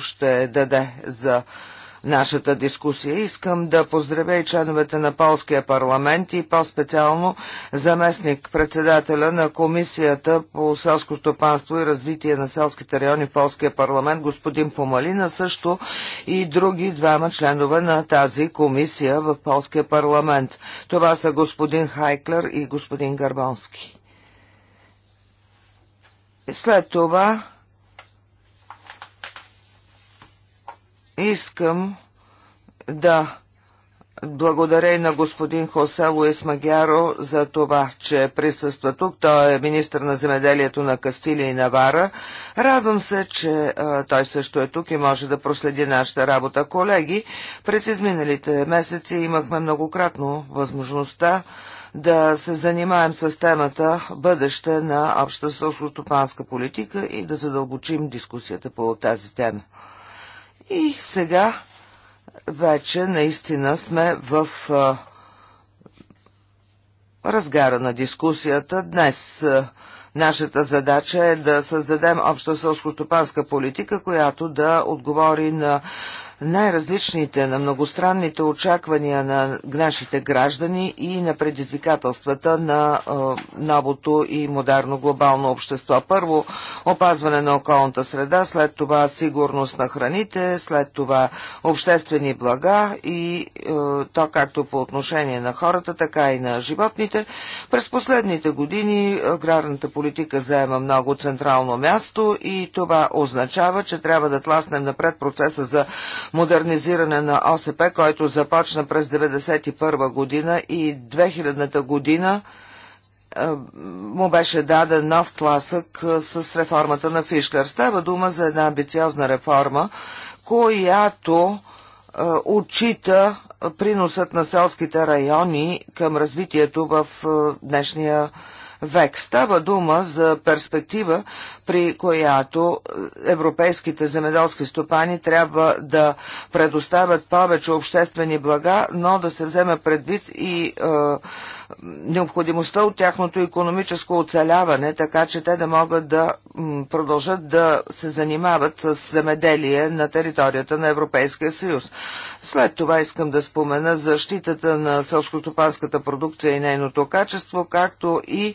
ще даде за нашата дискусия. Искам да поздравя и членовете на Полския парламент и по-специално заместник председателя на Комисията по селско стопанство и развитие на селските райони в Полския парламент, господин Помалина, също и други двама членове на тази комисия в Полския парламент. Това са господин Хайклер и господин Гарбонски. След това Искам да благодаря и на господин Хосе Луис Магяро за това, че присъства тук. Той е министр на земеделието на Кастилия и Навара. Радвам се, че а, той също е тук и може да проследи нашата работа. Колеги, през изминалите месеци имахме многократно възможността да се занимаем с темата бъдеще на обща сълскостопанска политика и да задълбочим дискусията по тази тема. И сега вече наистина сме в а, разгара на дискусията. Днес а, нашата задача е да създадем обща сълскостопанска политика, която да отговори на най-различните на многостранните очаквания на нашите граждани и на предизвикателствата на новото и модерно глобално общество. Първо, опазване на околната среда, след това сигурност на храните, след това обществени блага и е, то както по отношение на хората, така и на животните. През последните години аграрната политика заема много централно място и това означава, че трябва да тласнем напред процеса за модернизиране на ОСП, който започна през 1991 година и 2000 година е, му беше даден нов тласък е, с реформата на Фишлер. Става дума за една амбициозна реформа, която е, отчита приносът на селските райони към развитието в днешния век. Става дума за перспектива, при която европейските земеделски стопани трябва да предоставят повече обществени блага, но да се вземе предвид и е, необходимостта от тяхното економическо оцеляване, така че те да могат да продължат да се занимават с земеделие на територията на Европейския съюз. След това искам да спомена защитата на селско продукция и нейното качество, както и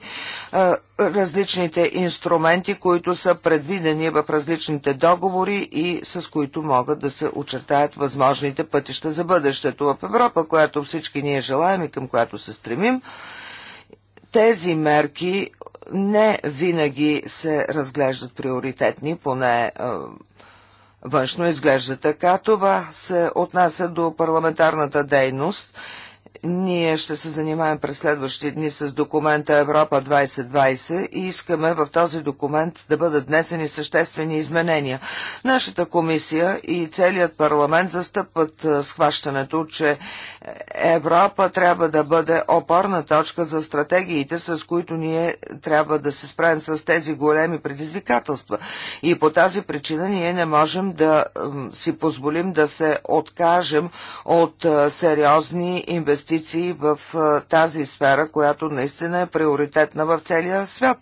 е, различните инструменти, които са предвидени в различните договори и с които могат да се очертаят възможните пътища за бъдещето в Европа, която всички ние желаем и към която се стремим. Тези мерки не винаги се разглеждат приоритетни, поне е, външно изглежда така. Това се отнася до парламентарната дейност – ние ще се занимаем през следващи дни с документа Европа 2020 и искаме в този документ да бъдат днесени съществени изменения. Нашата комисия и целият парламент застъпват схващането, че Европа трябва да бъде опорна точка за стратегиите, с които ние трябва да се справим с тези големи предизвикателства. И по тази причина ние не можем да си позволим да се откажем от сериозни инвестиции в тази сфера, която наистина е приоритетна в целия свят.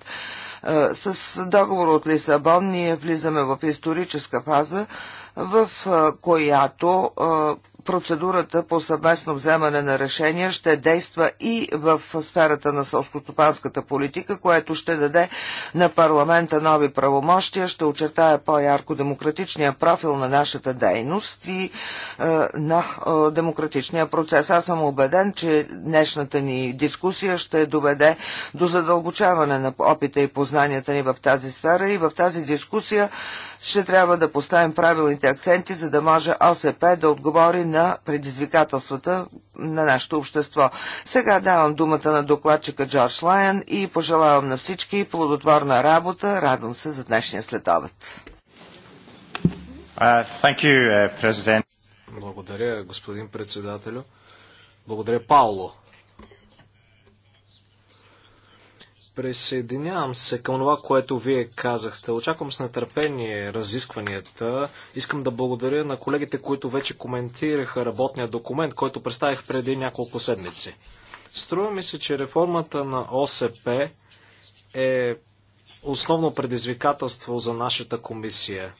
С договор от Лисабон ние влизаме в историческа фаза, в която процедурата по съвместно вземане на решения ще действа и в сферата на сълскотопанската политика, което ще даде на парламента нови правомощия, ще очертая по-ярко демократичния профил на нашата дейност и е, на е, демократичния процес. Аз съм убеден, че днешната ни дискусия ще доведе до задълбочаване на опита и познанията ни в тази сфера и в тази дискусия ще трябва да поставим правилните акценти, за да може ОСП да отговори на предизвикателствата на нашето общество. Сега давам думата на докладчика Джордж Лайен и пожелавам на всички плодотворна работа. Радвам се за днешния следобед. Uh, uh, Благодаря, господин председателю. Благодаря, Пауло. Присъединявам се към това, което вие казахте. Очаквам с нетърпение разискванията. Искам да благодаря на колегите, които вече коментираха работния документ, който представих преди няколко седмици. Струва ми се, че реформата на ОСП е основно предизвикателство за нашата комисия.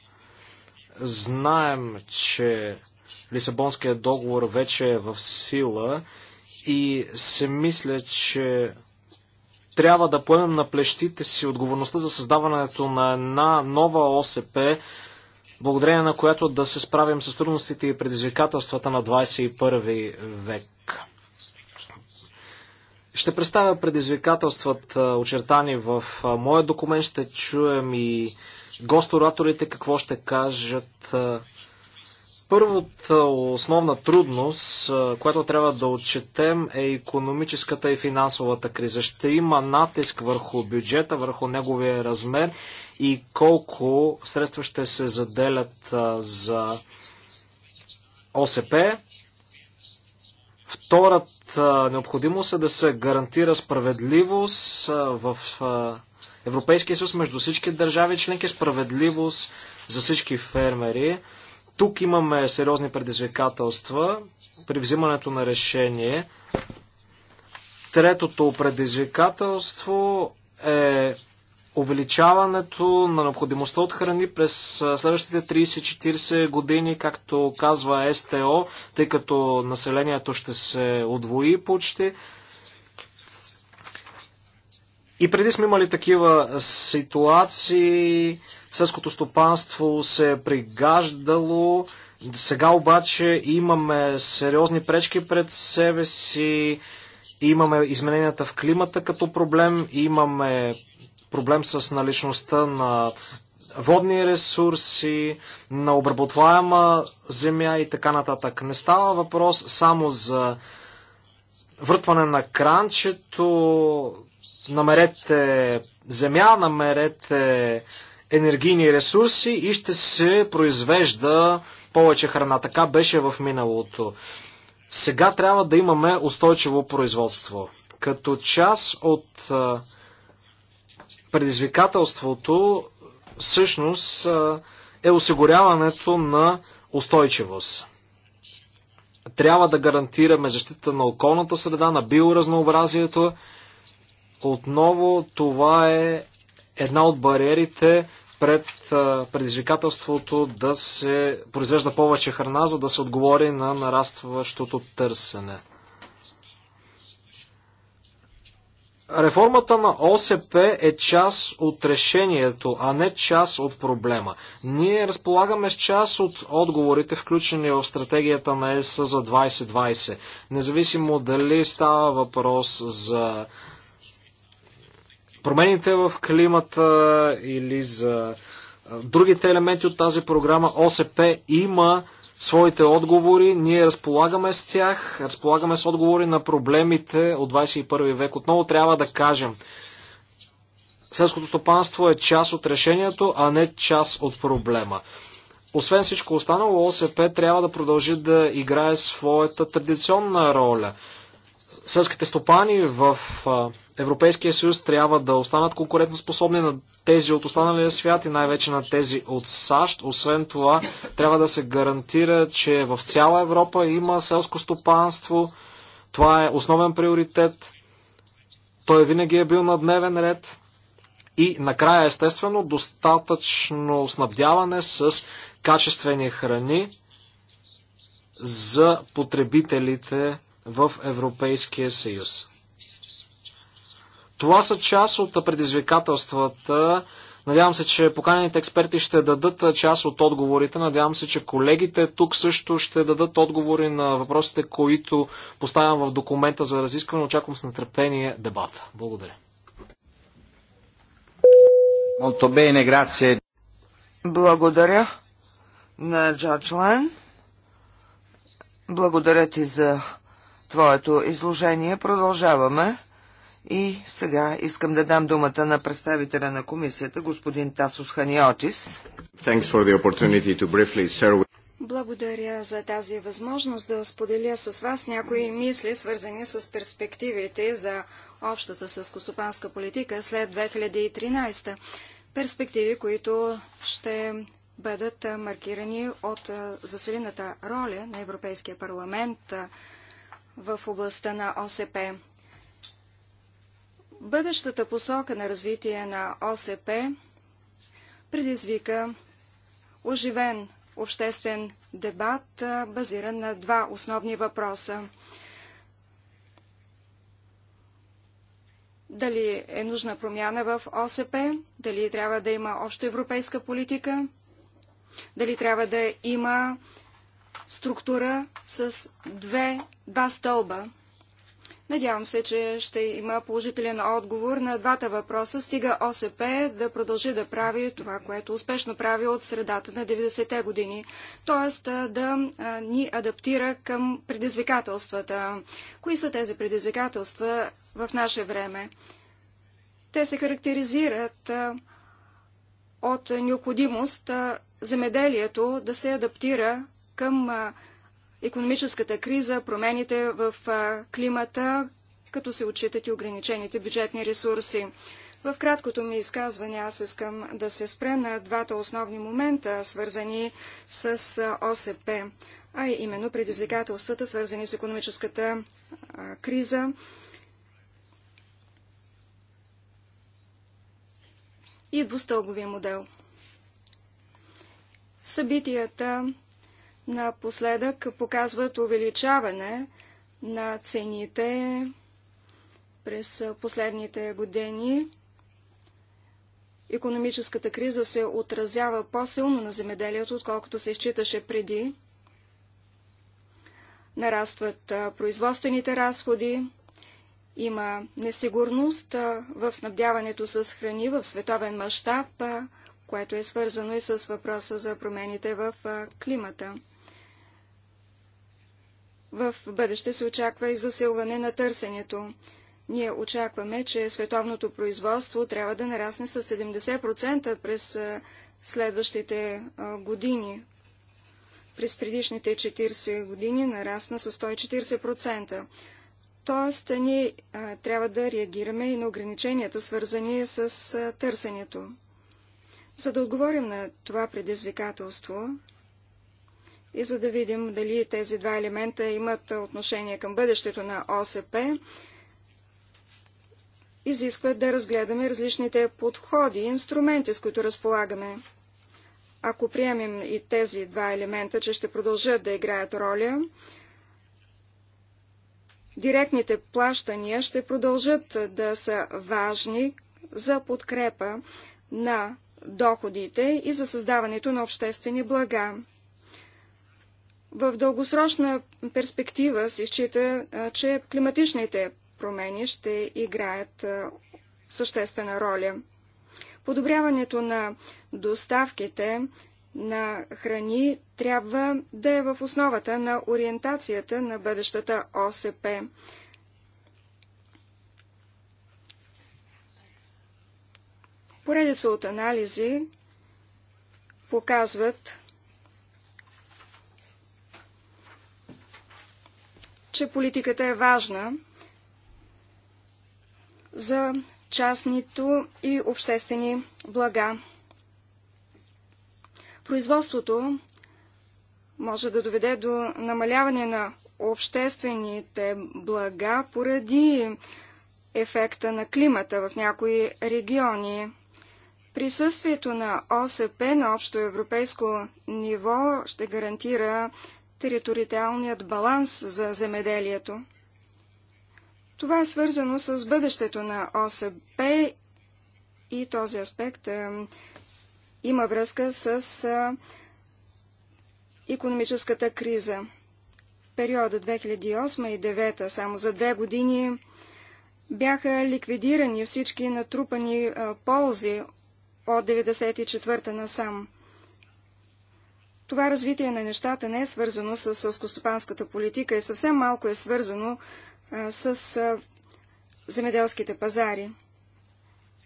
Знаем, че Лисабонският договор вече е в сила и се мисля, че трябва да поемем на плещите си отговорността за създаването на една нова ОСП, благодарение на която да се справим с трудностите и предизвикателствата на 21 век. Ще представя предизвикателствата, очертани в моя документ. Ще чуем и гостораторите какво ще кажат Първата основна трудност, която трябва да отчетем е економическата и финансовата криза. Ще има натиск върху бюджета, върху неговия размер и колко средства ще се заделят за ОСП. Втората необходимост е да се гарантира справедливост в Европейския съюз между всички държави членки, справедливост за всички фермери. Тук имаме сериозни предизвикателства при взимането на решение. Третото предизвикателство е увеличаването на необходимостта от храни през следващите 30-40 години, както казва СТО, тъй като населението ще се отвои почти. И преди сме имали такива ситуации, сърското стопанство се е пригаждало, сега обаче имаме сериозни пречки пред себе си, имаме измененията в климата като проблем, имаме проблем с наличността на водни ресурси, на обработваема земя и така нататък. Не става въпрос само за въртване на кранчето, намерете земя, намерете енергийни ресурси и ще се произвежда повече храна. Така беше в миналото. Сега трябва да имаме устойчиво производство. Като част от предизвикателството всъщност е осигуряването на устойчивост. Трябва да гарантираме защита на околната среда, на биоразнообразието, отново това е една от бариерите пред предизвикателството да се произвежда повече храна, за да се отговори на нарастващото търсене. Реформата на ОСП е част от решението, а не част от проблема. Ние разполагаме с част от отговорите, включени в стратегията на ЕС за 2020. Независимо дали става въпрос за промените в климата или за другите елементи от тази програма, ОСП има своите отговори, ние разполагаме с тях, разполагаме с отговори на проблемите от 21 век. Отново трябва да кажем, селското стопанство е част от решението, а не част от проблема. Освен всичко останало, ОСП трябва да продължи да играе своята традиционна роля. Селските стопани в Европейския съюз трябва да останат конкурентоспособни на тези от останалия свят и най-вече на тези от САЩ. Освен това, трябва да се гарантира, че в цяла Европа има селско стопанство. Това е основен приоритет. Той винаги е бил на дневен ред. И накрая, естествено, достатъчно снабдяване с качествени храни за потребителите в Европейския съюз. Това са част от предизвикателствата. Надявам се, че поканените експерти ще дадат част от отговорите. Надявам се, че колегите тук също ще дадат отговори на въпросите, които поставям в документа за разискване. Очаквам с нетърпение дебата. Благодаря. Благодаря на Джордж Лайн. Благодаря ти за твоето изложение. Продължаваме. И сега искам да дам думата на представителя на комисията, господин Тасос Ханиотис. Благодаря за тази възможност да споделя с вас някои мисли, свързани с перспективите за общата съскостопанска политика след 2013. Перспективи, които ще бъдат маркирани от засилената роля на Европейския парламент в областта на ОСП. Бъдещата посока на развитие на ОСП предизвика оживен обществен дебат, базиран на два основни въпроса. Дали е нужна промяна в ОСП, дали трябва да има общо европейска политика, дали трябва да има структура с две, два стълба – Надявам се, че ще има положителен отговор на двата въпроса. Стига ОСП да продължи да прави това, което успешно прави от средата на 90-те години, т.е. да ни адаптира към предизвикателствата. Кои са тези предизвикателства в наше време? Те се характеризират от необходимост земеделието да се адаптира към економическата криза, промените в климата, като се отчитат и ограничените бюджетни ресурси. В краткото ми изказване аз искам да се спре на двата основни момента, свързани с ОСП, а именно предизвикателствата, свързани с економическата криза. и двустълбовия модел. Събитията напоследък показват увеличаване на цените през последните години. Економическата криза се отразява по-силно на земеделието, отколкото се считаше преди. Нарастват производствените разходи, има несигурност в снабдяването с храни в световен мащаб, което е свързано и с въпроса за промените в климата. В бъдеще се очаква и засилване на търсенето. Ние очакваме, че световното производство трябва да нарасне с 70% през следващите години. През предишните 40 години нарасна с 140%. Тоест, ние трябва да реагираме и на ограниченията, свързани с търсенето. За да отговорим на това предизвикателство, и за да видим дали тези два елемента имат отношение към бъдещето на ОСП, изискват да разгледаме различните подходи и инструменти, с които разполагаме. Ако приемем и тези два елемента, че ще продължат да играят роля, директните плащания ще продължат да са важни за подкрепа на доходите и за създаването на обществени блага. В дългосрочна перспектива се счита, че климатичните промени ще играят съществена роля. Подобряването на доставките на храни трябва да е в основата на ориентацията на бъдещата ОСП. Поредица от анализи показват, че политиката е важна за частнито и обществени блага. Производството може да доведе до намаляване на обществените блага поради ефекта на климата в някои региони. Присъствието на ОСП на общо европейско ниво ще гарантира териториалният баланс за земеделието. Това е свързано с бъдещето на ОСП и този аспект е, има връзка с е, економическата криза. В периода 2008 и 2009, само за две години, бяха ликвидирани всички натрупани е, ползи от 1994 насам. Това развитие на нещата не е свързано с сълскостопанската политика и е съвсем малко е свързано а, с а, земеделските пазари.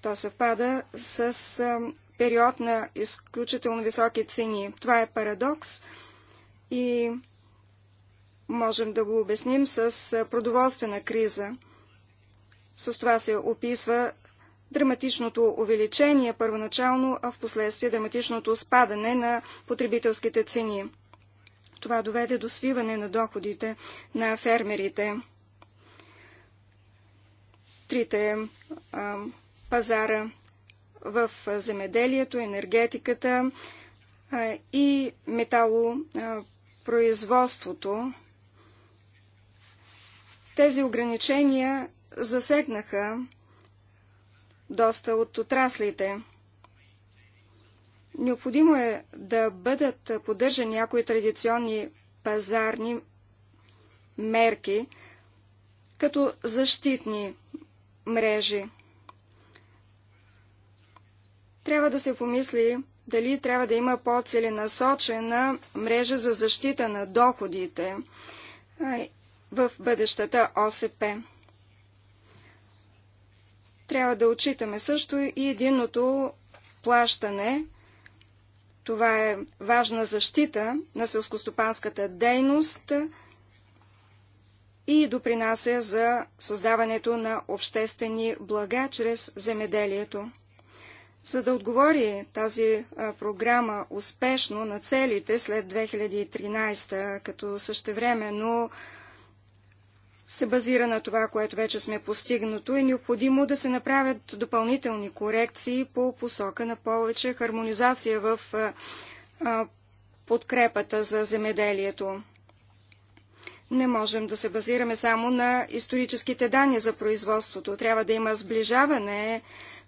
То съвпада с а, период на изключително високи цени. Това е парадокс и можем да го обясним с продоволствена криза. С това се описва драматичното увеличение първоначално, а в последствие драматичното спадане на потребителските цени. Това доведе до свиване на доходите на фермерите. Трите а, пазара в земеделието, енергетиката а, и металопроизводството. Тези ограничения засегнаха доста от отраслите. Необходимо е да бъдат поддържани някои традиционни пазарни мерки, като защитни мрежи. Трябва да се помисли дали трябва да има по-целенасочена мрежа за защита на доходите в бъдещата ОСП. Трябва да отчитаме също и единното плащане. Това е важна защита на селскостопанската дейност и допринася за създаването на обществени блага чрез земеделието. За да отговори тази програма успешно на целите след 2013, като същевременно се базира на това, което вече сме постигнато, е необходимо да се направят допълнителни корекции по посока на повече хармонизация в подкрепата за земеделието. Не можем да се базираме само на историческите данни за производството. Трябва да има сближаване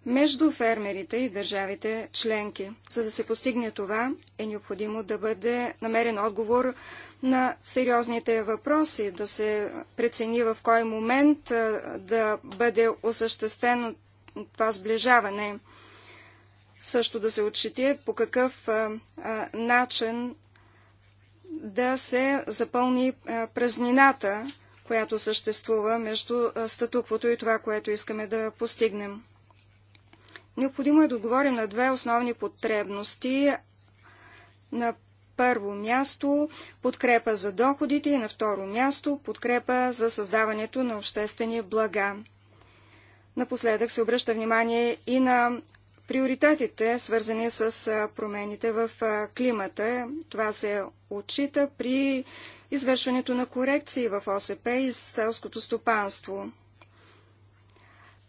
между фермерите и държавите членки. За да се постигне това, е необходимо да бъде намерен отговор на сериозните въпроси, да се прецени в кой момент да бъде осъществено това сближаване. Също да се отчете по какъв начин да се запълни празнината, която съществува между статуквото и това, което искаме да постигнем. Необходимо е да отговорим на две основни потребности. На първо място подкрепа за доходите и на второ място подкрепа за създаването на обществени блага. Напоследък се обръща внимание и на приоритетите, свързани с промените в климата. Това се отчита при извършването на корекции в ОСП и селското стопанство.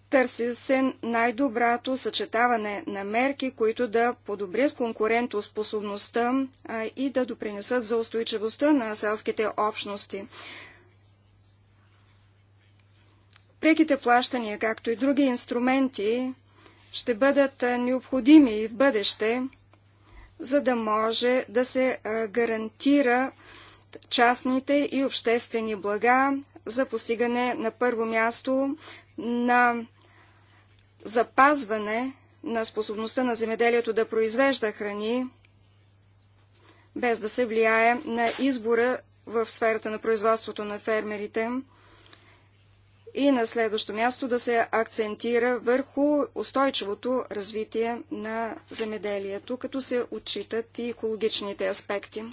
Търси се най-доброто съчетаване на мерки, които да подобрят конкурентоспособността и да допринесат за устойчивостта на селските общности. Преките плащания, както и други инструменти, ще бъдат необходими и в бъдеще, за да може да се гарантира частните и обществени блага за постигане на първо място на запазване на способността на земеделието да произвежда храни, без да се влияе на избора в сферата на производството на фермерите. И на следващо място да се акцентира върху устойчивото развитие на земеделието, като се отчитат и екологичните аспекти.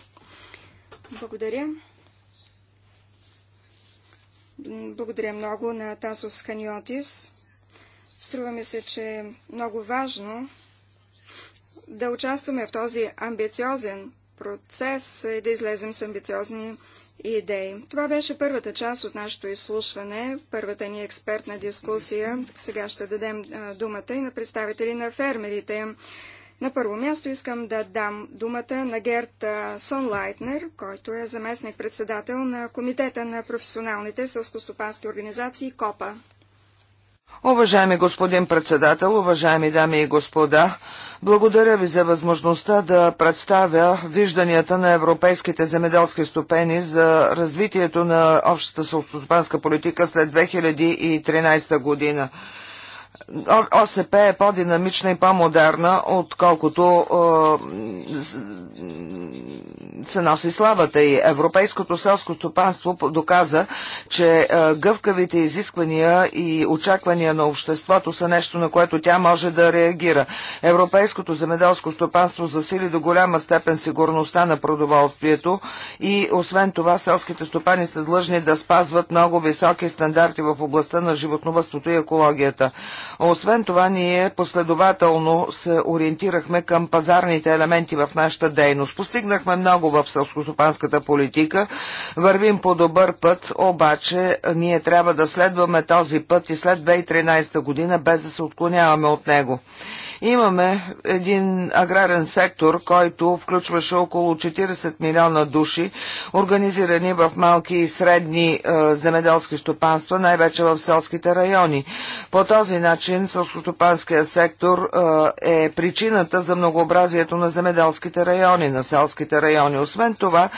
Благодаря. Благодаря много на Тасос Ханиотис. Струва ми се, че е много важно да участваме в този амбициозен процес и да излезем с амбициозни идеи. Това беше първата част от нашето изслушване, първата ни експертна дискусия. Сега ще дадем думата и на представители на фермерите. На първо място искам да дам думата на Герт Сонлайтнер, който е заместник-председател на Комитета на професионалните сълскостопански организации КОПА. Уважаеми господин председател, уважаеми дами и господа, благодаря ви за възможността да представя вижданията на европейските земеделски ступени за развитието на общата селскостопанска политика след 2013 година. ОСП е по-динамична и по-модерна, отколкото е, се носи славата и европейското селско стопанство доказа, че е, гъвкавите изисквания и очаквания на обществото са нещо, на което тя може да реагира. Европейското земеделско стопанство засили до голяма степен сигурността на продоволствието и освен това селските стопани са длъжни да спазват много високи стандарти в областта на животновътството и екологията. Освен това, ние последователно се ориентирахме към пазарните елементи в нашата дейност. Постигнахме много в селскостопанската политика, вървим по добър път, обаче ние трябва да следваме този път и след 2013 година, без да се отклоняваме от него имаме един аграрен сектор, който включваше около 40 милиона души, организирани в малки и средни е, земеделски стопанства, най-вече в селските райони. По този начин селскостопанския сектор е причината за многообразието на земеделските райони, на селските райони. Освен това,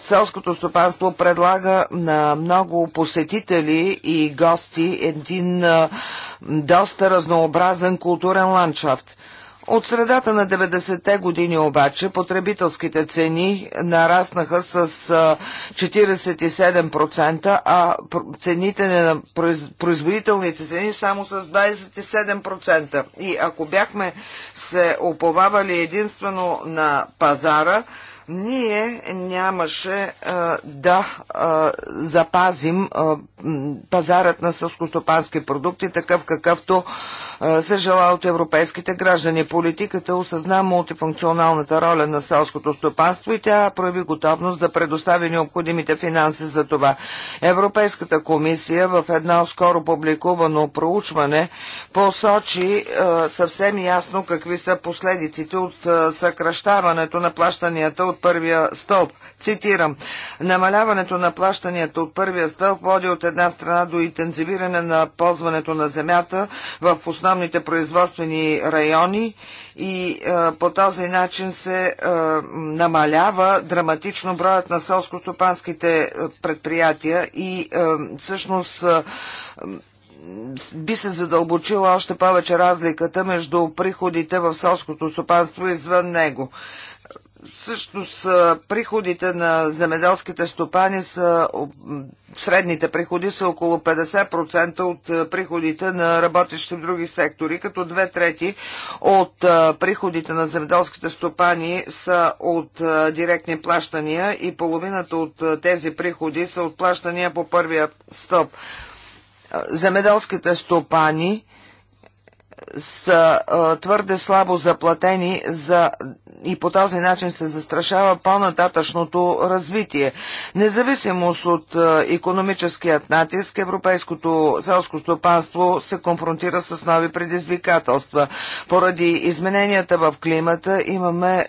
селското стопанство предлага на много посетители и гости един доста разнообразен културен ландшафт. От средата на 90-те години обаче потребителските цени нараснаха с 47%, а цените на производителните цени само с 27%. И ако бяхме се оповавали единствено на пазара, ние нямаше а, да а, запазим а, пазарът на сълскостопански продукти, такъв какъвто а, се жела от европейските граждани. Политиката осъзна мултифункционалната роля на селското стопанство и тя прояви готовност да предостави необходимите финанси за това. Европейската комисия в едно скоро публикувано проучване посочи а, съвсем ясно какви са последиците от а, съкръщаването на плащанията от първия стълб. Цитирам. Намаляването на плащанията от първия стълб води от една страна до интензивиране на ползването на земята в основните производствени райони и е, по този начин се е, намалява драматично броят на селско-стопанските е, предприятия и е, всъщност е, би се задълбочила още повече разликата между приходите в селското стопанство и извън него. Всъщност приходите на земеделските стопани са, средните приходи са около 50% от приходите на работещи в други сектори, като две трети от приходите на земеделските стопани са от директни плащания и половината от тези приходи са от плащания по първия стоп. Земеделските стопани са твърде слабо заплатени за и по този начин се застрашава по-нататъчното развитие. Независимост от економическият натиск, европейското селско стопанство се конфронтира с нови предизвикателства. Поради измененията в климата имаме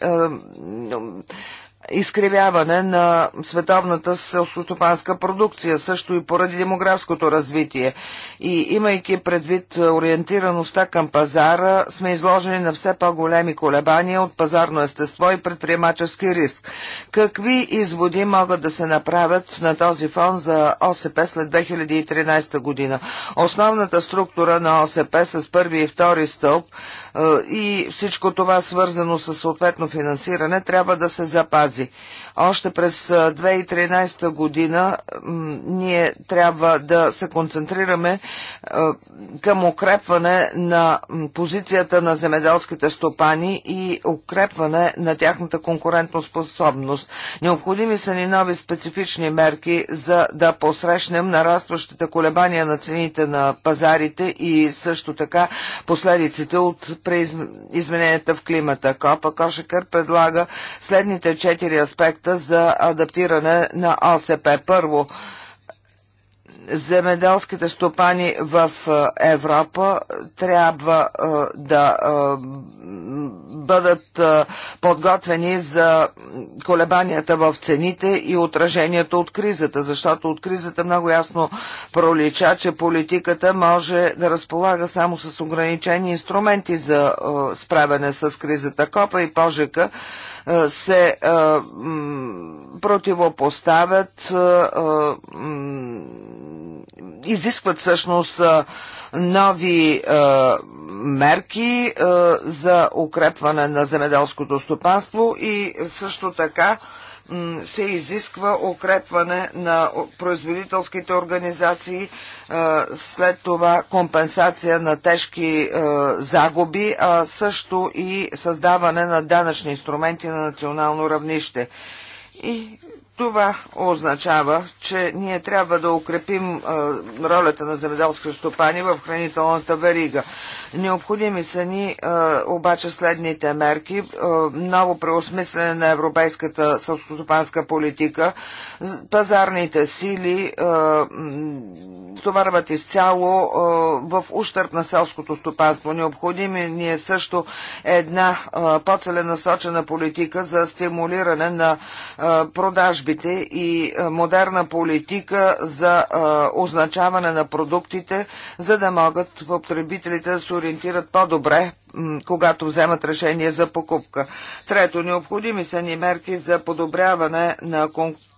изкривяване на световната селскостопанска продукция, също и поради демографското развитие. И имайки предвид ориентираността към пазара, сме изложени на все по-големи колебания от пазарно естество и предприемачески риск. Какви изводи могат да се направят на този фон за ОСП след 2013 година? Основната структура на ОСП с първи и втори стълб – е, и всичко това свързано с съответно финансиране трябва да се запази. Още през 2013 година ние трябва да се концентрираме към укрепване на позицията на земеделските стопани и укрепване на тяхната способност. Необходими са ни нови специфични мерки, за да посрещнем нарастващите колебания на цените на пазарите и също така последиците от измененията в климата. Копа Кошекър предлага следните четири аспекта проекта за адаптиране на ОСП. Първо, земеделските стопани в е, Европа трябва е, да е, бъдат подготвени за колебанията в цените и отражението от кризата, защото от кризата много ясно пролича, че политиката може да разполага само с ограничени инструменти за справяне с кризата. Копа и Пожека се противопоставят изискват всъщност нови е, мерки е, за укрепване на земеделското стопанство и също така се изисква укрепване на производителските организации, след това компенсация на тежки загуби, а също и създаване на данъчни инструменти на национално равнище. И това означава, че ние трябва да укрепим а, ролята на земеделски стопани в хранителната верига. Необходими са ни а, обаче следните мерки. А, ново преосмислене на европейската селскостопанска политика, пазарните сили стоварват изцяло в ущърп на селското стопанство. Необходими е ни е също една по-целенасочена политика за стимулиране на продажбите и модерна политика за означаване на продуктите, за да могат потребителите да се ориентират по-добре когато вземат решение за покупка. Трето, необходими са ни мерки за подобряване на конкуренцията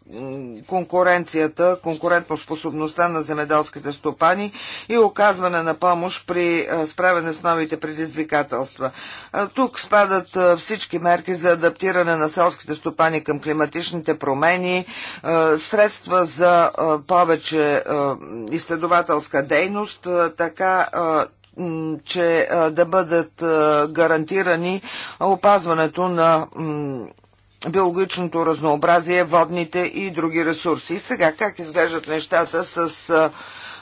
конкуренцията, конкурентоспособността на земеделските стопани и оказване на помощ при е, справяне с новите предизвикателства. Е, тук спадат е, всички мерки за адаптиране на селските стопани към климатичните промени, средства за повече изследователска дейност, така че да бъдат гарантирани опазването на биологичното разнообразие, водните и други ресурси. Сега как изглеждат нещата с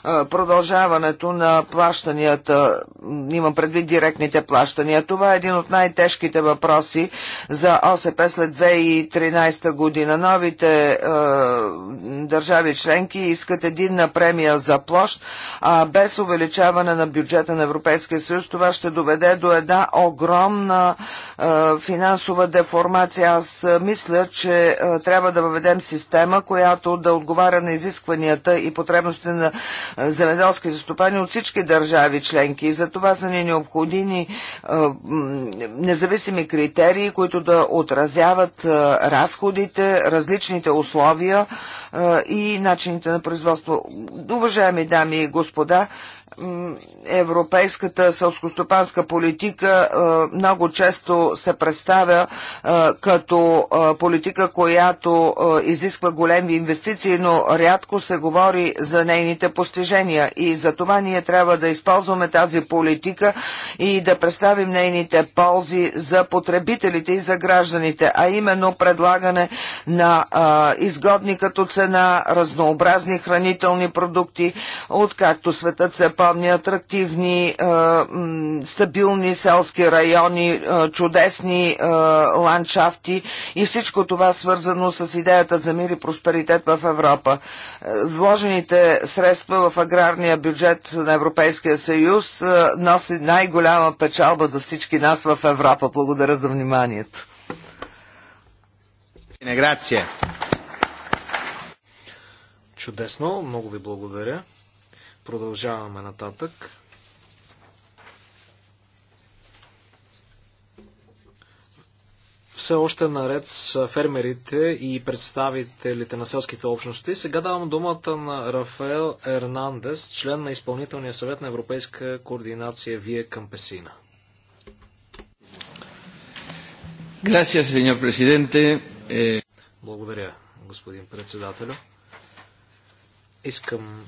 продължаването на плащанията, имам предвид директните плащания. Това е един от най-тежките въпроси за ОСП след 2013 година. Новите е, държави членки искат единна премия за площ, а без увеличаване на бюджета на Европейския съюз това ще доведе до една огромна е, финансова деформация. Аз мисля, че е, трябва да въведем система, която да отговаря на изискванията и потребностите на е, земеделските стопани от всички държави членки. И за това са ни необходими е, независими критерии, които да отразяват е, разходите, различните условия и начините на производство. Уважаеми дами и господа, европейската сълскостопанска политика много често се представя като политика, която изисква големи инвестиции, но рядко се говори за нейните постижения. И за това ние трябва да използваме тази политика и да представим нейните ползи за потребителите и за гражданите, а именно предлагане на изгодни като цена разнообразни хранителни продукти, откакто светът се припомня атрактивни, стабилни селски райони, чудесни ландшафти и всичко това свързано с идеята за мир и просперитет в Европа. Вложените средства в аграрния бюджет на Европейския съюз носи най-голяма печалба за всички нас в Европа. Благодаря за вниманието. Чудесно, много ви благодаря. Продължаваме нататък. все още наред с фермерите и представителите на селските общности. Сега давам думата на Рафаел Ернандес, член на Изпълнителния съвет на Европейска координация Вие Кампесина. Gracias, señor presidente. Благодаря, господин председателю. Искам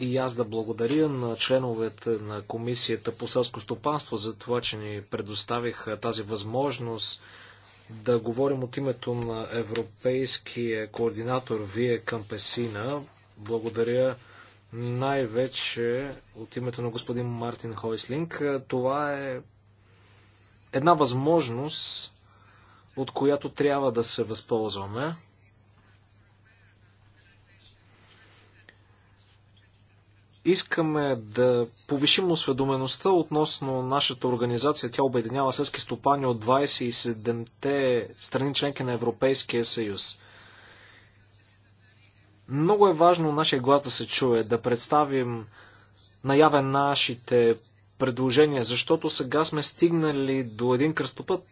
и аз да благодаря на членовете на Комисията по селско стопанство за това, че ни предоставих тази възможност да говорим от името на европейския координатор Вие Кампесина. Благодаря най-вече от името на господин Мартин Хойслинг. Това е една възможност, от която трябва да се възползваме. искаме да повишим осведомеността относно нашата организация. Тя обединява сълски стопани от 27-те страни членки на Европейския съюз. Много е важно нашия глас да се чуе, да представим наявен нашите предложения, защото сега сме стигнали до един кръстопът,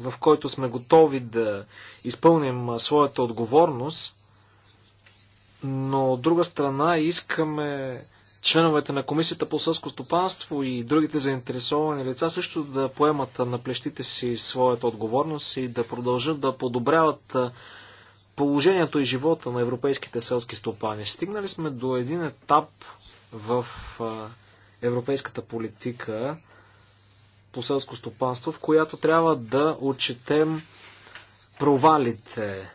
в който сме готови да изпълним своята отговорност – но от друга страна искаме членовете на Комисията по сълско стопанство и другите заинтересовани лица също да поемат на плещите си своята отговорност и да продължат да подобряват положението и живота на европейските селски стопани. Стигнали сме до един етап в европейската политика по селско стопанство, в която трябва да отчетем провалите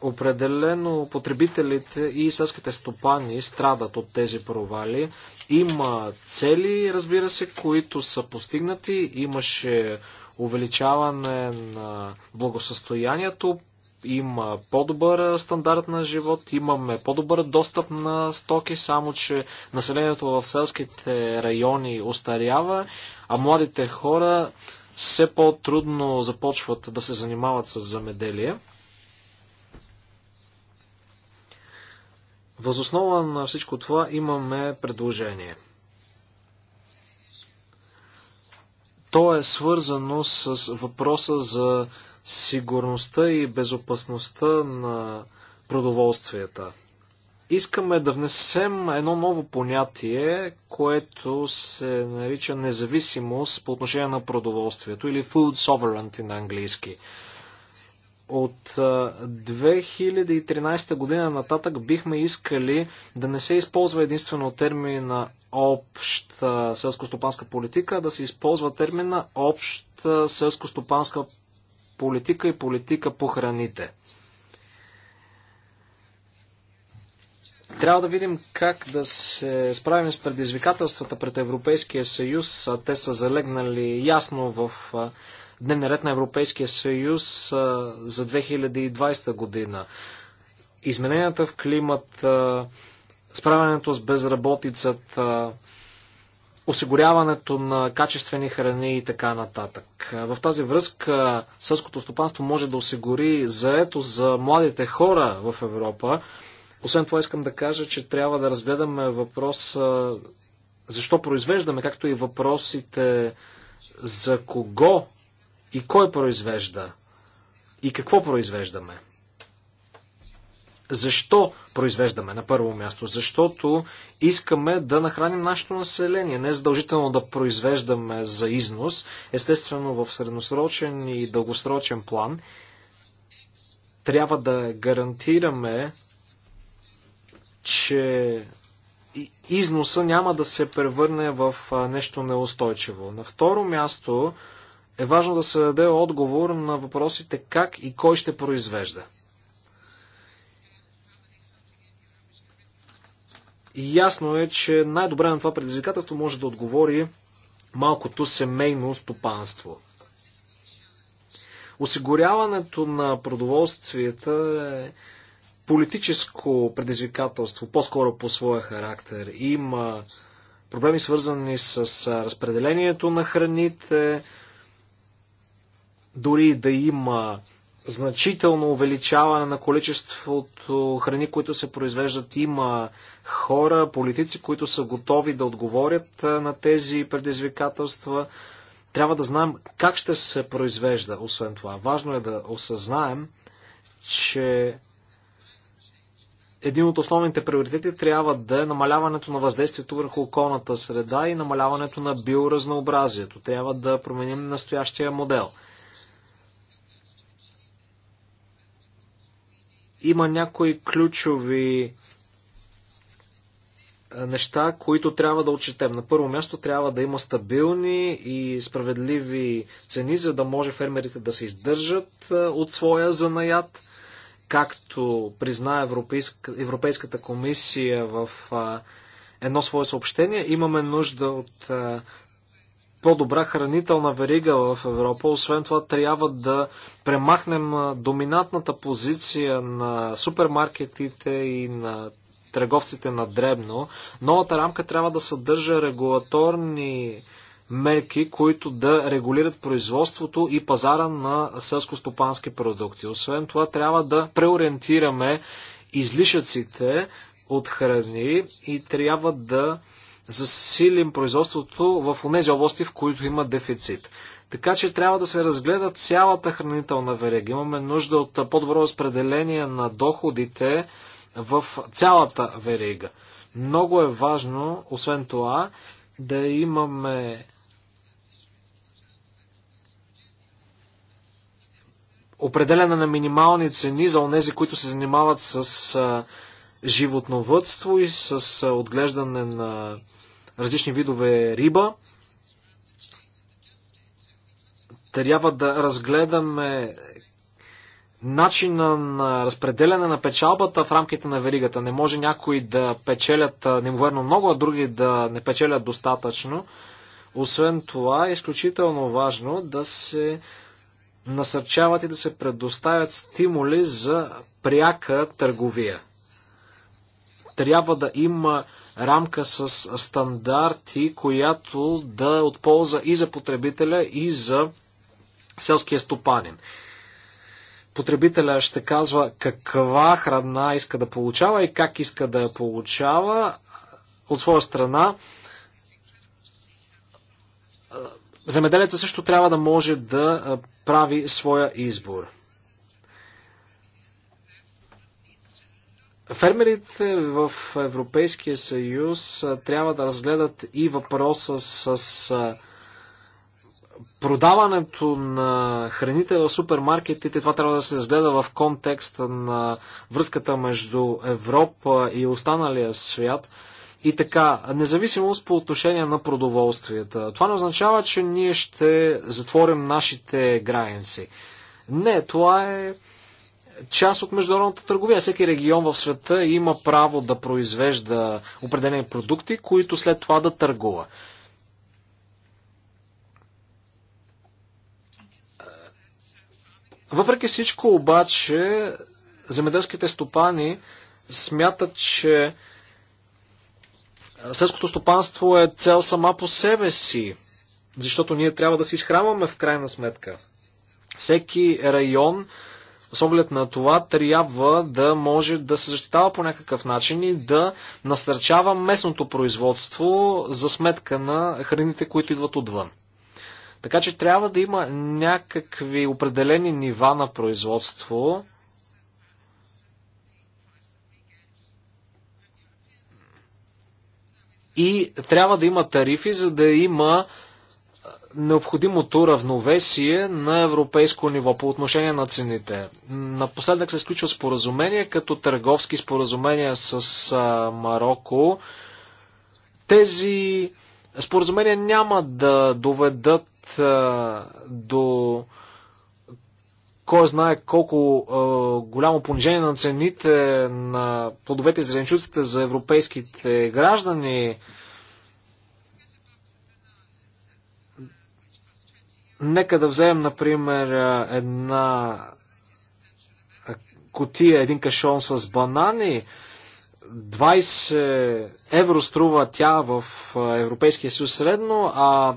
Определено потребителите и селските стопани страдат от тези провали. Има цели, разбира се, които са постигнати. Имаше увеличаване на благосъстоянието, има по-добър стандарт на живот, имаме по-добър достъп на стоки, само че населението в селските райони остарява, а младите хора все по-трудно започват да се занимават с замеделие. Възоснова на всичко това имаме предложение. То е свързано с въпроса за сигурността и безопасността на продоволствията. Искаме да внесем едно ново понятие, което се нарича независимост по отношение на продоволствието или food sovereignty на английски – от 2013 година нататък бихме искали да не се използва единствено термина обща селско-стопанска политика, а да се използва термина обща селско-стопанска политика и политика по храните. Трябва да видим как да се справим с предизвикателствата пред Европейския съюз. Те са залегнали ясно в дневния ред на Европейския съюз за 2020 година. Измененията в климата, справянето с безработицата, осигуряването на качествени храни и така нататък. В тази връзка сълското стопанство може да осигури заето за младите хора в Европа. Освен това искам да кажа, че трябва да разгледаме въпрос защо произвеждаме, както и въпросите за кого и кой произвежда и какво произвеждаме. Защо произвеждаме на първо място? Защото искаме да нахраним нашето население. Не е задължително да произвеждаме за износ. Естествено, в средносрочен и дългосрочен план трябва да гарантираме, че износа няма да се превърне в нещо неустойчиво. На второ място, е важно да се даде отговор на въпросите как и кой ще произвежда. И ясно е, че най-добре на това предизвикателство може да отговори малкото семейно стопанство. Осигуряването на продоволствията е политическо предизвикателство, по-скоро по своя характер. Има проблеми свързани с разпределението на храните, дори да има значително увеличаване на количеството храни, които се произвеждат. Има хора, политици, които са готови да отговорят на тези предизвикателства. Трябва да знаем как ще се произвежда, освен това. Важно е да осъзнаем, че един от основните приоритети трябва да е намаляването на въздействието върху околната среда и намаляването на биоразнообразието. Трябва да променим настоящия модел – Има някои ключови неща, които трябва да отчетем. На първо място трябва да има стабилни и справедливи цени, за да може фермерите да се издържат от своя занаят. Както призна Европейска, Европейската комисия в едно свое съобщение, имаме нужда от по-добра хранителна верига в Европа. Освен това, трябва да премахнем доминантната позиция на супермаркетите и на търговците на дребно. Новата рамка трябва да съдържа регулаторни мерки, които да регулират производството и пазара на селско-стопански продукти. Освен това, трябва да преориентираме излишъците от храни и трябва да засилим производството в тези области, в които има дефицит. Така че трябва да се разгледа цялата хранителна верига. Имаме нужда от по-добро разпределение на доходите в цялата верига. Много е важно, освен това, да имаме определена на минимални цени за онези, които се занимават с животновътство и с отглеждане на различни видове риба. Трябва да разгледаме начина на разпределяне на печалбата в рамките на веригата. Не може някои да печелят неимоверно много, а други да не печелят достатъчно. Освен това, е изключително важно да се насърчават и да се предоставят стимули за пряка търговия. Трябва да има рамка с стандарти, която да е от полза и за потребителя, и за селския стопанин. Потребителя ще казва каква храна иска да получава и как иска да я получава. От своя страна, земеделеца също трябва да може да прави своя избор. Фермерите в Европейския съюз трябва да разгледат и въпроса с продаването на храните в супермаркетите, това трябва да се разгледа в контекста на връзката между Европа и останалия свят. И така, независимост по отношение на продоволствията. Това не означава, че ние ще затворим нашите граници. Не, това е част от международната търговия. Всеки регион в света има право да произвежда определени продукти, които след това да търгува. Въпреки всичко обаче, земеделските стопани смятат, че селското стопанство е цел сама по себе си, защото ние трябва да се изхранваме в крайна сметка. Всеки район с оглед на това трябва да може да се защитава по някакъв начин и да насърчава местното производство за сметка на храните, които идват отвън. Така че трябва да има някакви определени нива на производство. И трябва да има тарифи, за да има необходимото равновесие на европейско ниво по отношение на цените. Напоследък се сключва споразумение като търговски споразумения с а, Марокко. Тези споразумения няма да доведат а, до кой знае колко а, голямо понижение на цените на плодовете и зеленчуците за европейските граждани. Нека да вземем, например, една котия, един кашон с банани. 20 евро струва тя в Европейския съюз средно, а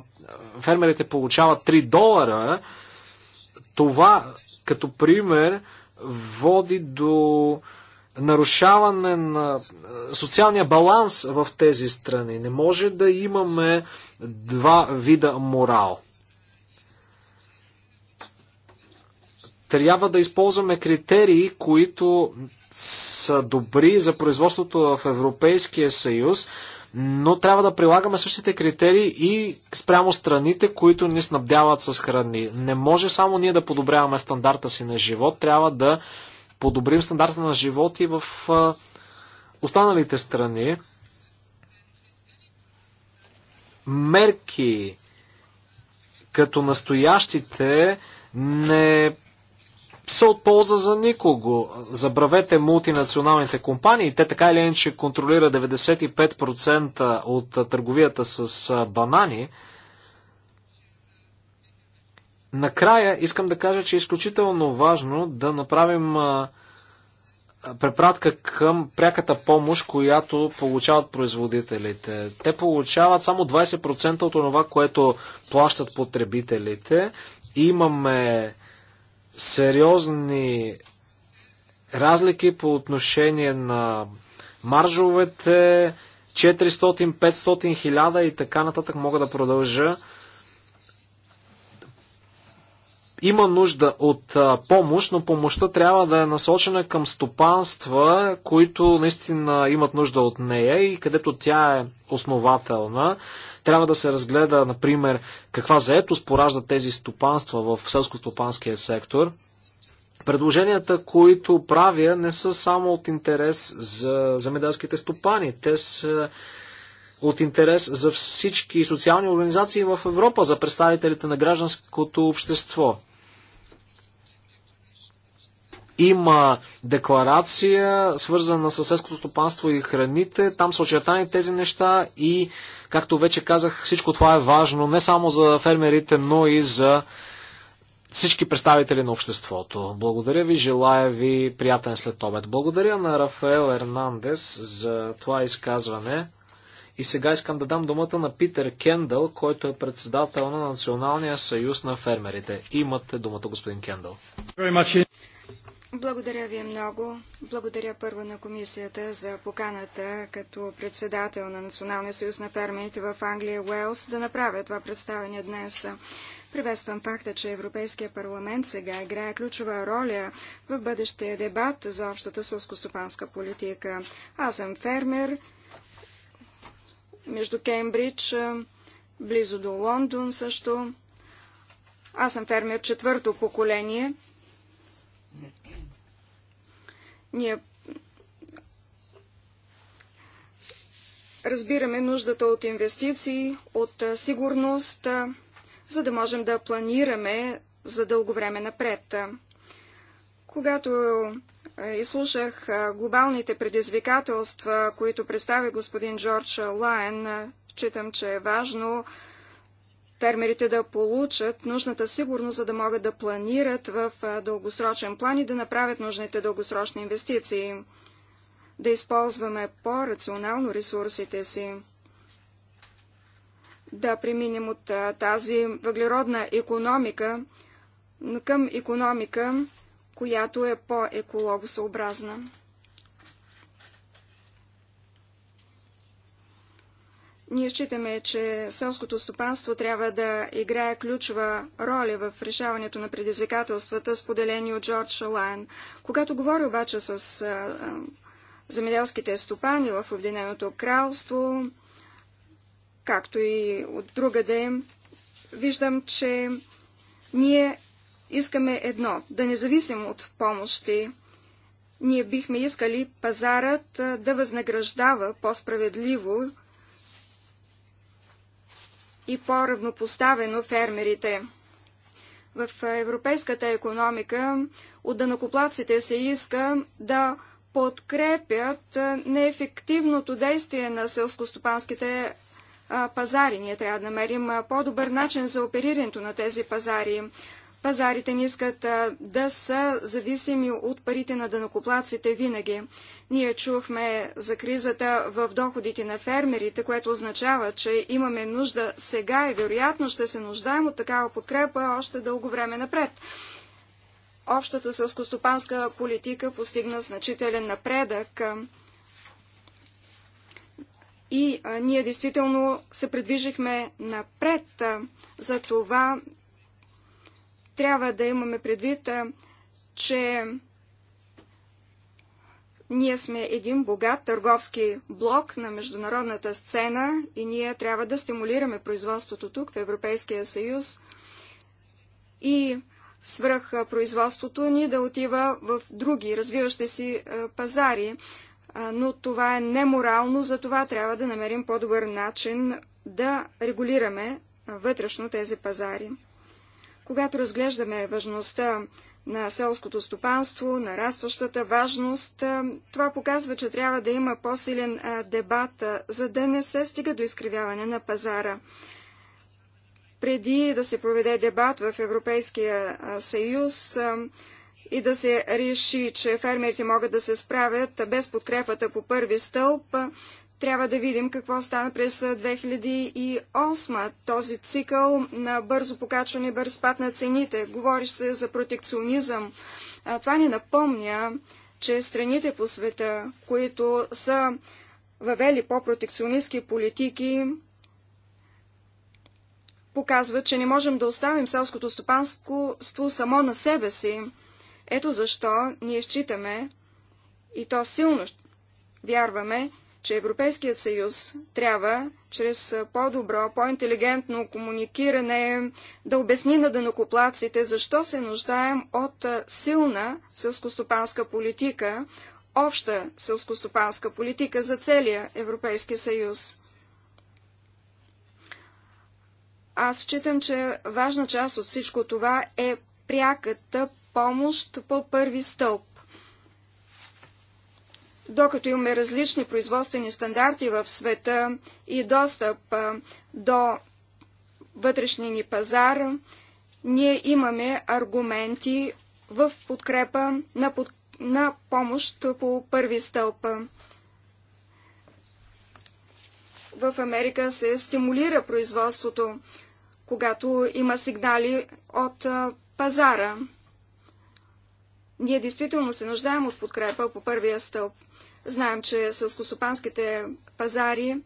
фермерите получават 3 долара. Това, като пример, води до нарушаване на социалния баланс в тези страни. Не може да имаме два вида морал. трябва да използваме критерии, които са добри за производството в Европейския съюз, но трябва да прилагаме същите критерии и спрямо страните, които ни снабдяват с храни. Не може само ние да подобряваме стандарта си на живот, трябва да подобрим стандарта на живот и в останалите страни. Мерки като настоящите не са от полза за никого. Забравете мултинационалните компании, те така или иначе контролира 95% от търговията с банани. Накрая искам да кажа, че е изключително важно да направим препратка към пряката помощ, която получават производителите. Те получават само 20% от това, което плащат потребителите. Имаме сериозни разлики по отношение на маржовете, 400, 500, 1000 и така нататък мога да продължа. има нужда от помощ, но помощта трябва да е насочена към стопанства, които наистина имат нужда от нея и където тя е основателна. Трябва да се разгледа, например, каква заетост поражда тези стопанства в селско-стопанския сектор. Предложенията, които правя, не са само от интерес за земеделските стопани. Те са от интерес за всички социални организации в Европа, за представителите на гражданското общество. Има декларация, свързана с селското стопанство и храните. Там са очертани тези неща и, както вече казах, всичко това е важно не само за фермерите, но и за всички представители на обществото. Благодаря ви, желая ви приятен след обед. Благодаря на Рафаел Ернандес за това изказване. И сега искам да дам думата на Питер Кендъл, който е председател на Националния съюз на фермерите. Имате думата, господин Кендъл. Благодаря ви много. Благодаря първо на комисията за поканата като председател на Националния съюз на фермерите в Англия и Уелс да направя това представяне днес. Приветствам факта, че Европейския парламент сега играе ключова роля в бъдещия дебат за общата сълскостопанска политика. Аз съм фермер между Кембридж, близо до Лондон също. Аз съм фермер четвърто поколение – ние разбираме нуждата от инвестиции, от сигурност, за да можем да планираме за дълго време напред. Когато изслушах глобалните предизвикателства, които представи господин Джордж Лайен, читам, че е важно фермерите да получат нужната сигурност, за да могат да планират в дългосрочен план и да направят нужните дългосрочни инвестиции, да използваме по-рационално ресурсите си, да преминем от тази въглеродна економика към економика, която е по-екологосъобразна. Ние считаме, че селското стопанство трябва да играе ключова роля в решаването на предизвикателствата, споделени от Джордж Лайн. Когато говоря обаче с а, а, земеделските стопани в Обединеното кралство, както и от другаде, виждам, че ние искаме едно – да не зависим от помощи. Ние бихме искали пазарът да възнаграждава по-справедливо и по-равнопоставено фермерите. В европейската економика от данакоплаците се иска да подкрепят неефективното действие на селскостопанските пазари. Ние трябва да намерим по-добър начин за оперирането на тези пазари. Пазарите не искат да са зависими от парите на данакоплаците винаги. Ние чухме за кризата в доходите на фермерите, което означава, че имаме нужда сега и вероятно ще се нуждаем от такава подкрепа още дълго време напред. Общата сълскостопанска политика постигна значителен напредък и ние действително се предвижихме напред. за това трябва да имаме предвид, че ние сме един богат търговски блок на международната сцена и ние трябва да стимулираме производството тук в Европейския съюз и свръх производството ни да отива в други развиващи си е, пазари. Но това е неморално, за това трябва да намерим по-добър начин да регулираме вътрешно тези пазари. Когато разглеждаме важността на селското стопанство, нарастващата важност. Това показва, че трябва да има по-силен дебат, за да не се стига до изкривяване на пазара. Преди да се проведе дебат в Европейския съюз и да се реши, че фермерите могат да се справят без подкрепата по първи стълб, трябва да видим какво стана през 2008. Този цикъл на бързо покачване и бърз спад на цените. Говори се за протекционизъм. това ни напомня, че страните по света, които са въвели по-протекционистски политики, показват, че не можем да оставим селското стопанство само на себе си. Ето защо ние считаме, и то силно вярваме, че Европейският съюз трябва чрез по-добро, по-интелигентно комуникиране да обясни на дънокоплаците защо се нуждаем от силна селскостопанска политика, обща селскостопанска политика за целия Европейски съюз. Аз считам, че важна част от всичко това е пряката помощ по първи стълб докато имаме различни производствени стандарти в света и достъп до вътрешния ни пазар, ние имаме аргументи в подкрепа на, под... на помощ по първи стълб. В Америка се стимулира производството, когато има сигнали от пазара. Ние действително се нуждаем от подкрепа по първия стълб. Знаем, че сълскостопанските пазари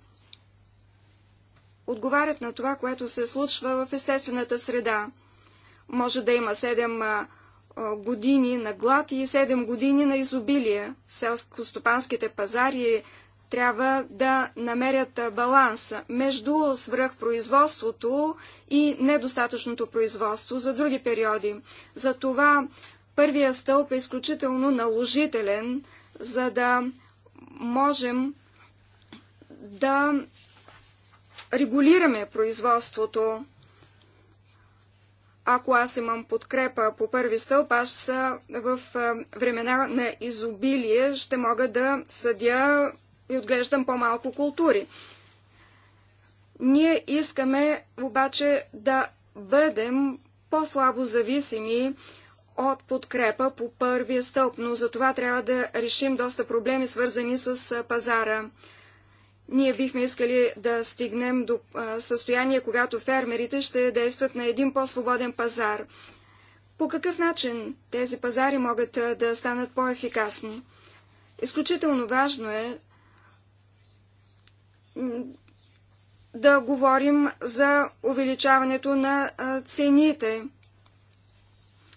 отговарят на това, което се случва в естествената среда. Може да има 7 години на глад и 7 години на изобилие. Селскостопанските пазари трябва да намерят баланс между свръхпроизводството и недостатъчното производство за други периоди. Затова първия стълб е изключително наложителен, за да можем да регулираме производството. Ако аз имам подкрепа по първи стълб, аз в времена на изобилие ще мога да съдя и отглеждам по-малко култури. Ние искаме обаче да бъдем по-слабо зависими от подкрепа по първия стълб, но за това трябва да решим доста проблеми, свързани с пазара. Ние бихме искали да стигнем до състояние, когато фермерите ще действат на един по-свободен пазар. По какъв начин тези пазари могат да станат по-ефикасни? Изключително важно е да говорим за увеличаването на цените –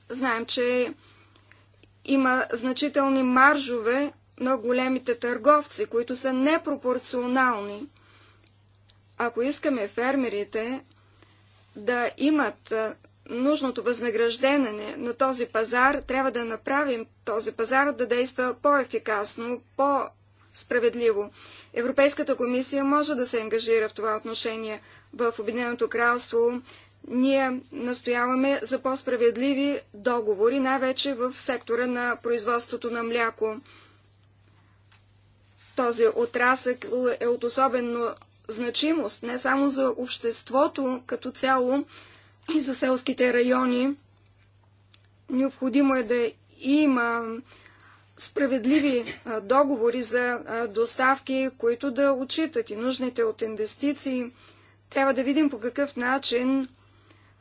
Знаем, че има значителни маржове на големите търговци, които са непропорционални. Ако искаме фермерите да имат нужното възнаграждение на този пазар, трябва да направим този пазар да действа по-ефикасно, по-справедливо. Европейската комисия може да се ангажира в това отношение. В Обединеното кралство ние настояваме за по-справедливи договори, най-вече в сектора на производството на мляко. Този отрасък е от особено значимост не само за обществото като цяло и за селските райони. Необходимо е да има справедливи договори за доставки, които да отчитат и нужните от инвестиции. Трябва да видим по какъв начин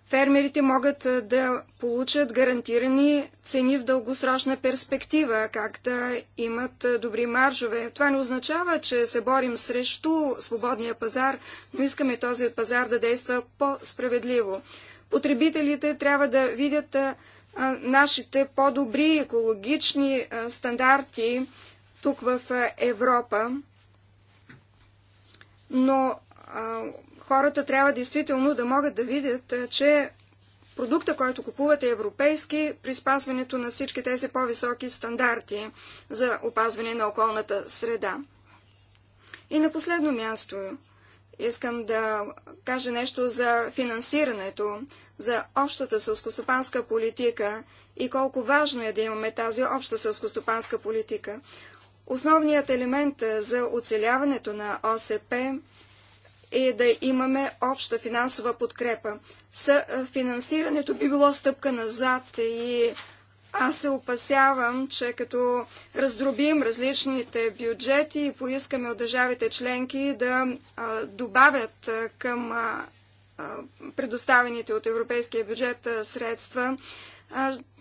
фермерите могат да получат гарантирани цени в дългосрочна перспектива, как да имат добри маржове. Това не означава, че се борим срещу свободния пазар, но искаме този пазар да действа по-справедливо. Потребителите трябва да видят нашите по-добри екологични стандарти тук в Европа, но хората трябва действително да могат да видят, че продукта, който купуват е европейски, при спазването на всички тези по-високи стандарти за опазване на околната среда. И на последно място искам да кажа нещо за финансирането, за общата сълскостопанска политика и колко важно е да имаме тази обща сълскостопанска политика. Основният елемент за оцеляването на ОСП е да имаме обща финансова подкрепа. Финансирането би било стъпка назад и аз се опасявам, че като раздробим различните бюджети и поискаме от държавите членки да добавят към предоставените от европейския бюджет средства,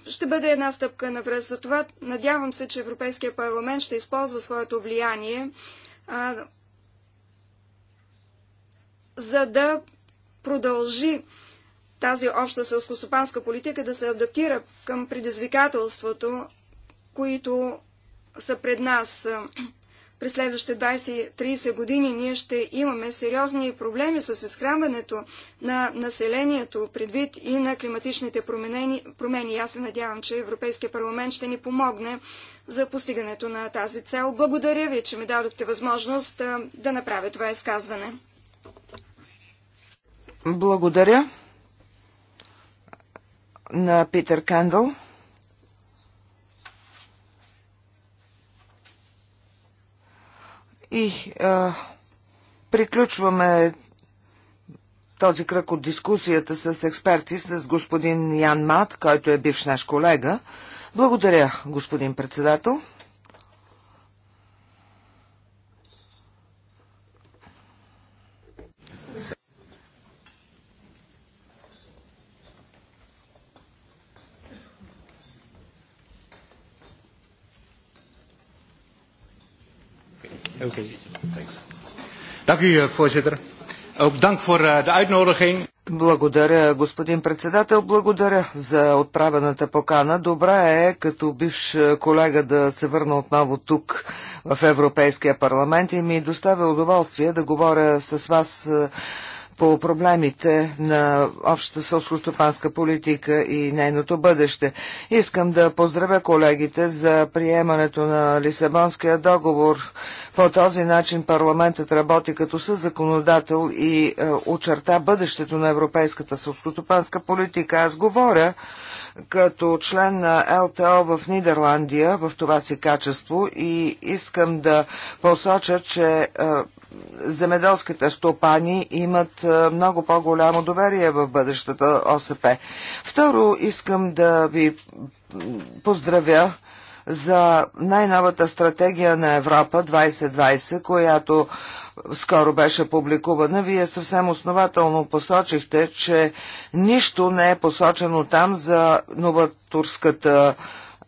ще бъде една стъпка навръз. Затова надявам се, че Европейския парламент ще използва своето влияние за да продължи тази обща селскостопанска политика да се адаптира към предизвикателството, които са пред нас. През следващите 20-30 години ние ще имаме сериозни проблеми с изхранването на населението предвид и на климатичните промени. промени. Аз се надявам, че Европейския парламент ще ни помогне за постигането на тази цел. Благодаря ви, че ми дадохте възможност да направя това изказване. Благодаря на Питър Кендъл. И а, приключваме този кръг от дискусията с експерти с господин Ян Мат, който е бивш наш колега. Благодаря, господин председател. Okay. Thanks. Dank u, eh, voorzitter. Ook eh, dank voor eh, de uitnodiging. Благодаря, господин председател. Благодаря за отправената покана. Добра е, като бивш е, колега, да се върна отново тук в Европейския парламент и ми доставя удоволствие да говоря с вас е, по проблемите на общата сълскостопанска политика и нейното бъдеще. Искам да поздравя колегите за приемането на Лисабонския договор. По този начин парламентът работи като със законодател и е, очерта бъдещето на европейската сълскостопанска политика. Аз говоря като член на ЛТО в Нидерландия в това си качество и искам да посоча, че е, земеделските стопани имат е, много по-голямо доверие в бъдещата ОСП. Второ, искам да ви поздравя за най-новата стратегия на Европа 2020, която скоро беше публикувана. Вие съвсем основателно посочихте, че нищо не е посочено там за новаторската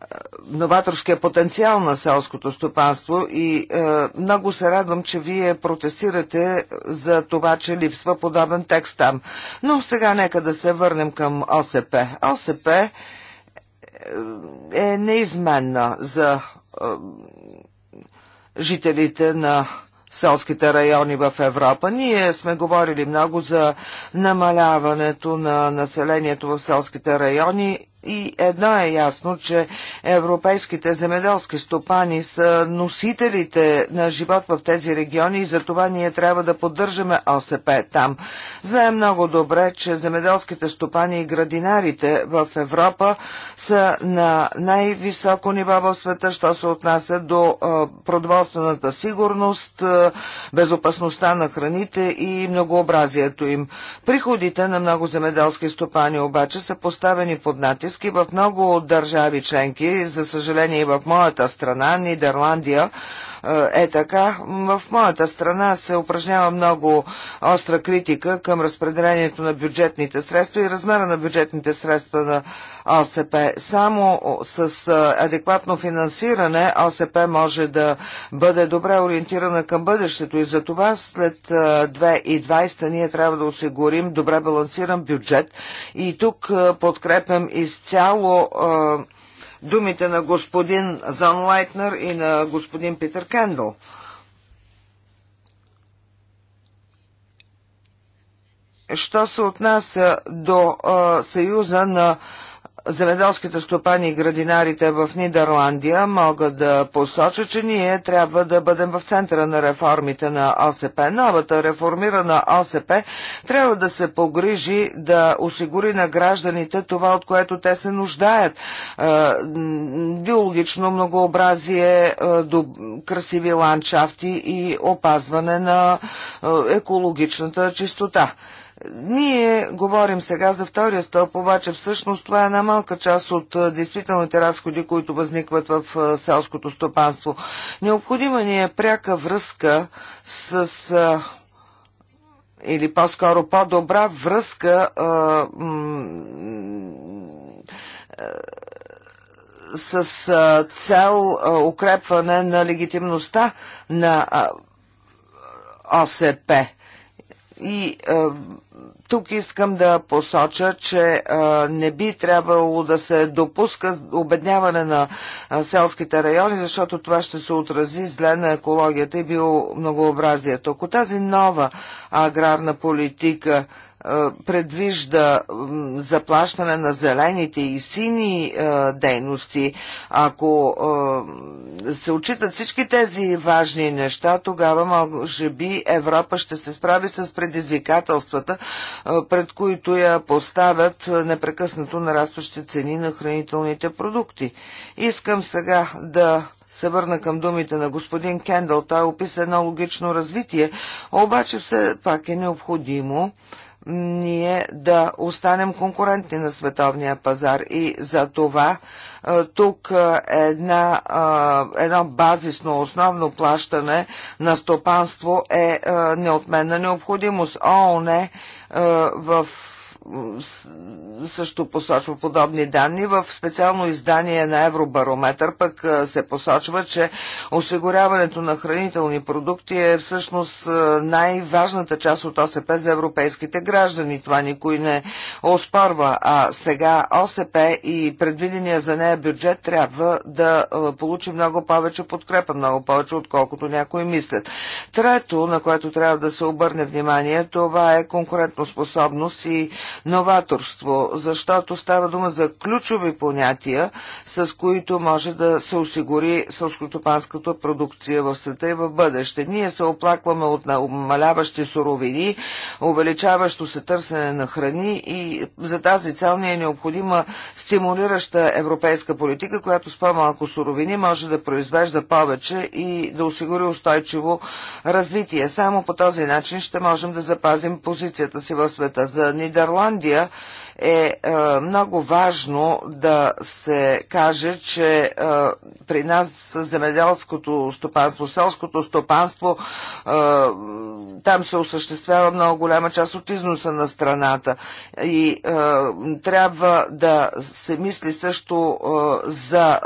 е, новаторския потенциал на селското стопанство и е, много се радвам, че вие протестирате за това, че липсва подобен текст там. Но сега нека да се върнем към ОСП. ОСП е, е неизменна за е, жителите на селските райони в Европа. Ние сме говорили много за намаляването на населението в селските райони и едно е ясно, че европейските земеделски стопани са носителите на живот в тези региони и за това ние трябва да поддържаме ОСП там. Знаем много добре, че земеделските стопани и градинарите в Европа са на най-високо ниво в света, що се отнася до продоволствената сигурност, безопасността на храните и многообразието им. Приходите на много земеделски стопани обаче са поставени под натиск практически в много държави членки, за съжаление и в моята страна, Нидерландия, е така. В моята страна се упражнява много остра критика към разпределението на бюджетните средства и размера на бюджетните средства на ОСП. Само с адекватно финансиране ОСП може да бъде добре ориентирана към бъдещето и за това след 2020 ние трябва да осигурим добре балансиран бюджет и тук подкрепям изцяло думите на господин Зон Лайтнер и на господин Питър Кендъл. Що се отнася до а, съюза на земеделските стопани и градинарите в Нидерландия могат да посочат, че ние трябва да бъдем в центъра на реформите на ОСП. Новата реформирана ОСП трябва да се погрижи да осигури на гражданите това, от което те се нуждаят. Е, биологично многообразие, е, красиви ландшафти и опазване на е, екологичната чистота. Ние говорим сега за втория стълб, обаче всъщност това е една малка част от действителните разходи, които възникват в селското стопанство. Необходима ни е пряка връзка с или по-скоро по-добра връзка с цел укрепване на легитимността на ОСП. И тук искам да посоча, че не би трябвало да се допуска обедняване на селските райони, защото това ще се отрази зле на екологията и биомногообразието. Ако тази нова аграрна политика – е, предвижда заплащане на зелените и сини е, дейности, ако е, се отчитат всички тези важни неща, тогава може би Европа ще се справи с предизвикателствата, пред които я поставят непрекъснато нарастващи цени на хранителните продукти. Искам сега да се върна към думите на господин Кендъл. Той описа едно логично развитие, обаче все пак е необходимо ние да останем конкурентни на световния пазар и за това е, тук е, една, е, едно базисно основно плащане на стопанство е неотменна необходимост. ООН е в също посочва подобни данни. В специално издание на Евробарометър пък се посочва, че осигуряването на хранителни продукти е всъщност най-важната част от ОСП за европейските граждани. Това никой не оспорва. А сега ОСП и предвидения за нея бюджет трябва да получи много повече подкрепа, много повече, отколкото някои мислят. Трето, на което трябва да се обърне внимание, това е конкурентоспособност и новаторство, защото става дума за ключови понятия, с които може да се осигури сълскотопанската продукция в света и в бъдеще. Ние се оплакваме от намаляващи суровини, увеличаващо се търсене на храни и за тази цел ни е необходима стимулираща европейска политика, която с по-малко суровини може да произвежда повече и да осигури устойчиво развитие. Само по този начин ще можем да запазим позицията си в света. За Нидерланд Ирландия е, е, много важно да се каже, че е, при нас земеделското стопанство, селското стопанство, е, там се осъществява много голяма част от износа на страната. И трябва да се мисли също за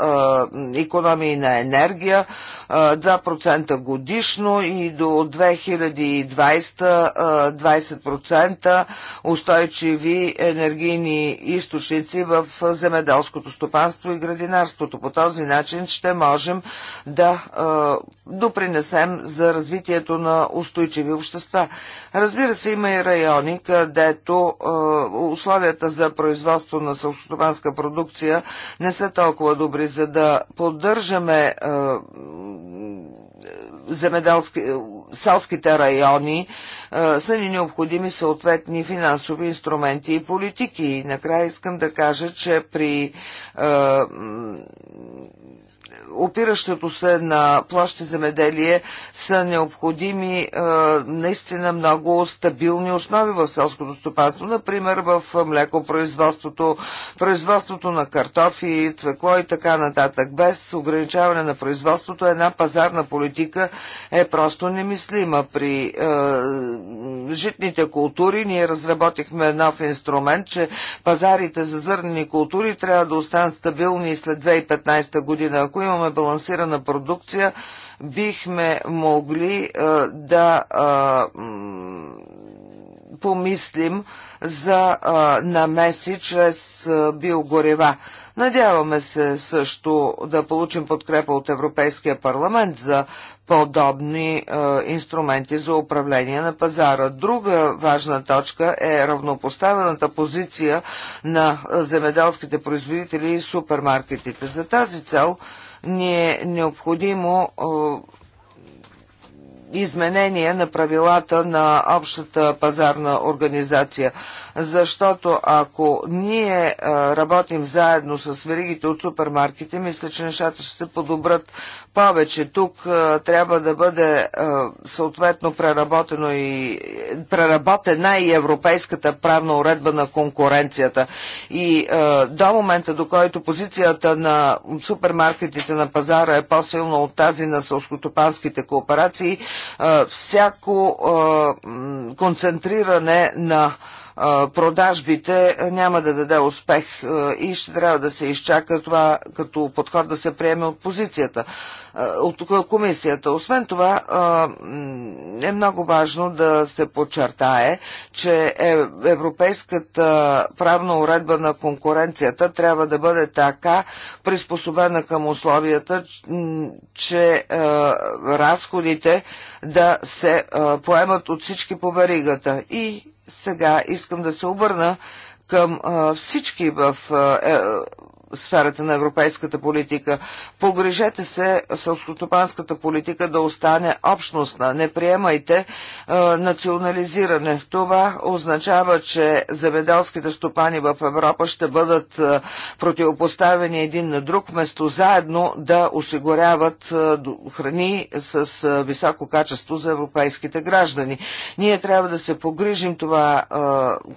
економии на енергия, 2% годишно и до 2020 20% устойчиви енергийни източници в земеделското стопанство и градинарството. По този начин ще можем да допринесем за развитието на устойчиви общества. Разбира се, има и райони, където е, условията за производство на селскостопанска продукция не са толкова добри, за да поддържаме е, земеделски, селските райони са ни необходими съответни финансови инструменти и политики. И накрая искам да кажа, че при е, опиращото се на площа земеделие са необходими е, наистина много стабилни основи в селското стопанство. Например, в млекопроизводството, производството на картофи, цвекло и така нататък. Без ограничаване на производството една пазарна политика е просто немислима. При е, житните култури ние разработихме нов инструмент, че пазарите за зърнени култури трябва да останат стабилни след 2015 година. Ако имаме балансирана продукция, бихме могли а, да а, помислим за а, намеси чрез а, биогорева. Надяваме се също да получим подкрепа от Европейския парламент за подобни е, инструменти за управление на пазара. Друга важна точка е равнопоставената позиция на земеделските производители и супермаркетите. За тази цел е, ни е необходимо е, изменение на правилата на общата пазарна организация. Защото ако ние е, работим заедно с веригите от супермаркети, мисля, че нещата ще се подобрат повече. Тук а, трябва да бъде а, съответно преработено и преработена и европейската правна уредба на конкуренцията. И а, до момента, до който позицията на супермаркетите на пазара е по-силна от тази на сълскотопанските кооперации, всяко концентриране на продажбите няма да даде успех и ще трябва да се изчака това като подход да се приеме от позицията, от комисията. Освен това е много важно да се подчертае, че е, европейската правна уредба на конкуренцията трябва да бъде така приспособена към условията, че разходите да се поемат от всички по веригата. И сега искам да се обърна към всички в е, сферата на европейската политика. Погрежете се сълскотопанската политика да остане общностна. Не приемайте е, национализиране. Това означава, че земеделските стопани в Европа ще бъдат е, противопоставени един на друг, вместо заедно да осигуряват е, храни с е, високо качество за европейските граждани. Ние трябва да се погрижим това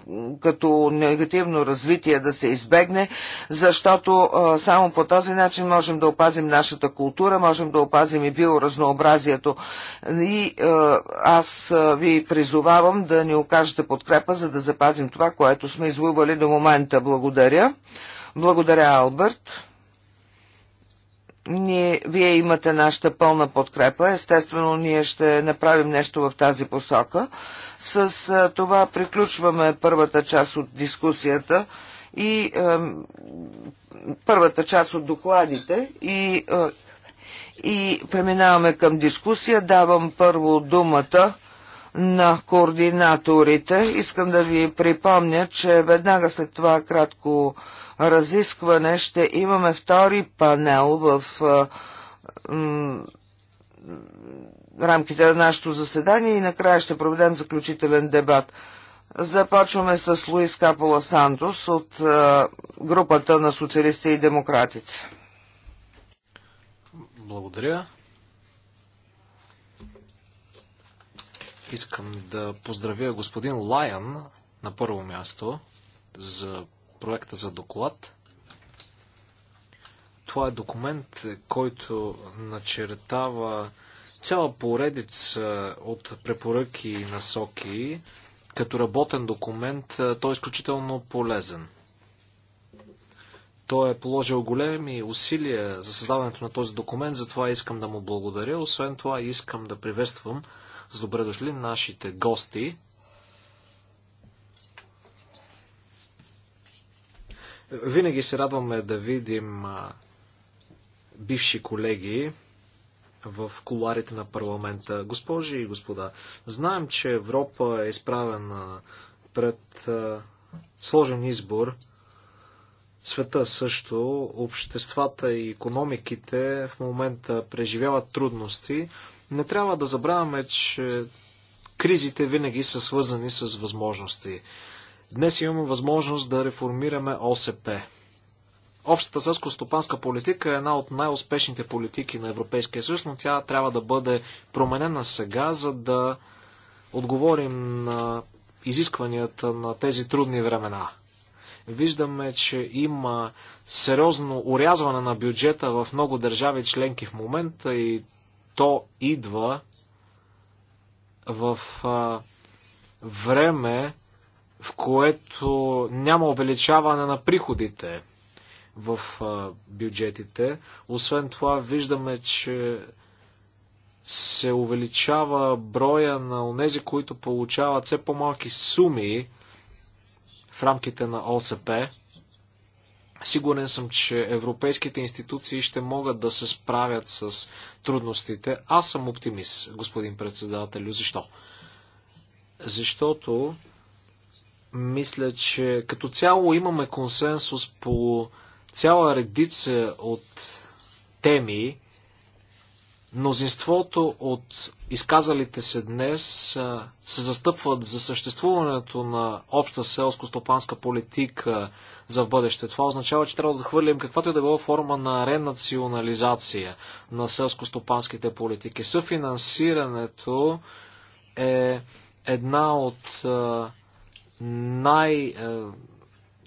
е, като негативно развитие да се избегне, защото защото само по този начин можем да опазим нашата култура, можем да опазим и биоразнообразието. И аз ви призовавам да ни окажете подкрепа, за да запазим това, което сме извоювали до момента. Благодаря. Благодаря, Алберт. Ние, вие имате нашата пълна подкрепа. Естествено, ние ще направим нещо в тази посока. С това приключваме първата част от дискусията и е, първата част от докладите и, и преминаваме към дискусия. Давам първо думата на координаторите. Искам да ви припомня, че веднага след това кратко разискване ще имаме втори панел в рамките на нашето заседание и накрая ще проведем заключителен дебат. Започваме с Луис Капола Сантос от е, групата на социалисти и демократите. Благодаря. Искам да поздравя господин Лайан на първо място за проекта за доклад. Това е документ, който начертава цяла поредица от препоръки и насоки, като работен документ, той е изключително полезен. Той е положил големи усилия за създаването на този документ, затова искам да му благодаря. Освен това искам да приветствам с добре дошли нашите гости. Винаги се радваме да видим бивши колеги, в коларите на парламента. Госпожи и господа, знаем, че Европа е изправена пред сложен избор. Света също, обществата и економиките в момента преживяват трудности. Не трябва да забравяме, че кризите винаги са свързани с възможности. Днес имаме възможност да реформираме ОСП. Общата селско-стопанска политика е една от най-успешните политики на Европейския съюз, но тя трябва да бъде променена сега, за да отговорим на изискванията на тези трудни времена. Виждаме, че има сериозно урязване на бюджета в много държави членки в момента и то идва в а, време, в което няма увеличаване на приходите в бюджетите. Освен това, виждаме, че се увеличава броя на онези, които получават все по-малки суми в рамките на ОСП. Сигурен съм, че европейските институции ще могат да се справят с трудностите. Аз съм оптимист, господин председател, Защо? Защото мисля, че като цяло имаме консенсус по цяла редица от теми, мнозинството от изказалите се днес се застъпват за съществуването на обща селско-стопанска политика за в бъдеще. Това означава, че трябва да хвърлим каквато и е да било форма на ренационализация на селско-стопанските политики. Съфинансирането е една от най-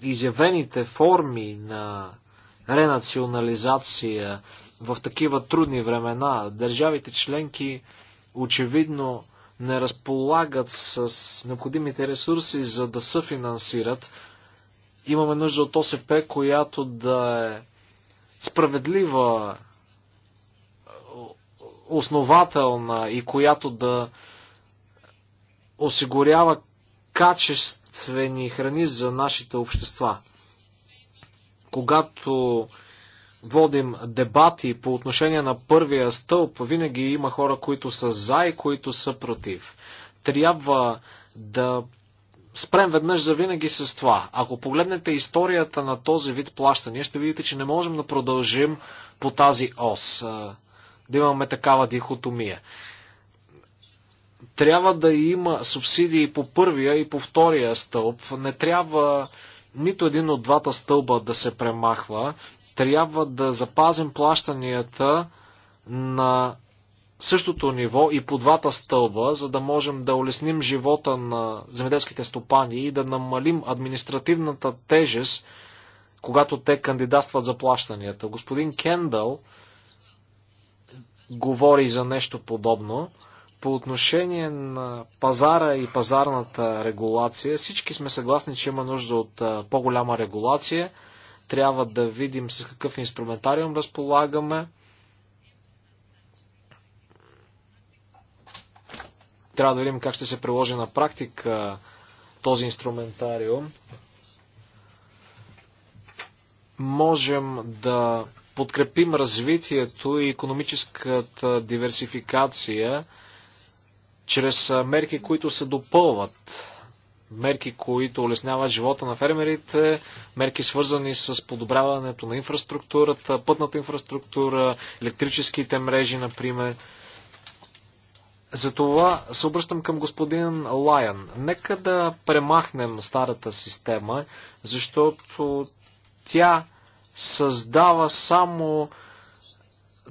изявените форми на ренационализация в такива трудни времена. Държавите членки очевидно не разполагат с необходимите ресурси, за да се финансират. Имаме нужда от ОСП, която да е справедлива, основателна и която да осигурява качество качествени храни за нашите общества. Когато водим дебати по отношение на първия стълб, винаги има хора, които са за и които са против. Трябва да спрем веднъж за винаги с това. Ако погледнете историята на този вид плащания, ще видите, че не можем да продължим по тази ос. Да имаме такава дихотомия трябва да има субсидии по първия и по втория стълб. Не трябва нито един от двата стълба да се премахва. Трябва да запазим плащанията на същото ниво и по двата стълба, за да можем да улесним живота на земеделските стопани и да намалим административната тежест, когато те кандидатстват за плащанията. Господин Кендъл говори за нещо подобно. По отношение на пазара и пазарната регулация, всички сме съгласни, че има нужда от по-голяма регулация. Трябва да видим с какъв инструментариум разполагаме. Трябва да видим как ще се приложи на практика този инструментариум. Можем да подкрепим развитието и економическата диверсификация чрез мерки, които се допълват. Мерки, които улесняват живота на фермерите, мерки свързани с подобряването на инфраструктурата, пътната инфраструктура, електрическите мрежи, например. Затова се обръщам към господин Лайан. Нека да премахнем старата система, защото тя създава само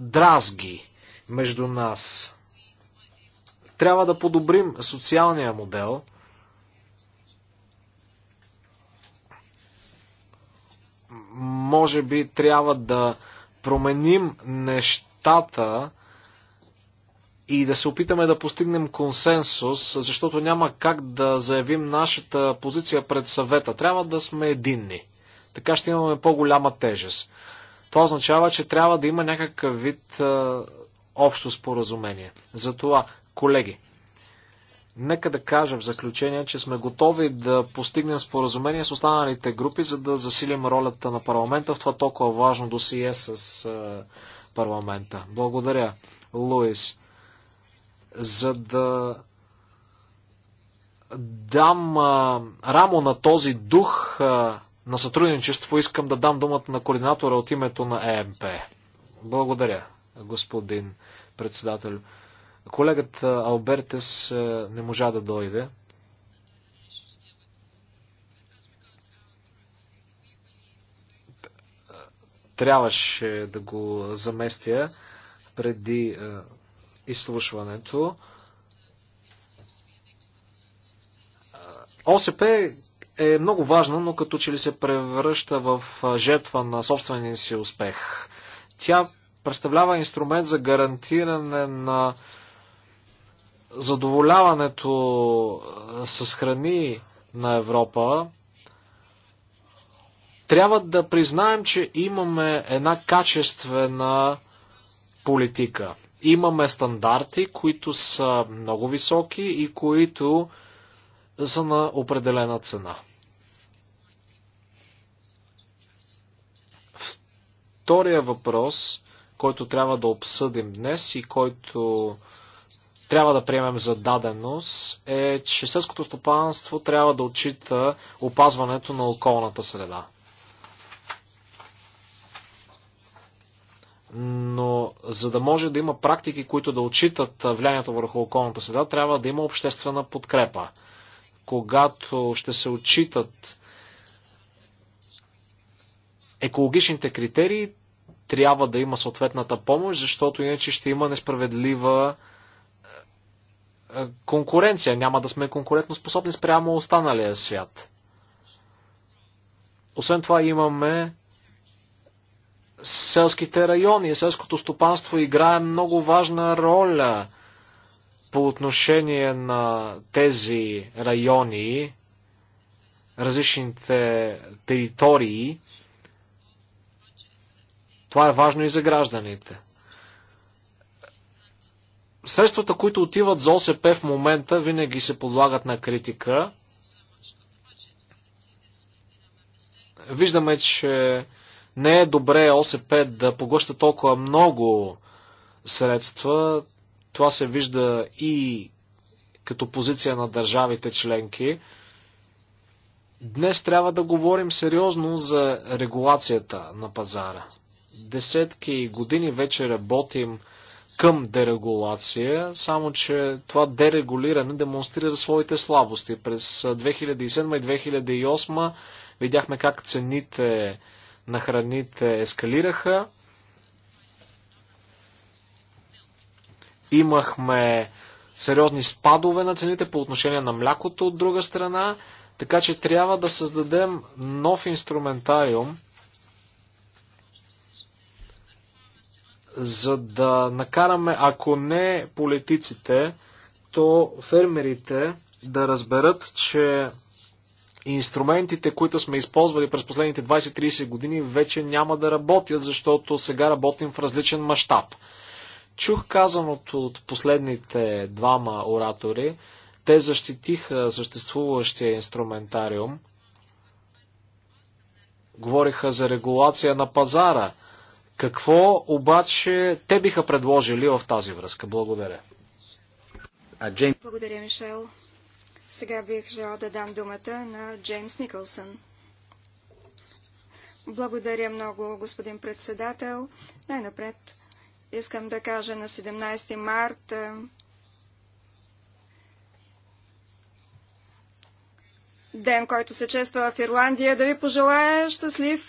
дразги между нас. Трябва да подобрим социалния модел. Може би трябва да променим нещата и да се опитаме да постигнем консенсус, защото няма как да заявим нашата позиция пред съвета. Трябва да сме единни. Така ще имаме по-голяма тежест. Това означава, че трябва да има някакъв вид общо споразумение. Затова Колеги, нека да кажа в заключение, че сме готови да постигнем споразумение с останалите групи, за да засилим ролята на парламента в това толкова важно досие с е, парламента. Благодаря, Луис, за да дам е, рамо на този дух е, на сътрудничество, искам да дам думата на координатора от името на ЕМП. Благодаря, господин председател. Колегата Албертес е, не можа да дойде. Трябваше да го заместя преди е, изслушването. ОСП е много важна, но като че ли се превръща в е, жертва на собствения си успех. Тя представлява инструмент за гарантиране на задоволяването с храни на Европа, трябва да признаем, че имаме една качествена политика. Имаме стандарти, които са много високи и които са на определена цена. Втория въпрос, който трябва да обсъдим днес и който трябва да приемем за даденост, е, че селското стопанство трябва да отчита опазването на околната среда. Но за да може да има практики, които да отчитат влиянието върху околната среда, трябва да има обществена подкрепа. Когато ще се отчитат екологичните критерии, трябва да има съответната помощ, защото иначе ще има несправедлива е, конкуренция, няма да сме конкурентно способни спрямо останалия свят. Освен това имаме селските райони. Селското стопанство играе много важна роля по отношение на тези райони, различните територии. Това е важно и за гражданите. Средствата, които отиват за ОСП в момента, винаги се подлагат на критика. Виждаме, че не е добре ОСП да поглъща толкова много средства. Това се вижда и като позиция на държавите членки. Днес трябва да говорим сериозно за регулацията на пазара. Десетки години вече работим към дерегулация, само че това дерегулиране демонстрира своите слабости. През 2007 и 2008 видяхме как цените на храните ескалираха. Имахме сериозни спадове на цените по отношение на млякото от друга страна, така че трябва да създадем нов инструментариум – за да накараме, ако не политиците, то фермерите да разберат, че инструментите, които сме използвали през последните 20-30 години, вече няма да работят, защото сега работим в различен мащаб. Чух казаното от последните двама оратори. Те защитиха съществуващия инструментариум. Говориха за регулация на пазара – какво обаче те биха предложили в тази връзка? Благодаря. Благодаря, Мишел. Сега бих желал да дам думата на Джеймс Никълсън. Благодаря много, господин председател. Най-напред искам да кажа на 17 март ден, който се чества в Ирландия, да ви пожелая щастлив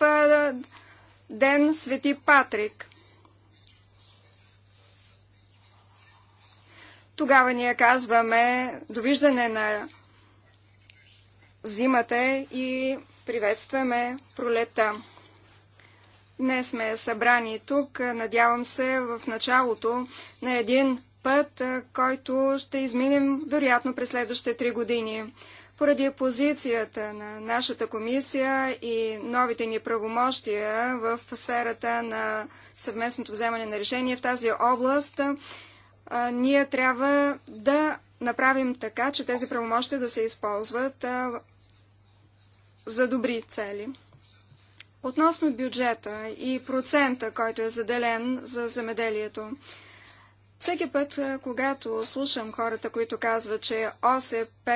Ден Свети Патрик. Тогава ние казваме довиждане на зимата и приветстваме пролета. Днес сме събрани тук, надявам се, в началото на един път, който ще изминем вероятно през следващите три години. Поради позицията на нашата комисия и новите ни правомощия в сферата на съвместното вземане на решение в тази област, ние трябва да направим така, че тези правомощия да се използват за добри цели. Относно бюджета и процента, който е заделен за земеделието, всеки път, когато слушам хората, които казват, че ОСП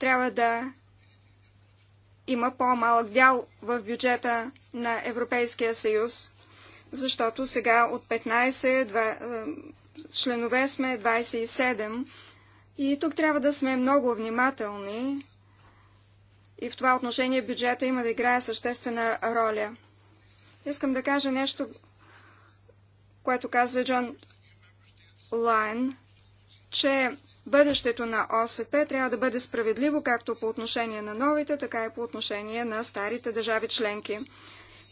трябва да има по-малък дял в бюджета на Европейския съюз, защото сега от 15 е, членове сме 27 и тук трябва да сме много внимателни и в това отношение бюджета има да играе съществена роля. Искам да кажа нещо, което каза Джон Лайн, че бъдещето на ОСП трябва да бъде справедливо както по отношение на новите, така и по отношение на старите държави членки.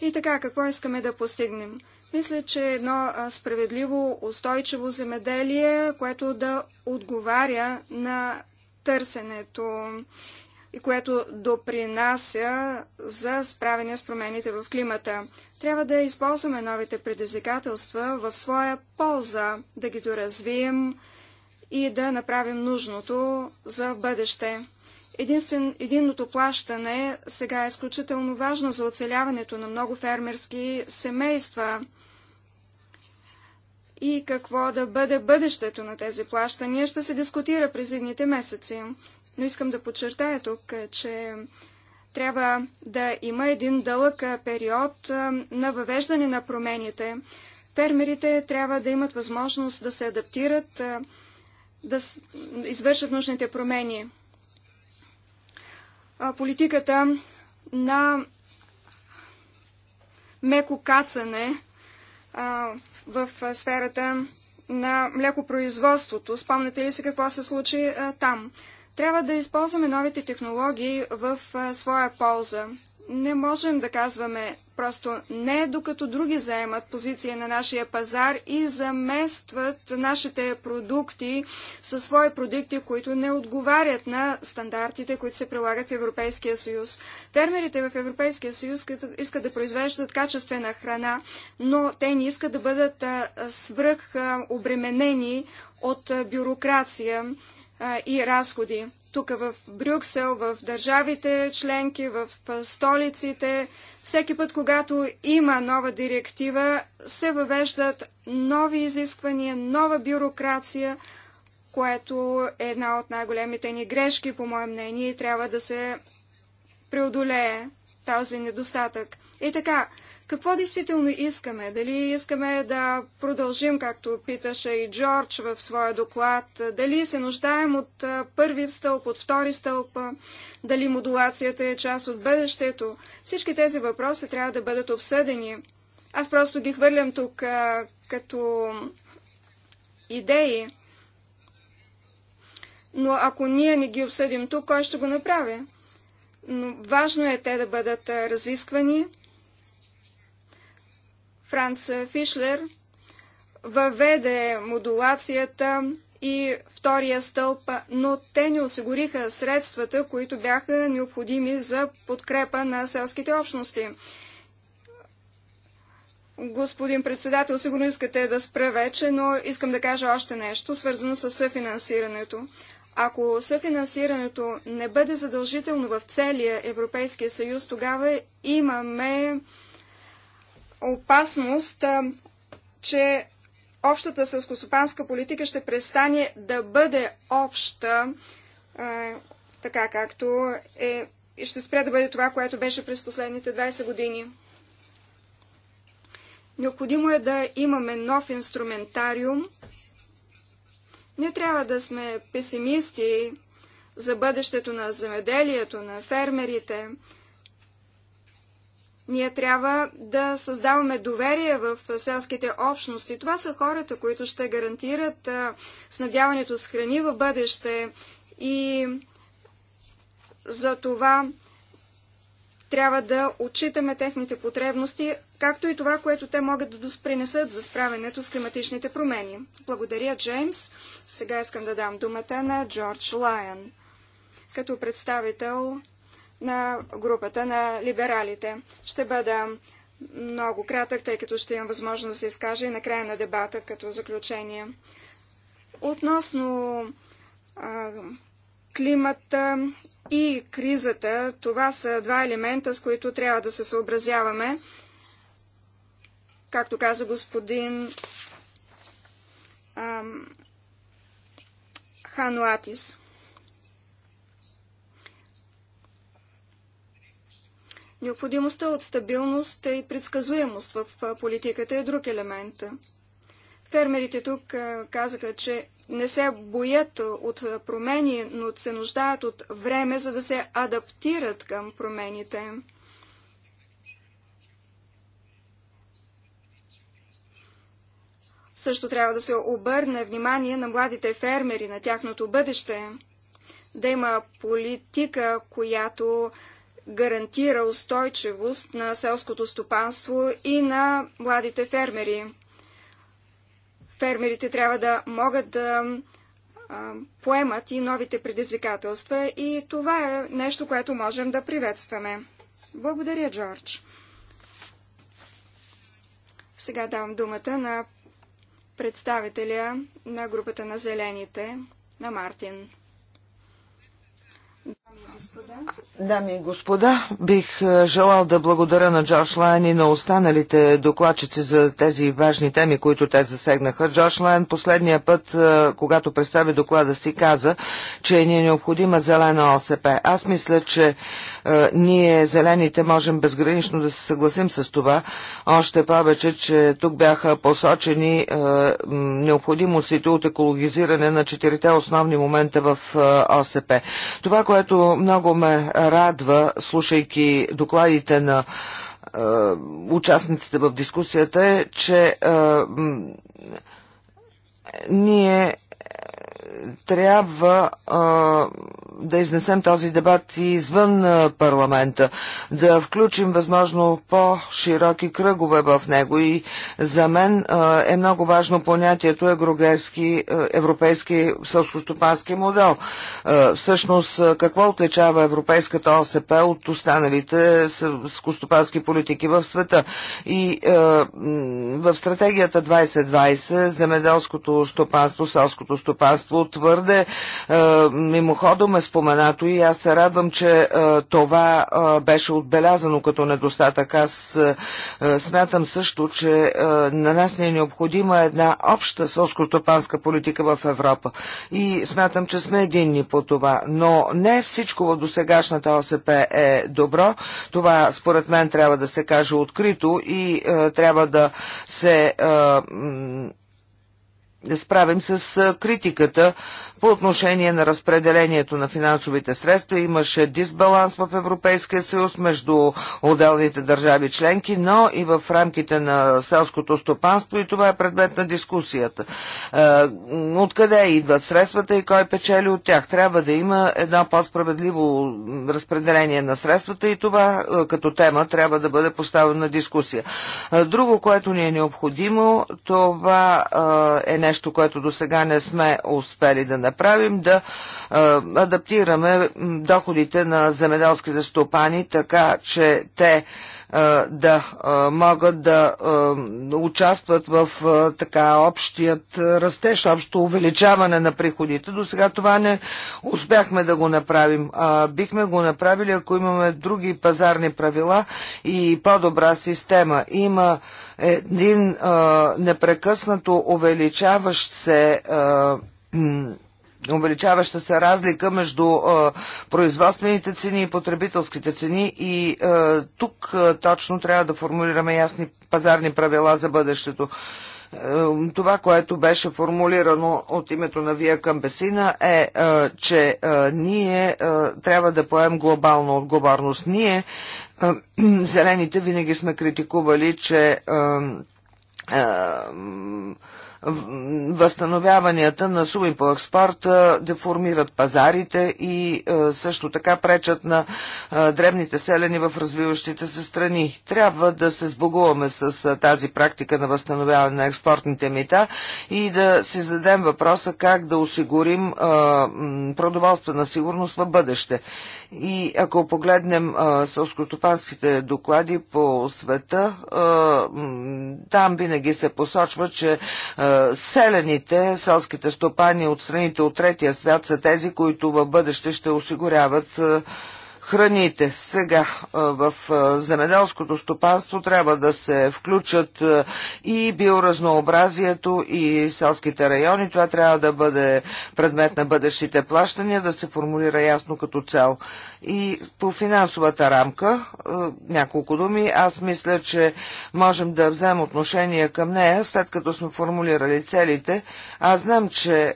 И така, какво искаме да постигнем? Мисля, че едно справедливо, устойчиво земеделие, което да отговаря на търсенето и което допринася за справяне с промените в климата. Трябва да използваме новите предизвикателства в своя полза, да ги доразвием, и да направим нужното за бъдеще. Единствен, единното плащане сега е изключително важно за оцеляването на много фермерски семейства. И какво да бъде бъдещето на тези плащания ще се дискутира през едните месеци. Но искам да подчертая тук, че трябва да има един дълъг период на въвеждане на промените. Фермерите трябва да имат възможност да се адаптират да извършат нужните промени. Политиката на меко кацане в сферата на млекопроизводството. Спомняте ли се какво се случи там? Трябва да използваме новите технологии в своя полза не можем да казваме просто не, докато други заемат позиция на нашия пазар и заместват нашите продукти със свои продукти, които не отговарят на стандартите, които се прилагат в Европейския съюз. Фермерите в Европейския съюз искат да произвеждат качествена храна, но те не искат да бъдат свръх обременени от бюрокрация и разходи. Тук в Брюксел, в държавите членки, в столиците, всеки път, когато има нова директива, се въвеждат нови изисквания, нова бюрокрация, което е една от най-големите ни грешки, по мое мнение, и трябва да се преодолее този недостатък. И така, какво действително искаме? Дали искаме да продължим, както питаше и Джордж в своя доклад? Дали се нуждаем от първи стълб, от втори стълб? Дали модулацията е част от бъдещето? Всички тези въпроси трябва да бъдат обсъдени. Аз просто ги хвърлям тук а, като идеи. Но ако ние не ги обсъдим тук, кой ще го направи? Но важно е те да бъдат разисквани Франц Фишлер въведе модулацията и втория стълб, но те не осигуриха средствата, които бяха необходими за подкрепа на селските общности. Господин председател, сигурно искате да спра вече, но искам да кажа още нещо, свързано с съфинансирането. Ако съфинансирането не бъде задължително в целия Европейския съюз, тогава имаме опасност, че общата селскостопанска политика ще престане да бъде обща, така както е и ще спре да бъде това, което беше през последните 20 години. Необходимо е да имаме нов инструментариум. Не трябва да сме песимисти за бъдещето на земеделието, на фермерите. Ние трябва да създаваме доверие в селските общности. Това са хората, които ще гарантират снабдяването с храни в бъдеще. И за това трябва да отчитаме техните потребности, както и това, което те могат да доспринесат за справянето с климатичните промени. Благодаря, Джеймс. Сега искам да дам думата на Джордж Лайън, като представител на групата на либералите. Ще бъда много кратък, тъй като ще имам възможност да се изкажа и на края на дебата като заключение. Относно а, климата и кризата, това са два елемента, с които трябва да се съобразяваме. Както каза господин а, Хануатис. Необходимостта от стабилност и предсказуемост в политиката е друг елемент. Фермерите тук казаха, че не се боят от промени, но се нуждаят от време, за да се адаптират към промените. Също трябва да се обърне внимание на младите фермери, на тяхното бъдеще, да има политика, която гарантира устойчивост на селското стопанство и на младите фермери. Фермерите трябва да могат да а, поемат и новите предизвикателства и това е нещо, което можем да приветстваме. Благодаря, Джордж. Сега давам думата на представителя на групата на зелените, на Мартин господа. Дами и господа, бих е, желал да благодаря на Джордж Лайн и на останалите докладчици за тези важни теми, които те засегнаха. Джордж Лайн последния път, е, когато представи доклада си, каза, че ни е необходима зелена ОСП. Аз мисля, че е, ние, зелените, можем безгранично да се съгласим с това. Още повече, че тук бяха посочени необходимостите от екологизиране на четирите основни момента в ОСП. Това, което много ме радва, слушайки докладите на е, участниците в дискусията, е, че е, ние трябва е, да изнесем този дебат и извън парламента, да включим възможно по-широки кръгове в него. И за мен е много важно понятието грогерски европейски сълскостопански модел. Всъщност, какво отличава европейската ОСП от останалите сълскостопански политики в света? И в стратегията 2020 земеделското стопанство, селското стопанство твърде мимоходом е споменато и аз се радвам, че е, това е, беше отбелязано като недостатък. Аз е, смятам също, че на нас не е необходима една обща сълско-стопанска политика в Европа. И смятам, че сме единни по това. Но не всичко в досегашната ОСП е добро. Това според мен трябва да се каже открито и трябва да се справим с критиката по отношение на разпределението на финансовите средства имаше дисбаланс в Европейския съюз между отделните държави членки, но и в рамките на селското стопанство и това е предмет на дискусията. Е, откъде идват средствата и кой печели от тях? Трябва да има едно по-справедливо разпределение на средствата и това е, като тема трябва да бъде поставено на дискусия. Е, друго, което ни е необходимо, това е нещо, което до сега не сме успели да направим направим, да адаптираме доходите на земеделските стопани, така че те да могат да участват в така общият растеж, общо увеличаване на приходите. До сега това не успяхме да го направим. Бихме го направили, ако имаме други пазарни правила и по-добра система. Има един непрекъснато увеличаващ се увеличаваща се разлика между производствените цени и потребителските цени и тук точно трябва да формулираме ясни пазарни правила за бъдещето. Това, което беше формулирано от името на Вия Камбесина е, че ние трябва да поем глобална отговорност. Ние, зелените, винаги сме критикували, че възстановяванията на суми по експорта деформират пазарите и е, също така пречат на е, дребните селени в развиващите се страни. Трябва да се сбогуваме с е, тази практика на възстановяване на експортните мита и да си задем въпроса как да осигурим продоволствена сигурност в бъдеще. И ако погледнем сълскотопанските доклади по света, там винаги се посочва, че е, селените, селските стопани от страните от третия свят са тези, които в бъдеще ще осигуряват е, храните. Сега в земеделското стопанство трябва да се включат и биоразнообразието и селските райони. Това трябва да бъде предмет на бъдещите плащания, да се формулира ясно като цел. И по финансовата рамка, няколко думи, аз мисля, че можем да вземем отношение към нея, след като сме формулирали целите. Аз знам, че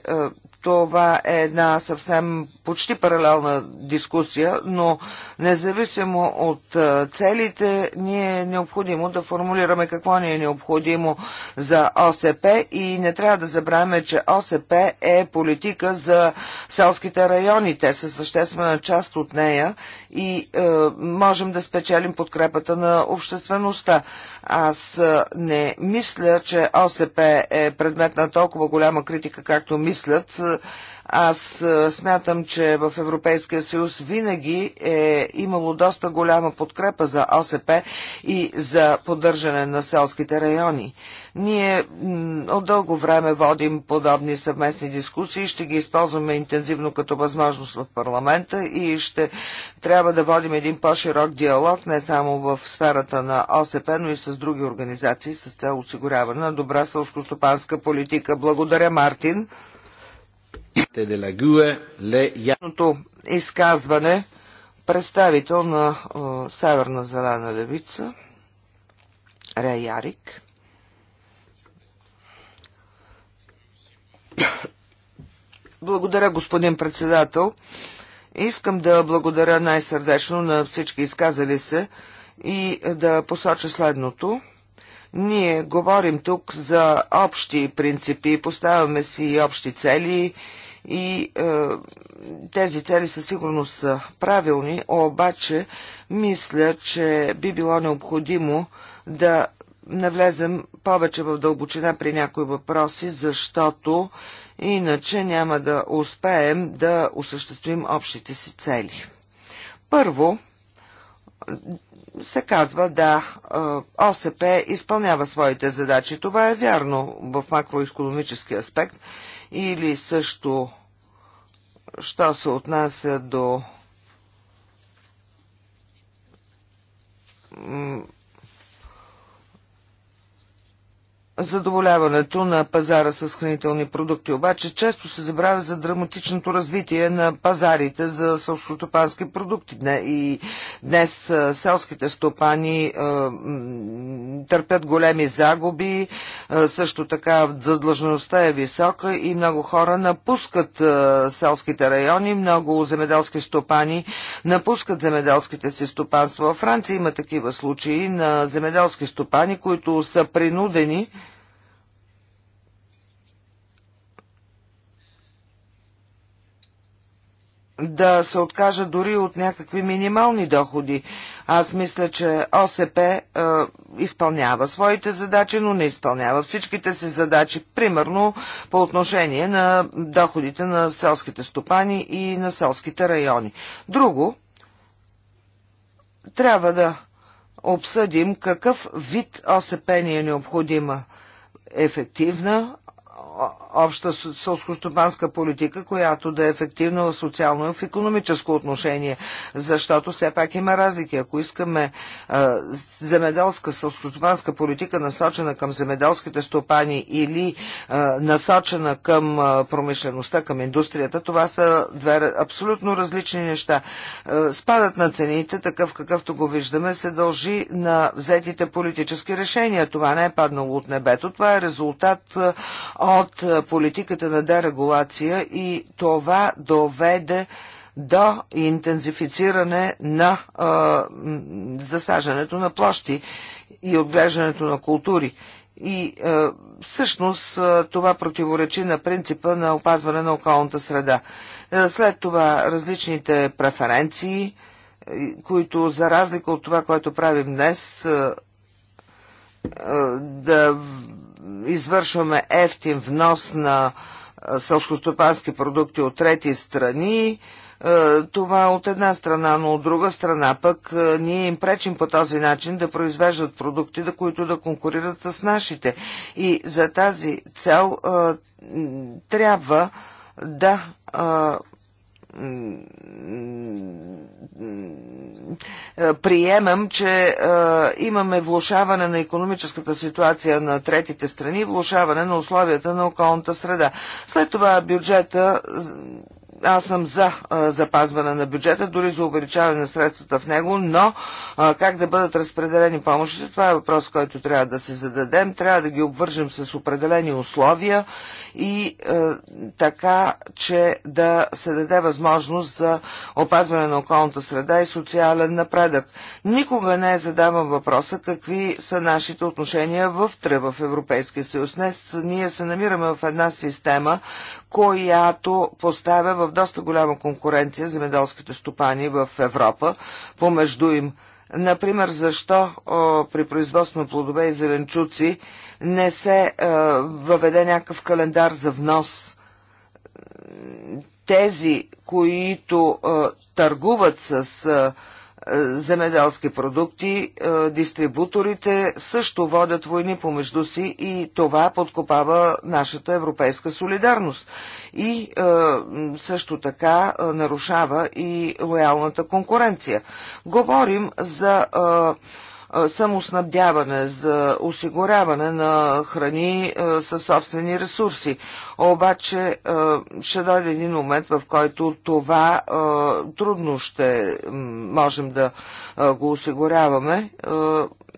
това е една съвсем почти паралелна дискусия, но независимо от целите, ние е необходимо да формулираме какво ни е необходимо за ОСП и не трябва да забравяме, че ОСП е политика за селските райони. Те са съществена част от нея и е, можем да спечелим подкрепата на обществеността. Аз не мисля, че ОСП е предмет на толкова голяма критика, както мислят. Е, аз е, смятам, че в Европейския съюз винаги е имало доста голяма подкрепа за ОСП и за поддържане на селските райони. Ние от дълго време водим подобни съвместни дискусии, ще ги използваме интензивно като възможност в парламента и ще трябва да водим един по-широк диалог не само в сферата на ОСП, но и с други организации с цел осигуряване на добра сълскостопанска политика. Благодаря, Мартин. Тяхното изказване представител на о, Северна зелена левица Ре Ярик. Благодаря, господин председател. Искам да благодаря най-сърдечно на всички изказали се и да посоча следното. Ние говорим тук за общи принципи, поставяме си и общи цели, и е, тези цели със сигурност са правилни, обаче мисля, че би било необходимо да навлезем повече в дълбочина при някои въпроси, защото иначе няма да успеем да осъществим общите си цели. Първо, се казва да, е, ОСП изпълнява своите задачи. Това е вярно в макроекономически аспект, или също, що се отнася до задоволяването на пазара с хранителни продукти. Обаче често се забравя за драматичното развитие на пазарите за селскотопански продукти. И днес селските стопани е, търпят големи загуби, е, също така задлъжността е висока и много хора напускат е, селските райони, много земеделски стопани напускат земеделските си стопанства. Във Франция има такива случаи на земеделски стопани, които са принудени да се откажа дори от някакви минимални доходи. Аз мисля, че ОСП е, изпълнява своите задачи, но не изпълнява всичките си задачи, примерно по отношение на доходите на селските стопани и на селските райони. Друго, трябва да обсъдим какъв вид ОСП ни е необходима. Ефективна обща сълскостопанска политика, която да е ефективна в социално и в економическо отношение, защото все пак има разлики. Ако искаме а, земеделска сълскостопанска политика, насочена към земеделските стопани или а, насочена към а, промишлеността, към индустрията, това са две абсолютно различни неща. А, спадът на цените, такъв какъвто го виждаме, се дължи на взетите политически решения. Това не е паднало от небето, това е резултат а, от политиката на дерегулация и това доведе до интензифициране на а, засажането на площи и отглеждането на култури. И а, всъщност това противоречи на принципа на опазване на околната среда. След това различните преференции, които за разлика от това, което правим днес, да извършваме ефтин внос на сълскостопански продукти от трети страни, това от една страна, но от друга страна пък ние им пречим по този начин да произвеждат продукти, да които да конкурират с нашите. И за тази цел трябва да приемам, че а, имаме влушаване на економическата ситуация на третите страни, влушаване на условията на околната среда. След това бюджета аз съм за а, запазване на бюджета, дори за увеличаване на средствата в него, но а, как да бъдат разпределени помощите, това е въпрос, който трябва да се зададем. Трябва да ги обвържем с определени условия и е, така, че да се даде възможност за опазване на околната среда и социален напредък. Никога не задавам въпроса какви са нашите отношения вътре в Европейския съюз. Днес ние се намираме в една система, която поставя в доста голяма конкуренция земеделските стопани в Европа помежду им. Например, защо о, при производство на плодове и зеленчуци не се а, въведе някакъв календар за внос. Тези, които а, търгуват с а, земеделски продукти, дистрибуторите също водят войни помежду си и това подкопава нашата европейска солидарност. И също така нарушава и лоялната конкуренция. Говорим за самоснабдяване, за осигуряване на храни със собствени ресурси. Обаче ще дойде един момент, в който това трудно ще можем да го осигуряваме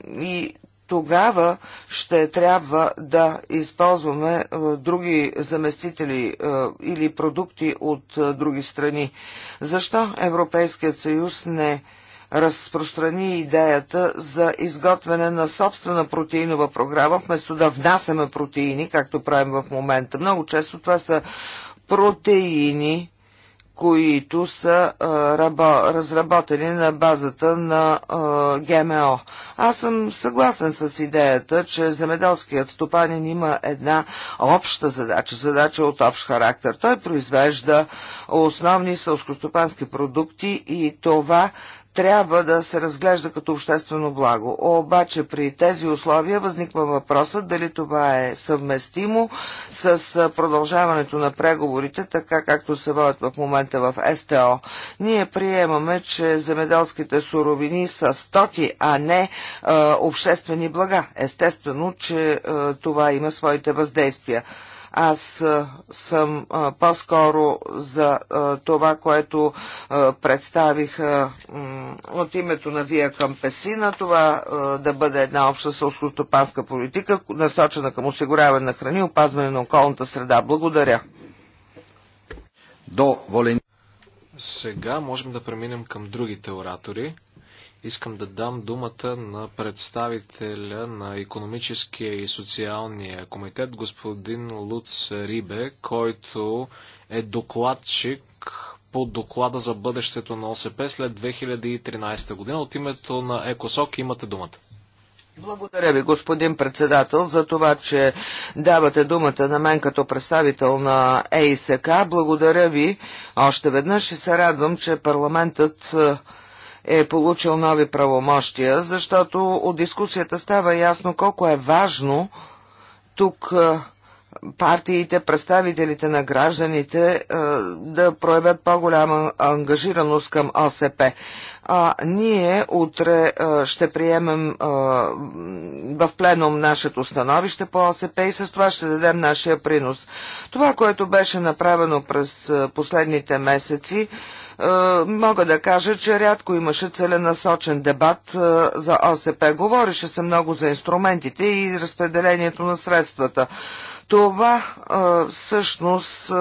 и тогава ще трябва да използваме други заместители или продукти от други страни. Защо Европейският съюз не разпространи идеята за изготвяне на собствена протеинова програма, вместо да внасяме протеини, както правим в момента. Много често това са протеини, които са а, разработени на базата на а, ГМО. Аз съм съгласен с идеята, че земеделският стопанин има една обща задача, задача от общ характер. Той произвежда основни сълскостопански продукти и това трябва да се разглежда като обществено благо. Обаче при тези условия възниква въпросът дали това е съвместимо с продължаването на преговорите, така както се водят в момента в СТО. Ние приемаме, че земеделските суровини са стоки, а не е, обществени блага. Естествено, че е, това има своите въздействия. Аз съм по-скоро за това, което представих от името на Вия Кампесина, това да бъде една обща сълскостопанска политика, насочена към осигуряване на храни и опазване на околната среда. Благодаря. До волен... Сега можем да преминем към другите оратори. Искам да дам думата на представителя на економическия и социалния комитет, господин Луц Рибе, който е докладчик по доклада за бъдещето на ОСП след 2013 година. От името на ЕКОСОК имате думата. Благодаря ви, господин председател, за това, че давате думата на мен като представител на ЕИСК. Благодаря ви още веднъж и се радвам, че парламентът е получил нови правомощия, защото от дискусията става ясно колко е важно тук е, партиите, представителите на гражданите е, да проявят по-голяма ангажираност към ОСП. А, ние утре е, ще приемем в пленум нашето становище по ОСП и с това ще дадем нашия принос. Това, което беше направено през последните месеци, е, мога да кажа, че рядко имаше целенасочен дебат е, за ОСП. Говореше се много за инструментите и разпределението на средствата. Това е, всъщност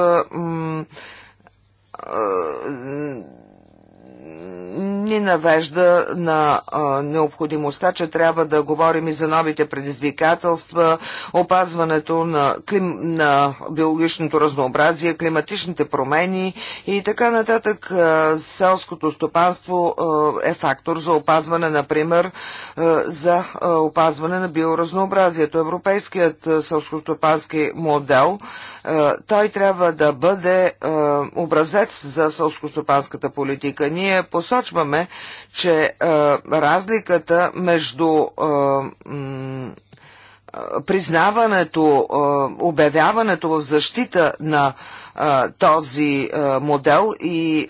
ни навежда на а, необходимостта, че трябва да говорим и за новите предизвикателства, опазването на, клим, на биологичното разнообразие, климатичните промени и така нататък. А, селското стопанство а, е фактор за опазване, например, а, за а, опазване на биоразнообразието. Европейският селскостопански модел, а, той трябва да бъде а, образец за селскостопанската политика. Ние посочваме, че е, разликата между е, е, признаването, е, обявяването в защита на този модел и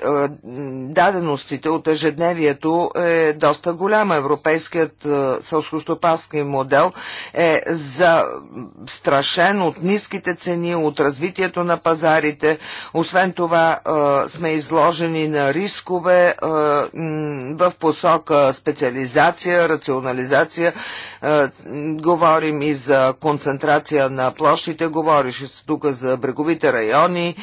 даденостите от ежедневието е доста голяма. Европейският сълскостопански модел е застрашен от ниските цени, от развитието на пазарите. Освен това сме изложени на рискове в посока специализация, рационализация. Говорим и за концентрация на площите, говориш тук за бреговите райони,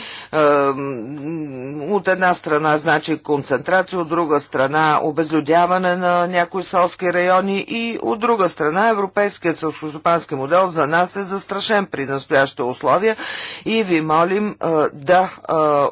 от една страна, значи, концентрация, от друга страна, обезлюдяване на някои селски райони и от друга страна, европейският селскостопански модел за нас е застрашен при настоящите условия и ви молим да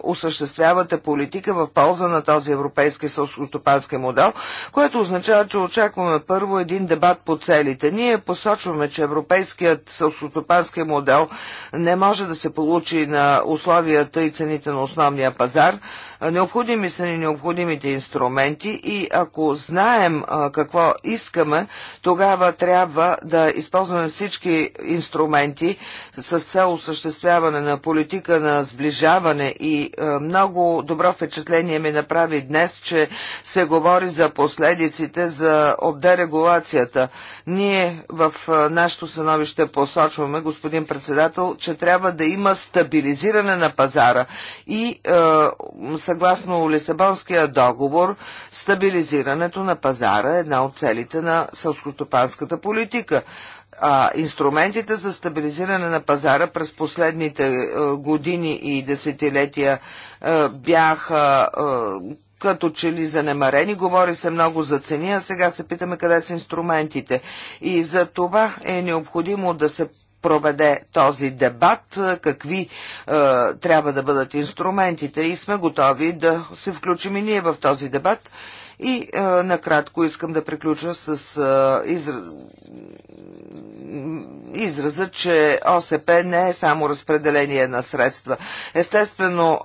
осъществявате политика в полза на този европейски селскостопански модел, което означава, че очакваме първо един дебат по целите. Ние посочваме, че европейският селскостопански модел не може да се получи на условия условията и цените на основния пазар, Необходими са ни необходимите инструменти и ако знаем какво искаме, тогава трябва да използваме всички инструменти с цел осъществяване на политика на сближаване и много добро впечатление ми направи днес, че се говори за последиците за от дерегулацията. Ние в нашето становище посочваме, господин председател, че трябва да има стабилизиране на пазара и е, съгласно Лисабонския договор, стабилизирането на пазара е една от целите на сълскостопанската политика. А инструментите за стабилизиране на пазара през последните е, години и десетилетия е, бяха е, като че ли занемарени. Говори се много за цени, а сега се питаме къде са инструментите. И за това е необходимо да се проведе този дебат, какви е, трябва да бъдат инструментите и сме готови да се включим и ние в този дебат. И е, накратко искам да приключа с е, изр израза, че ОСП не е само разпределение на средства. Естествено,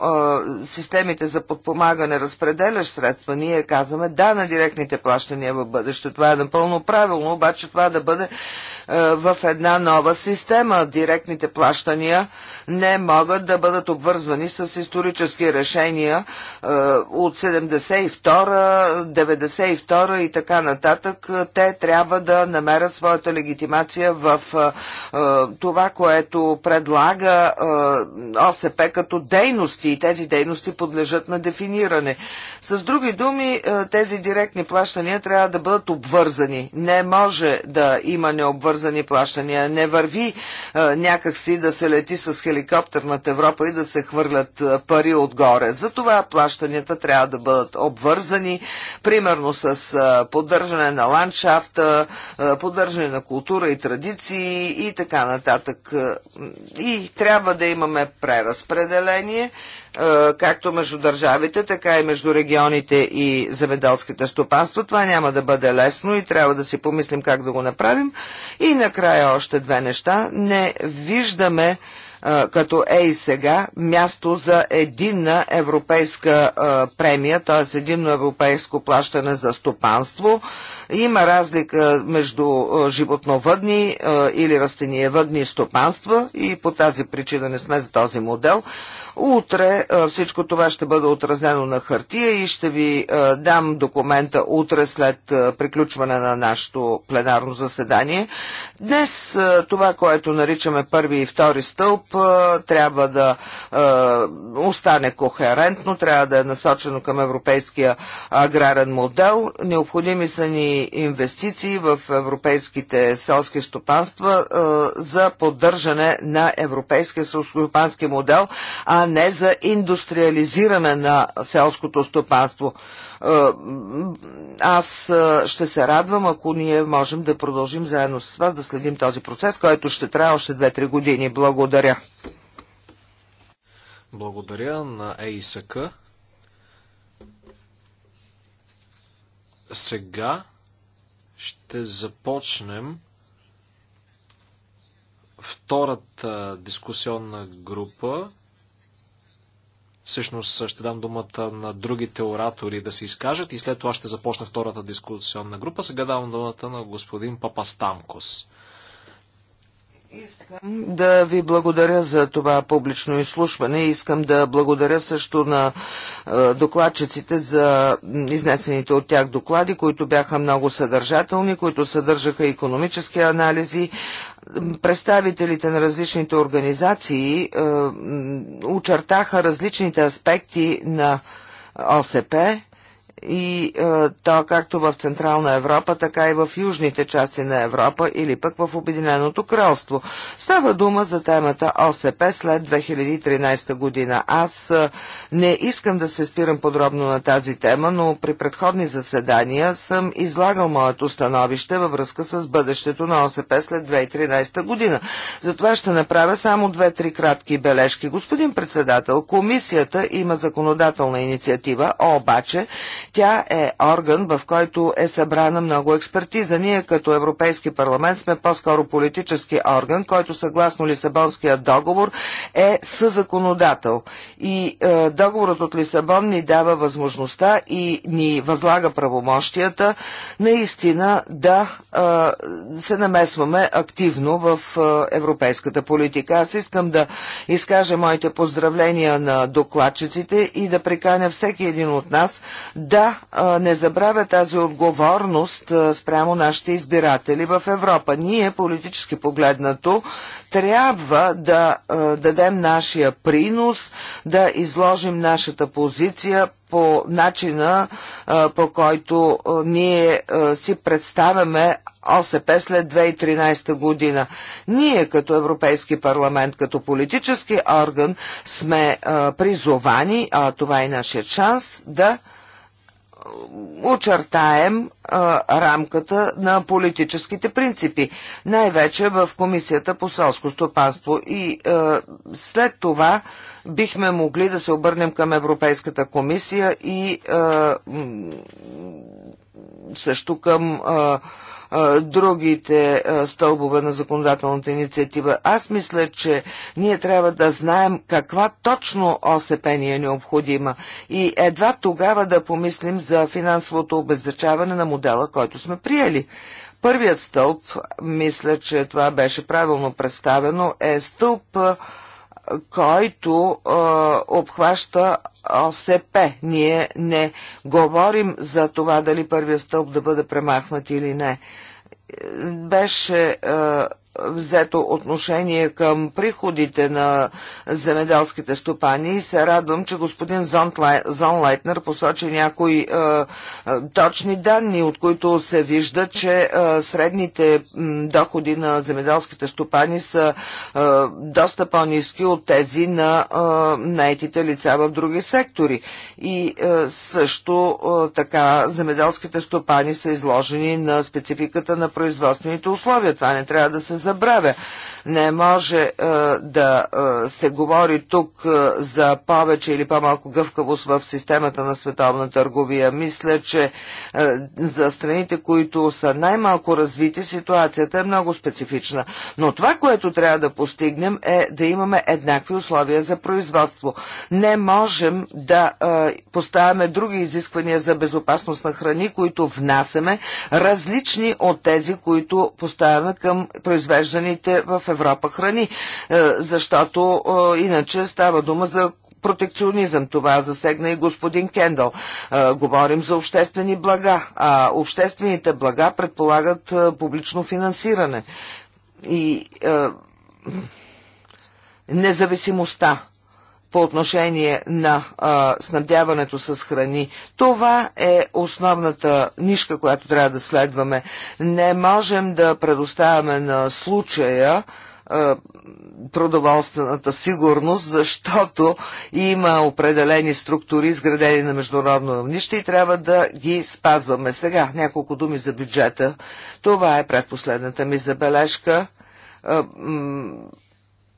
системите за подпомагане разпределяш средства, ние казваме да на директните плащания в бъдеще. Това е напълно правилно, обаче това да бъде в една нова система. Директните плащания не могат да бъдат обвързвани с исторически решения от 72, 92 и така нататък. Те трябва да намерят своята легитимация в е, това, което предлага е, ОСП като дейности и тези дейности подлежат на дефиниране. С други думи, е, тези директни плащания трябва да бъдат обвързани. Не може да има необвързани плащания. Не върви някакси да се лети с хеликоптер над Европа и да се хвърлят пари отгоре. Затова плащанията трябва да бъдат обвързани, примерно с поддържане на ландшафта, поддържане на култура и традиции, и така нататък. И трябва да имаме преразпределение, е, както между държавите, така и между регионите и земеделските стопанства. Това няма да бъде лесно и трябва да си помислим как да го направим. И накрая още две неща. Не виждаме като е и сега, място за единна европейска премия, т.е. единно европейско плащане за стопанство. Има разлика между животновъдни или растениевъдни стопанства и по тази причина не сме за този модел. Утре всичко това ще бъде отразено на хартия и ще ви дам документа утре след приключване на нашето пленарно заседание. Днес това, което наричаме първи и втори стълб, трябва да остане кохерентно, трябва да е насочено към европейския аграрен модел. Необходими са ни инвестиции в европейските селски стопанства за поддържане на европейския селскостопански модел, а не за индустриализиране на селското стопанство. Е, аз е, ще се радвам, ако ние можем да продължим заедно с вас да следим този процес, който ще трябва още 2-3 години. Благодаря. Благодаря на ЕИСК. Сега ще започнем втората дискусионна група Всъщност ще дам думата на другите оратори да се изкажат и след това ще започна втората дискусионна група. Сега давам думата на господин Папастамкос. Искам да ви благодаря за това публично изслушване. Искам да благодаря също на докладчиците за изнесените от тях доклади, които бяха много съдържателни, които съдържаха економически анализи, представителите на различните организации е, очертаха различните аспекти на ОСП и е, то както в Централна Европа, така и в южните части на Европа или пък в Обединеното кралство. Става дума за темата ОСП след 2013 година. Аз е, не искам да се спирам подробно на тази тема, но при предходни заседания съм излагал моето становище във връзка с бъдещето на ОСП след 2013 година. Затова ще направя само две-три кратки бележки. Господин председател, комисията има законодателна инициатива, обаче тя е орган, в който е събрана много експертиза. Ние като Европейски парламент сме по-скоро политически орган, който съгласно Лисабонския договор е съзаконодател. И е, договорът от Лисабон ни дава възможността и ни възлага правомощията наистина да е, се намесваме активно в е, европейската политика. Аз искам да изкажа моите поздравления на докладчиците и да приканя всеки един от нас да не забравя тази отговорност спрямо нашите избиратели в Европа. Ние, политически погледнато, трябва да дадем нашия принос, да изложим нашата позиция по начина, по който ние си представяме ОСП след 2013 година. Ние като Европейски парламент, като политически орган сме призовани, а това е нашия шанс, да очертаем а, рамката на политическите принципи, най-вече в Комисията по селско стопанство. И а, след това бихме могли да се обърнем към Европейската комисия и а, също към а, другите стълбове на законодателната инициатива. Аз мисля, че ние трябва да знаем каква точно ОСП ни е необходима и едва тогава да помислим за финансовото обезпечаване на модела, който сме приели. Първият стълб, мисля, че това беше правилно представено, е стълб, който е, обхваща ОСП. Ние не говорим за това дали първият стълб да бъде премахнат или не беше е, взето отношение към приходите на земеделските стопани и се радвам, че господин Зон Лайтнер посочи някои е, е, точни данни, от които се вижда, че е, средните доходи на земеделските стопани са е, доста по-низки от тези на е, наетите лица в други сектори. И е, също е, така земеделските стопани са изложени на спецификата на производствените условия. Това не трябва да се забравя. Не може е, да е, се говори тук е, за повече или по-малко гъвкавост в системата на световна търговия. Мисля, че за страните, които са най-малко развити, ситуацията е много специфична. Но това, което трябва да постигнем е да имаме еднакви условия за производство. Не можем да поставяме други изисквания за безопасност на храни, които внасяме, различни от тези, които поставяме към произвежданите в Европа Европа храни, е, защото е, иначе става дума за протекционизъм. Това засегна и господин Кендъл. Е, говорим за обществени блага, а обществените блага предполагат а, публично финансиране. И а, независимостта по отношение на а, снабдяването с храни. Това е основната нишка, която трябва да следваме. Не можем да предоставяме на случая е, продоволствената сигурност, защото има определени структури, изградени на международно равнище и трябва да ги спазваме. Сега няколко думи за бюджета. Това е предпоследната ми забележка. Е,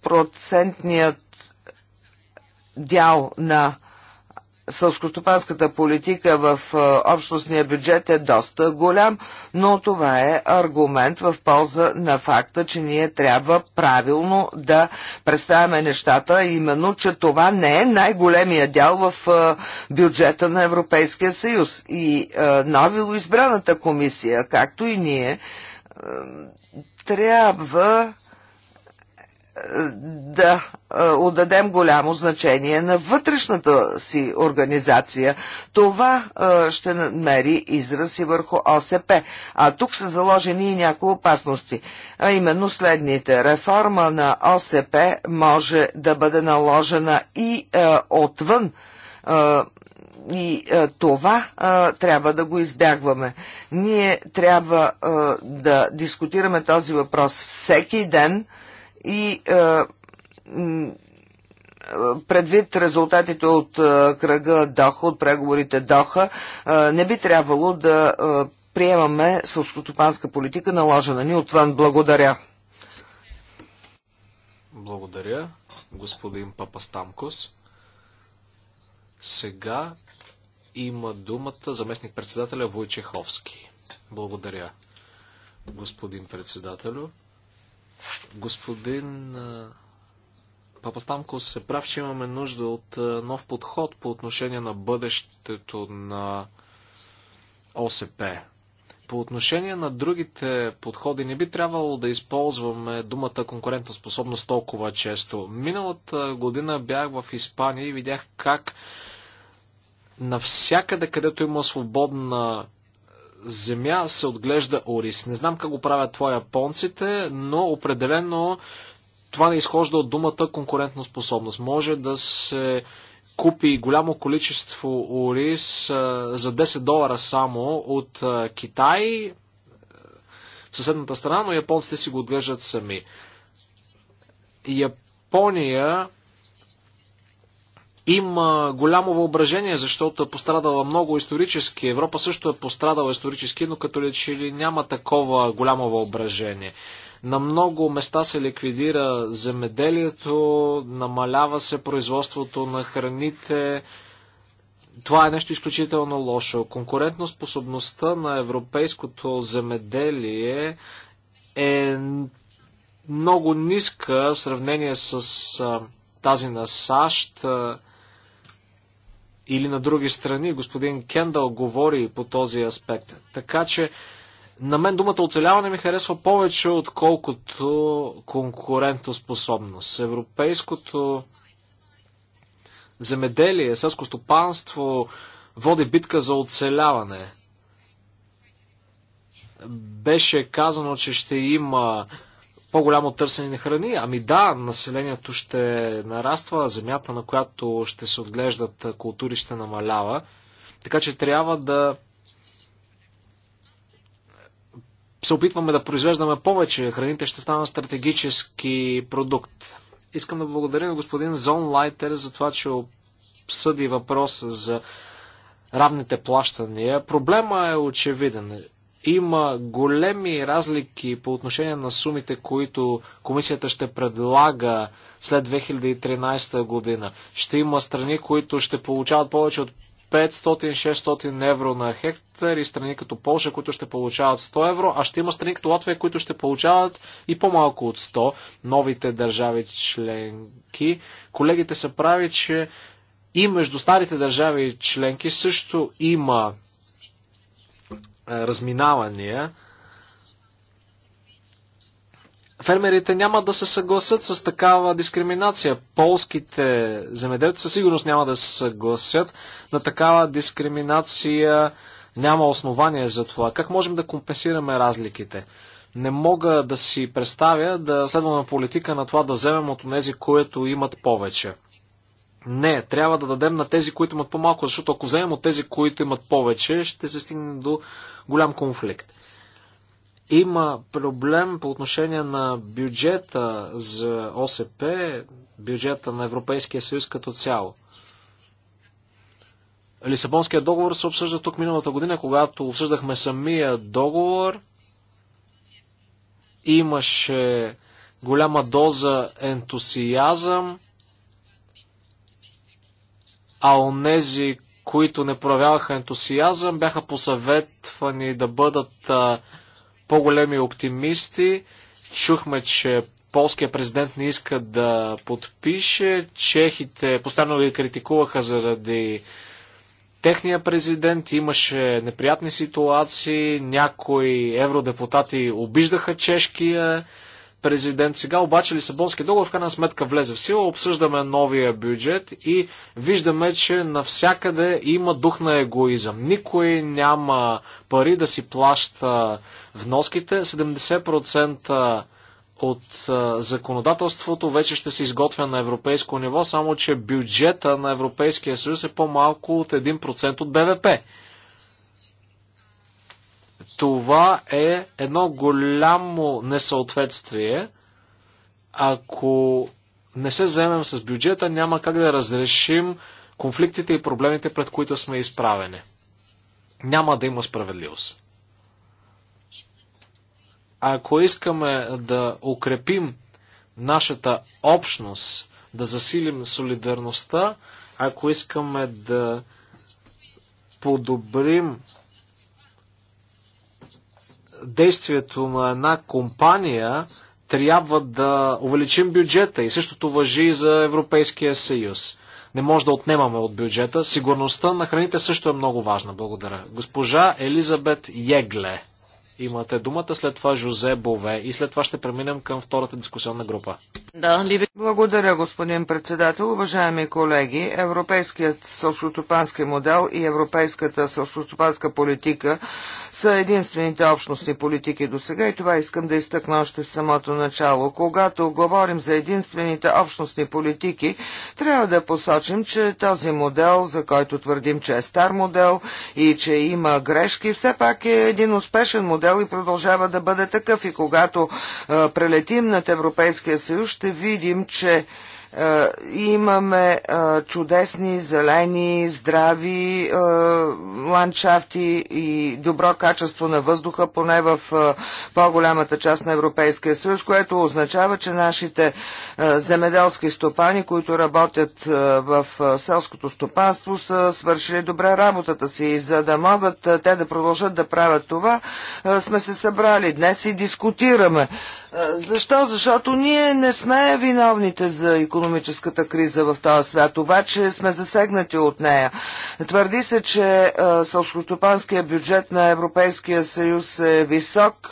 процентният дял на сълскостопанската политика в общностния бюджет е доста голям, но това е аргумент в полза на факта, че ние трябва правилно да представяме нещата, именно, че това не е най-големия дял в бюджета на Европейския съюз. И новило избраната комисия, както и ние, трябва да е, отдадем голямо значение на вътрешната си организация. Това е, ще намери израз и върху ОСП. А тук са заложени и някои опасности. А именно следните. Реформа на ОСП може да бъде наложена и е, отвън и е, това е, трябва да го избягваме. Ние трябва е, да дискутираме този въпрос всеки ден, и е, предвид резултатите от е, кръга Доха, от преговорите Доха, е, не би трябвало да приемаме сълскотопанска политика, наложена ни отвън. Благодаря. Благодаря, господин Папастамкос. Сега има думата заместник председателя Войчеховски. Благодаря, господин председателю. Господин Папа Стамко се прав, че имаме нужда от нов подход по отношение на бъдещето на ОСП. По отношение на другите подходи, не би трябвало да използваме думата конкурентоспособност толкова често. Миналата година бях в Испания и видях как навсякъде, където има свободна земя се отглежда ориз. Не знам как го правят това японците, но определено това не изхожда от думата конкурентна способност. Може да се купи голямо количество ориз за 10 долара само от Китай, в съседната страна, но японците си го отглеждат сами. Япония има голямо въображение, защото е пострадала много исторически. Европа също е пострадала исторически, но като ли че ли няма такова голямо въображение. На много места се ликвидира земеделието, намалява се производството на храните. Това е нещо изключително лошо. Конкурентоспособността на европейското земеделие е много ниска в сравнение с тази на САЩ или на други страни. Господин Кендал говори по този аспект. Така че на мен думата оцеляване ми харесва повече, отколкото конкурентоспособност. Европейското земеделие, селско стопанство води битка за оцеляване. Беше казано, че ще има по-голямо търсене на храни. Ами да, населението ще нараства, земята, на която ще се отглеждат култури, ще намалява. Така че трябва да се опитваме да произвеждаме повече. Храните ще станат стратегически продукт. Искам да благодаря на господин Зон Лайтер за това, че обсъди въпроса за равните плащания. Проблема е очевиден. Има големи разлики по отношение на сумите, които комисията ще предлага след 2013 година. Ще има страни, които ще получават повече от 500-600 евро на хектар и страни като Полша, които ще получават 100 евро, а ще има страни като Латвия, които ще получават и по-малко от 100 новите държави членки. Колегите са прави, че и между старите държави членки също има разминавания, фермерите няма да се съгласят с такава дискриминация. Полските земеделци със сигурност няма да се съгласят на такава дискриминация. Няма основание за това. Как можем да компенсираме разликите? Не мога да си представя да следваме политика на това да вземем от тези, които имат повече. Не, трябва да дадем на тези, които имат по-малко, защото ако вземем от тези, които имат повече, ще се стигне до голям конфликт. Има проблем по отношение на бюджета за ОСП, бюджета на Европейския съюз като цяло. Лисабонския договор се обсъжда тук миналата година, когато обсъждахме самия договор. Имаше голяма доза ентусиазъм а онези, които не проявяваха ентусиазъм, бяха посъветвани да бъдат по-големи оптимисти. Чухме, че полския президент не иска да подпише. Чехите постоянно ги критикуваха заради техния президент. Имаше неприятни ситуации. Някои евродепутати обиждаха чешкия президент. Сега обаче Лисабонски договор в крайна сметка влезе в сила, обсъждаме новия бюджет и виждаме, че навсякъде има дух на егоизъм. Никой няма пари да си плаща вноските. 70% от законодателството вече ще се изготвя на европейско ниво, само че бюджета на Европейския съюз е по-малко от 1% от БВП. Това е едно голямо несъответствие. Ако не се вземем с бюджета, няма как да разрешим конфликтите и проблемите, пред които сме изправени. Няма да има справедливост. Ако искаме да укрепим нашата общност, да засилим солидарността, ако искаме да подобрим действието на една компания, трябва да увеличим бюджета и същото въжи и за Европейския съюз. Не може да отнемаме от бюджета. Сигурността на храните също е много важна. Благодаря. Госпожа Елизабет Егле. Имате думата, след това Жозе Бове и след това ще преминем към втората дискусионна група. Да, либи. Благодаря, господин председател. Уважаеми колеги, европейският сълскостопански модел и европейската сълскостопанска политика са единствените общностни политики до сега и това искам да изтъкна още в самото начало. Когато говорим за единствените общностни политики, трябва да посочим, че този модел, за който твърдим, че е стар модел и че има грешки, все пак е един успешен модел и продължава да бъде такъв. И когато е, прелетим над Европейския съюз, ще видим, че е, имаме е, чудесни, зелени, здрави е, ландшафти и добро качество на въздуха, поне в по-голямата част на Европейския съюз, което означава, че нашите земеделски стопани, които работят в селското стопанство, са свършили добре работата си. И за да могат те да продължат да правят това, сме се събрали днес и дискутираме защо? Защото ние не сме виновните за економическата криза в този свят, обаче сме засегнати от нея. Твърди се, че сълскостопанския бюджет на Европейския съюз е висок,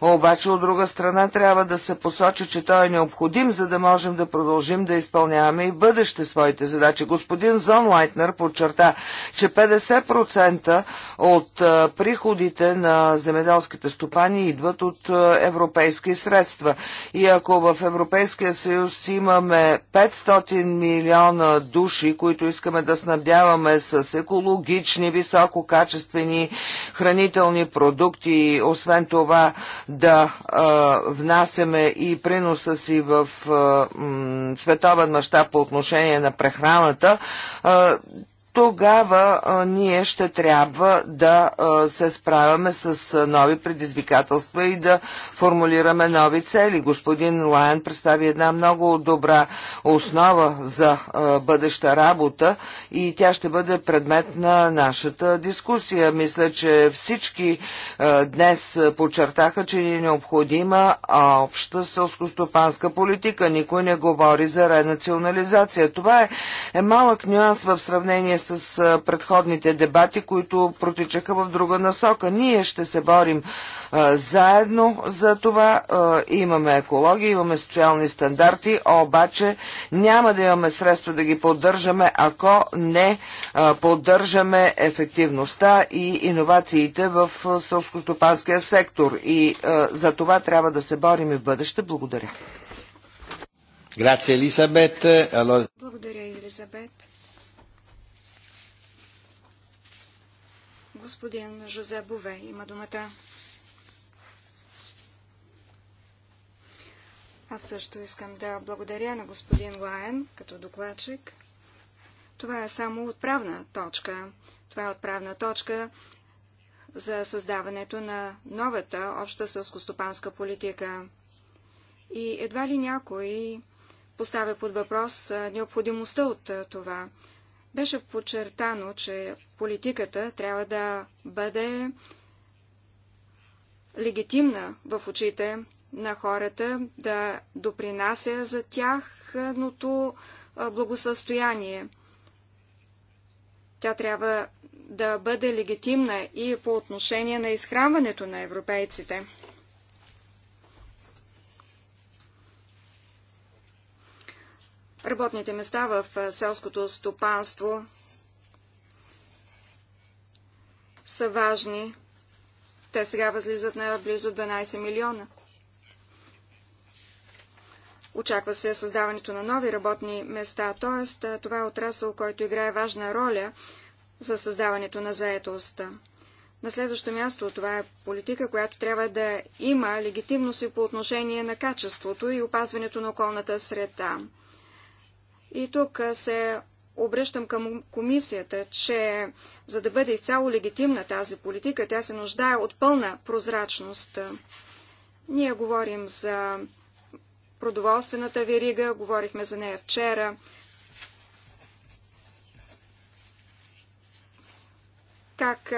обаче от друга страна трябва да се посочи, че той е необходим, за да можем да продължим да изпълняваме и бъдеще своите задачи. Господин Зон Лайтнер подчерта, че 50% от приходите на земеделските стопани идват от европейски средства средства. И ако в Европейския съюз имаме 500 милиона души, които искаме да снабдяваме с екологични, висококачествени хранителни продукти, освен това да а, внасяме и приноса си в а, м, световен мащаб по отношение на прехраната, а, тогава а, ние ще трябва да а, се справяме с а, нови предизвикателства и да формулираме нови цели. Господин Лайен представи една много добра основа за а, бъдеща работа и тя ще бъде предмет на нашата дискусия. Мисля, че всички а, днес подчертаха, че ни е необходима а, обща селскостопанска политика. Никой не говори за ренационализация. Това е, е малък нюанс в сравнение с предходните дебати, които протичаха в друга насока. Ние ще се борим заедно за това. Имаме екология, имаме социални стандарти, обаче няма да имаме средства да ги поддържаме, ако не поддържаме ефективността и иновациите в сълскостопанския сектор. И за това трябва да се борим и в бъдеще. Благодаря. Grazie Elisabeth. Allora... Благодаря, Елизабет. Господин Жозе Бове има думата. Аз също искам да благодаря на господин Лаен като докладчик. Това е само отправна точка. Това е отправна точка за създаването на новата обща сълскостопанска политика. И едва ли някой поставя под въпрос необходимостта от това. Беше подчертано, че политиката трябва да бъде легитимна в очите на хората, да допринася за тяхното благосъстояние. Тя трябва да бъде легитимна и по отношение на изхранването на европейците. работните места в селското стопанство са важни. Те сега възлизат на близо 12 милиона. Очаква се създаването на нови работни места, т.е. това е отрасъл, който играе важна роля за създаването на заетостта. На следващо място това е политика, която трябва да има легитимност и по отношение на качеството и опазването на околната среда. И тук се обръщам към комисията, че за да бъде изцяло легитимна тази политика, тя се нуждае от пълна прозрачност. Ние говорим за продоволствената верига, говорихме за нея вчера. Как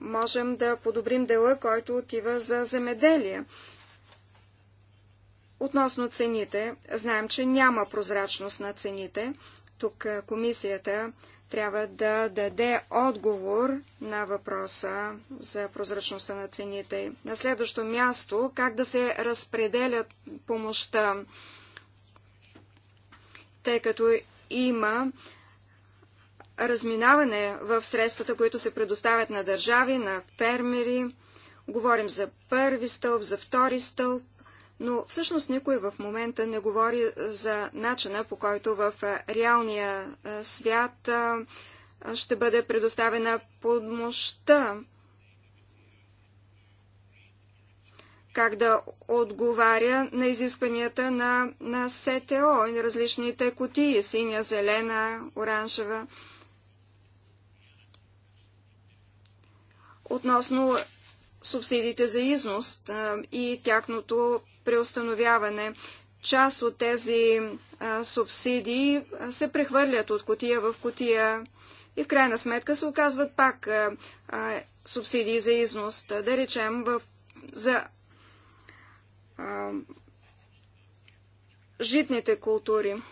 можем да подобрим дела, който отива за земеделие? Относно цените, знаем, че няма прозрачност на цените. Тук комисията трябва да даде отговор на въпроса за прозрачността на цените. На следващо място, как да се разпределят помощта, тъй като има разминаване в средствата, които се предоставят на държави, на фермери. Говорим за първи стълб, за втори стълб но всъщност никой в момента не говори за начина по който в реалния свят ще бъде предоставена подмощта. Как да отговаря на изискванията на, на СТО и на различните кутии синя, зелена, оранжева. Относно субсидиите за износ и тяхното преустановяване. Част от тези а, субсидии се прехвърлят от котия в котия и в крайна сметка се оказват пак а, а, субсидии за износ. Да речем в, за а, житните култури.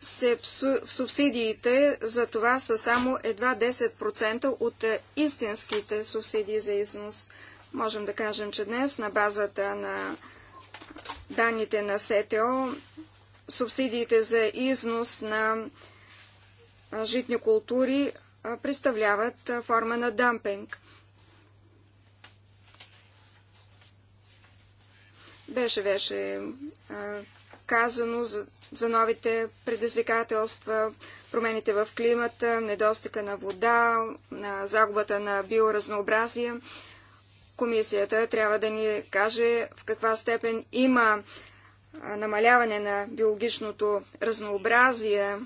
се, субсидиите за това са само едва 10% от истинските субсидии за износ. Можем да кажем, че днес на базата на данните на СТО субсидиите за износ на житни култури представляват форма на дампинг. Беше, беше казано за, за новите предизвикателства, промените в климата, недостига на вода, на загубата на биоразнообразие. Комисията трябва да ни каже в каква степен има намаляване на биологичното разнообразие.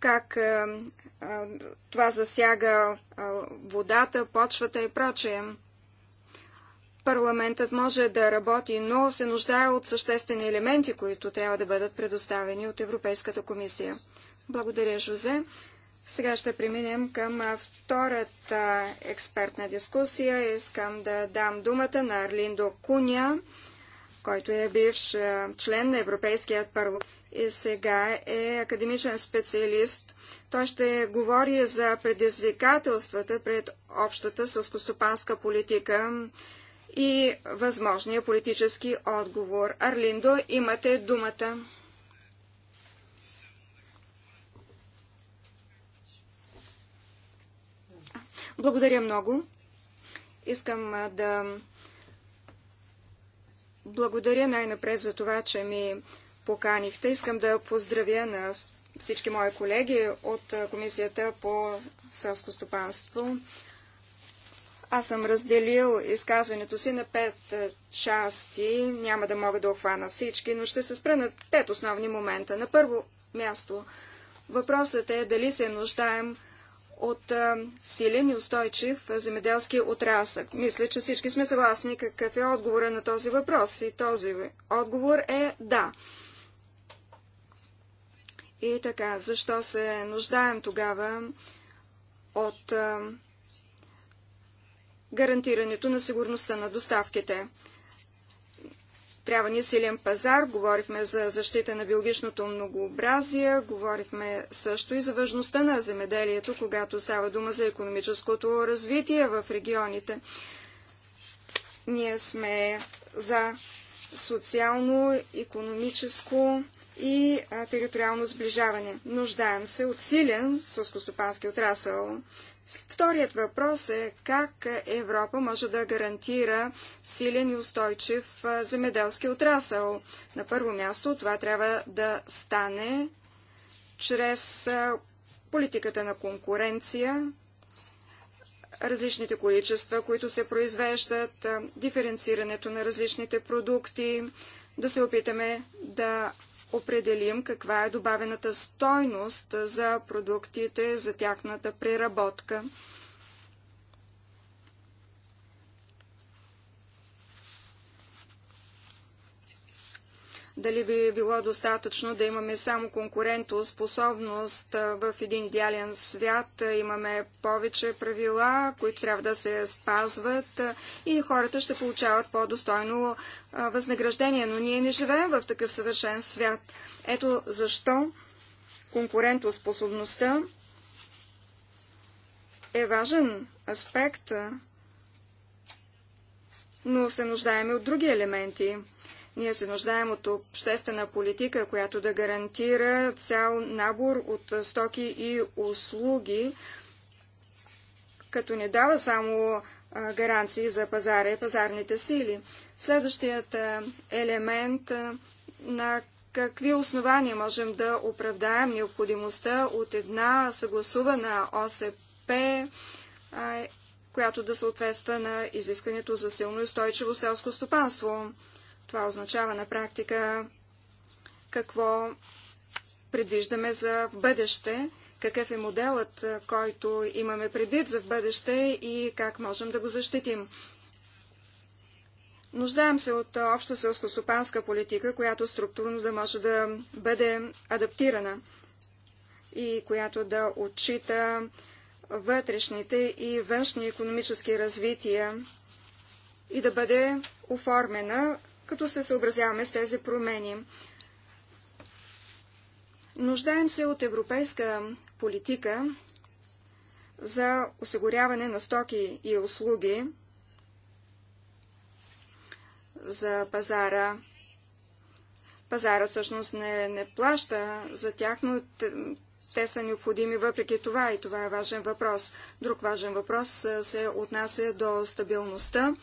Как а, а, това засяга а, водата, почвата и прочее. Парламентът може да работи, но се нуждае от съществени елементи, които трябва да бъдат предоставени от Европейската комисия. Благодаря, Жозе. Сега ще преминем към втората експертна дискусия. Искам да дам думата на Арлиндо Куня, който е бивш член на Европейският парламент и сега е академичен специалист. Той ще говори за предизвикателствата пред общата сълскостопанска политика и възможния политически отговор. Арлиндо, имате думата. Благодаря много. Искам да благодаря най-напред за това, че ми поканихте. Искам да поздравя на всички мои колеги от Комисията по селско стопанство. Аз съм разделил изказването си на пет части. Няма да мога да охвана всички, но ще се спра на пет основни момента. На първо място, въпросът е дали се нуждаем от силен и устойчив земеделски отрасък. Мисля, че всички сме съгласни какъв е отговора на този въпрос. И този отговор е да. И така, защо се нуждаем тогава от гарантирането на сигурността на доставките? Трябва ни силен пазар, говорихме за защита на биологичното многообразие, говорихме също и за важността на земеделието, когато става дума за економическото развитие в регионите. Ние сме за социално, економическо и а, териториално сближаване. Нуждаем се от силен сълскостопански отрасъл. Вторият въпрос е как Европа може да гарантира силен и устойчив земеделски отрасъл. На първо място това трябва да стане чрез политиката на конкуренция, различните количества, които се произвеждат, диференцирането на различните продукти, да се опитаме да определим каква е добавената стойност за продуктите, за тяхната преработка. дали би било достатъчно да имаме само конкурентоспособност в един идеален свят. Имаме повече правила, които трябва да се спазват и хората ще получават по-достойно възнаграждение. Но ние не живеем в такъв съвършен свят. Ето защо конкурентоспособността е важен аспект, но се нуждаеме от други елементи – ние се нуждаем от обществена политика, която да гарантира цял набор от стоки и услуги, като не дава само гаранции за пазара и пазарните сили. Следващият елемент на какви основания можем да оправдаем необходимостта от една съгласувана ОСП, която да съответства на изискването за силно и устойчиво селско стопанство. Това означава на практика какво предвиждаме за в бъдеще, какъв е моделът, който имаме предвид за в бъдеще и как можем да го защитим. Нуждаем се от обща селскостопанска политика, която структурно да може да бъде адаптирана и която да отчита вътрешните и външни економически развития и да бъде оформена като се съобразяваме с тези промени. Нуждаем се от европейска политика за осигуряване на стоки и услуги за пазара. Пазарът всъщност не, не плаща за тях, но те са необходими въпреки това и това е важен въпрос. Друг важен въпрос се отнася до стабилността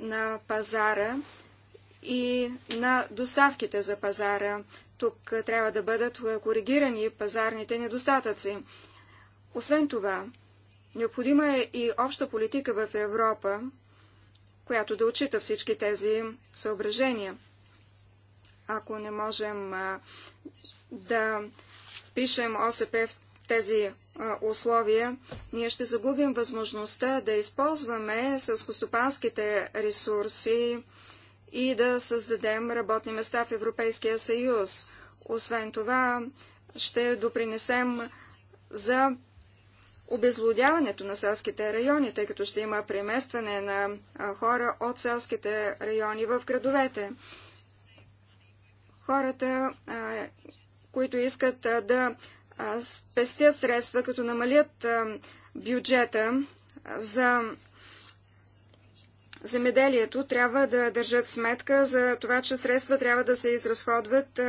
на пазара и на доставките за пазара. Тук трябва да бъдат коригирани пазарните недостатъци. Освен това, необходима е и обща политика в Европа, която да отчита всички тези съображения. Ако не можем да впишем ОСП в тези а, условия, ние ще загубим възможността да използваме сълскостопанските ресурси и да създадем работни места в Европейския съюз. Освен това, ще допринесем за обезлодяването на селските райони, тъй като ще има преместване на хора от селските райони в градовете. Хората, които искат да спестят средства, като намалят бюджета за земеделието трябва да държат сметка за това, че средства трябва да се изразходват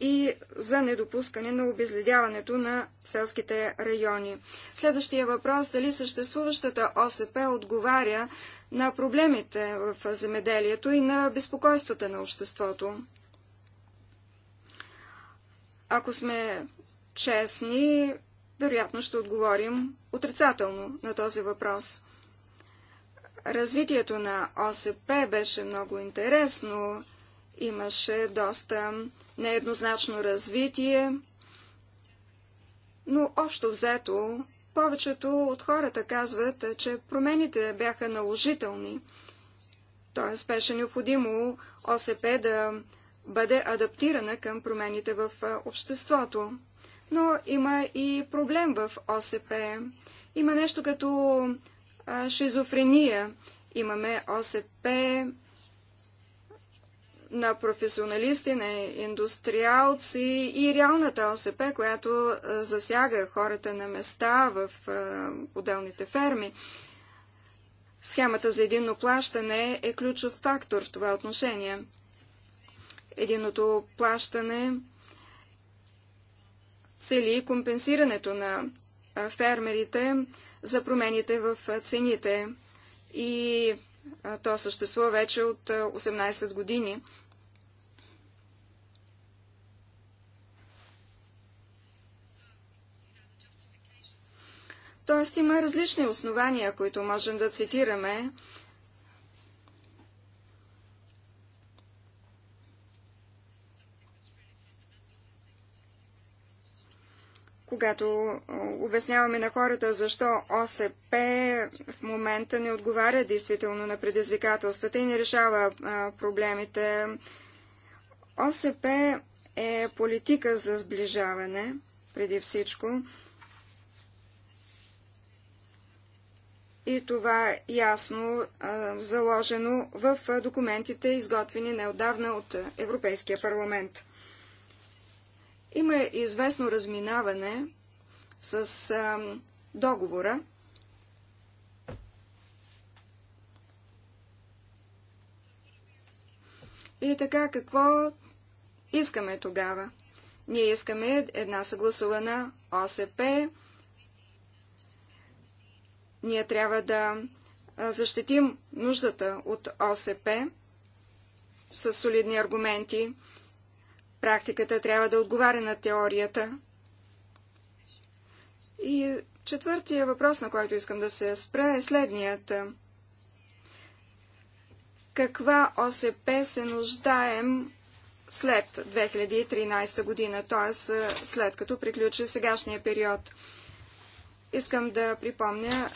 и за недопускане на обезледяването на селските райони. Следващия въпрос – дали съществуващата ОСП отговаря на проблемите в земеделието и на безпокойствата на обществото? Ако сме честни, вероятно ще отговорим отрицателно на този въпрос – Развитието на ОСП беше много интересно. Имаше доста нееднозначно развитие, но общо взето повечето от хората казват, че промените бяха наложителни. Тоест беше необходимо ОСП да бъде адаптирана към промените в обществото. Но има и проблем в ОСП. Има нещо като шизофрения. Имаме ОСП на професионалисти, на индустриалци и реалната ОСП, която засяга хората на места в отделните ферми. Схемата за единно плащане е ключов фактор в това отношение. Единното плащане цели компенсирането на фермерите за промените в цените. И то съществува вече от 18 години. Тоест има различни основания, които можем да цитираме когато обясняваме на хората защо ОСП в момента не отговаря действително на предизвикателствата и не решава проблемите. ОСП е политика за сближаване, преди всичко. И това ясно заложено в документите, изготвени неодавна от Европейския парламент. Има известно разминаване с а, договора. И така, какво искаме тогава? Ние искаме една съгласувана ОСП. Ние трябва да защитим нуждата от ОСП с солидни аргументи. Практиката трябва да отговаря на теорията. И четвъртия въпрос, на който искам да се спра, е следният. Каква ОСП се нуждаем след 2013 година, т.е. след като приключи сегашния период? Искам да припомня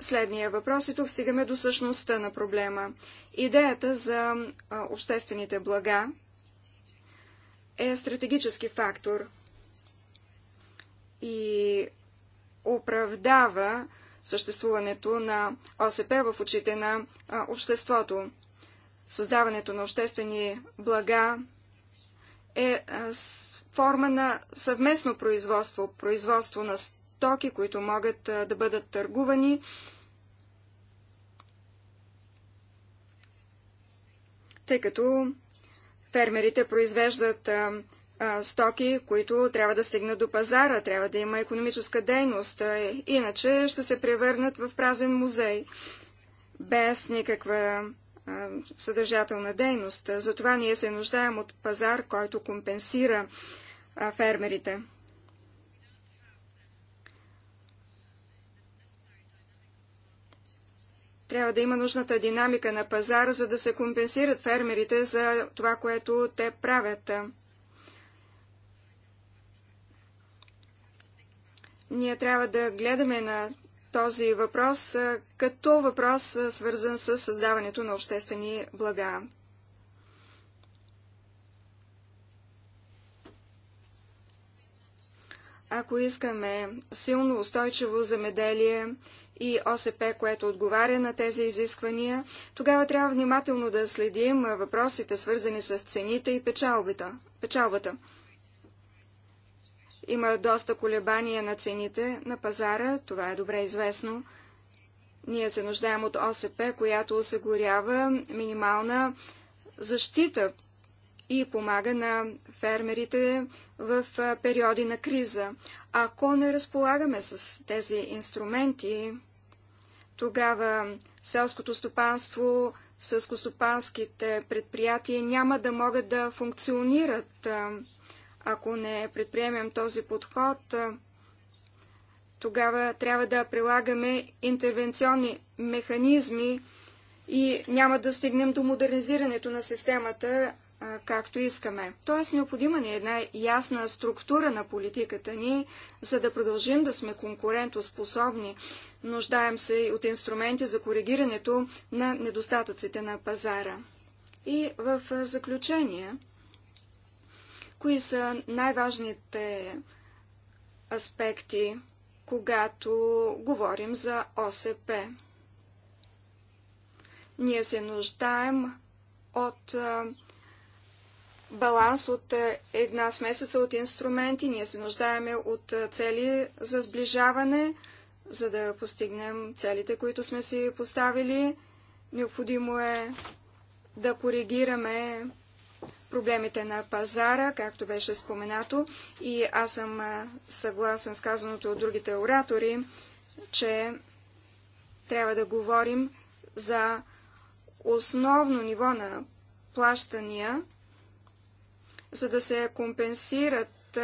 следния въпрос и тук стигаме до същността на проблема. Идеята за обществените блага е стратегически фактор и оправдава съществуването на ОСП в очите на обществото. Създаването на обществени блага е форма на съвместно производство, производство на стоки, които могат да бъдат търгувани. Тъй като Фермерите произвеждат а, а, стоки, които трябва да стигнат до пазара, трябва да има економическа дейност, а, иначе ще се превърнат в празен музей без никаква а, съдържателна дейност. Затова ние се нуждаем от пазар, който компенсира а, фермерите. Трябва да има нужната динамика на пазара, за да се компенсират фермерите за това, което те правят. Ние трябва да гледаме на този въпрос като въпрос, свързан с създаването на обществени блага. Ако искаме силно устойчиво замеделие, и ОСП, което отговаря на тези изисквания, тогава трябва внимателно да следим въпросите, свързани с цените и печалбата. печалбата. Има доста колебания на цените на пазара, това е добре известно. Ние се нуждаем от ОСП, която осигурява минимална защита и помага на фермерите в периоди на криза. Ако не разполагаме с тези инструменти, тогава селското стопанство, сълскостопанските предприятия няма да могат да функционират, ако не предприемем този подход. Тогава трябва да прилагаме интервенционни механизми и няма да стигнем до модернизирането на системата, както искаме. Тоест необходима ни е една ясна структура на политиката ни, за да продължим да сме конкурентоспособни Нуждаем се и от инструменти за коригирането на недостатъците на пазара. И в заключение, кои са най-важните аспекти, когато говорим за ОСП? Ние се нуждаем от баланс от една смесеца от инструменти. Ние се нуждаеме от цели за сближаване, за да постигнем целите, които сме си поставили. Необходимо е да коригираме проблемите на пазара, както беше споменато. И аз съм съгласен с казаното от другите оратори, че трябва да говорим за основно ниво на плащания, за да се компенсират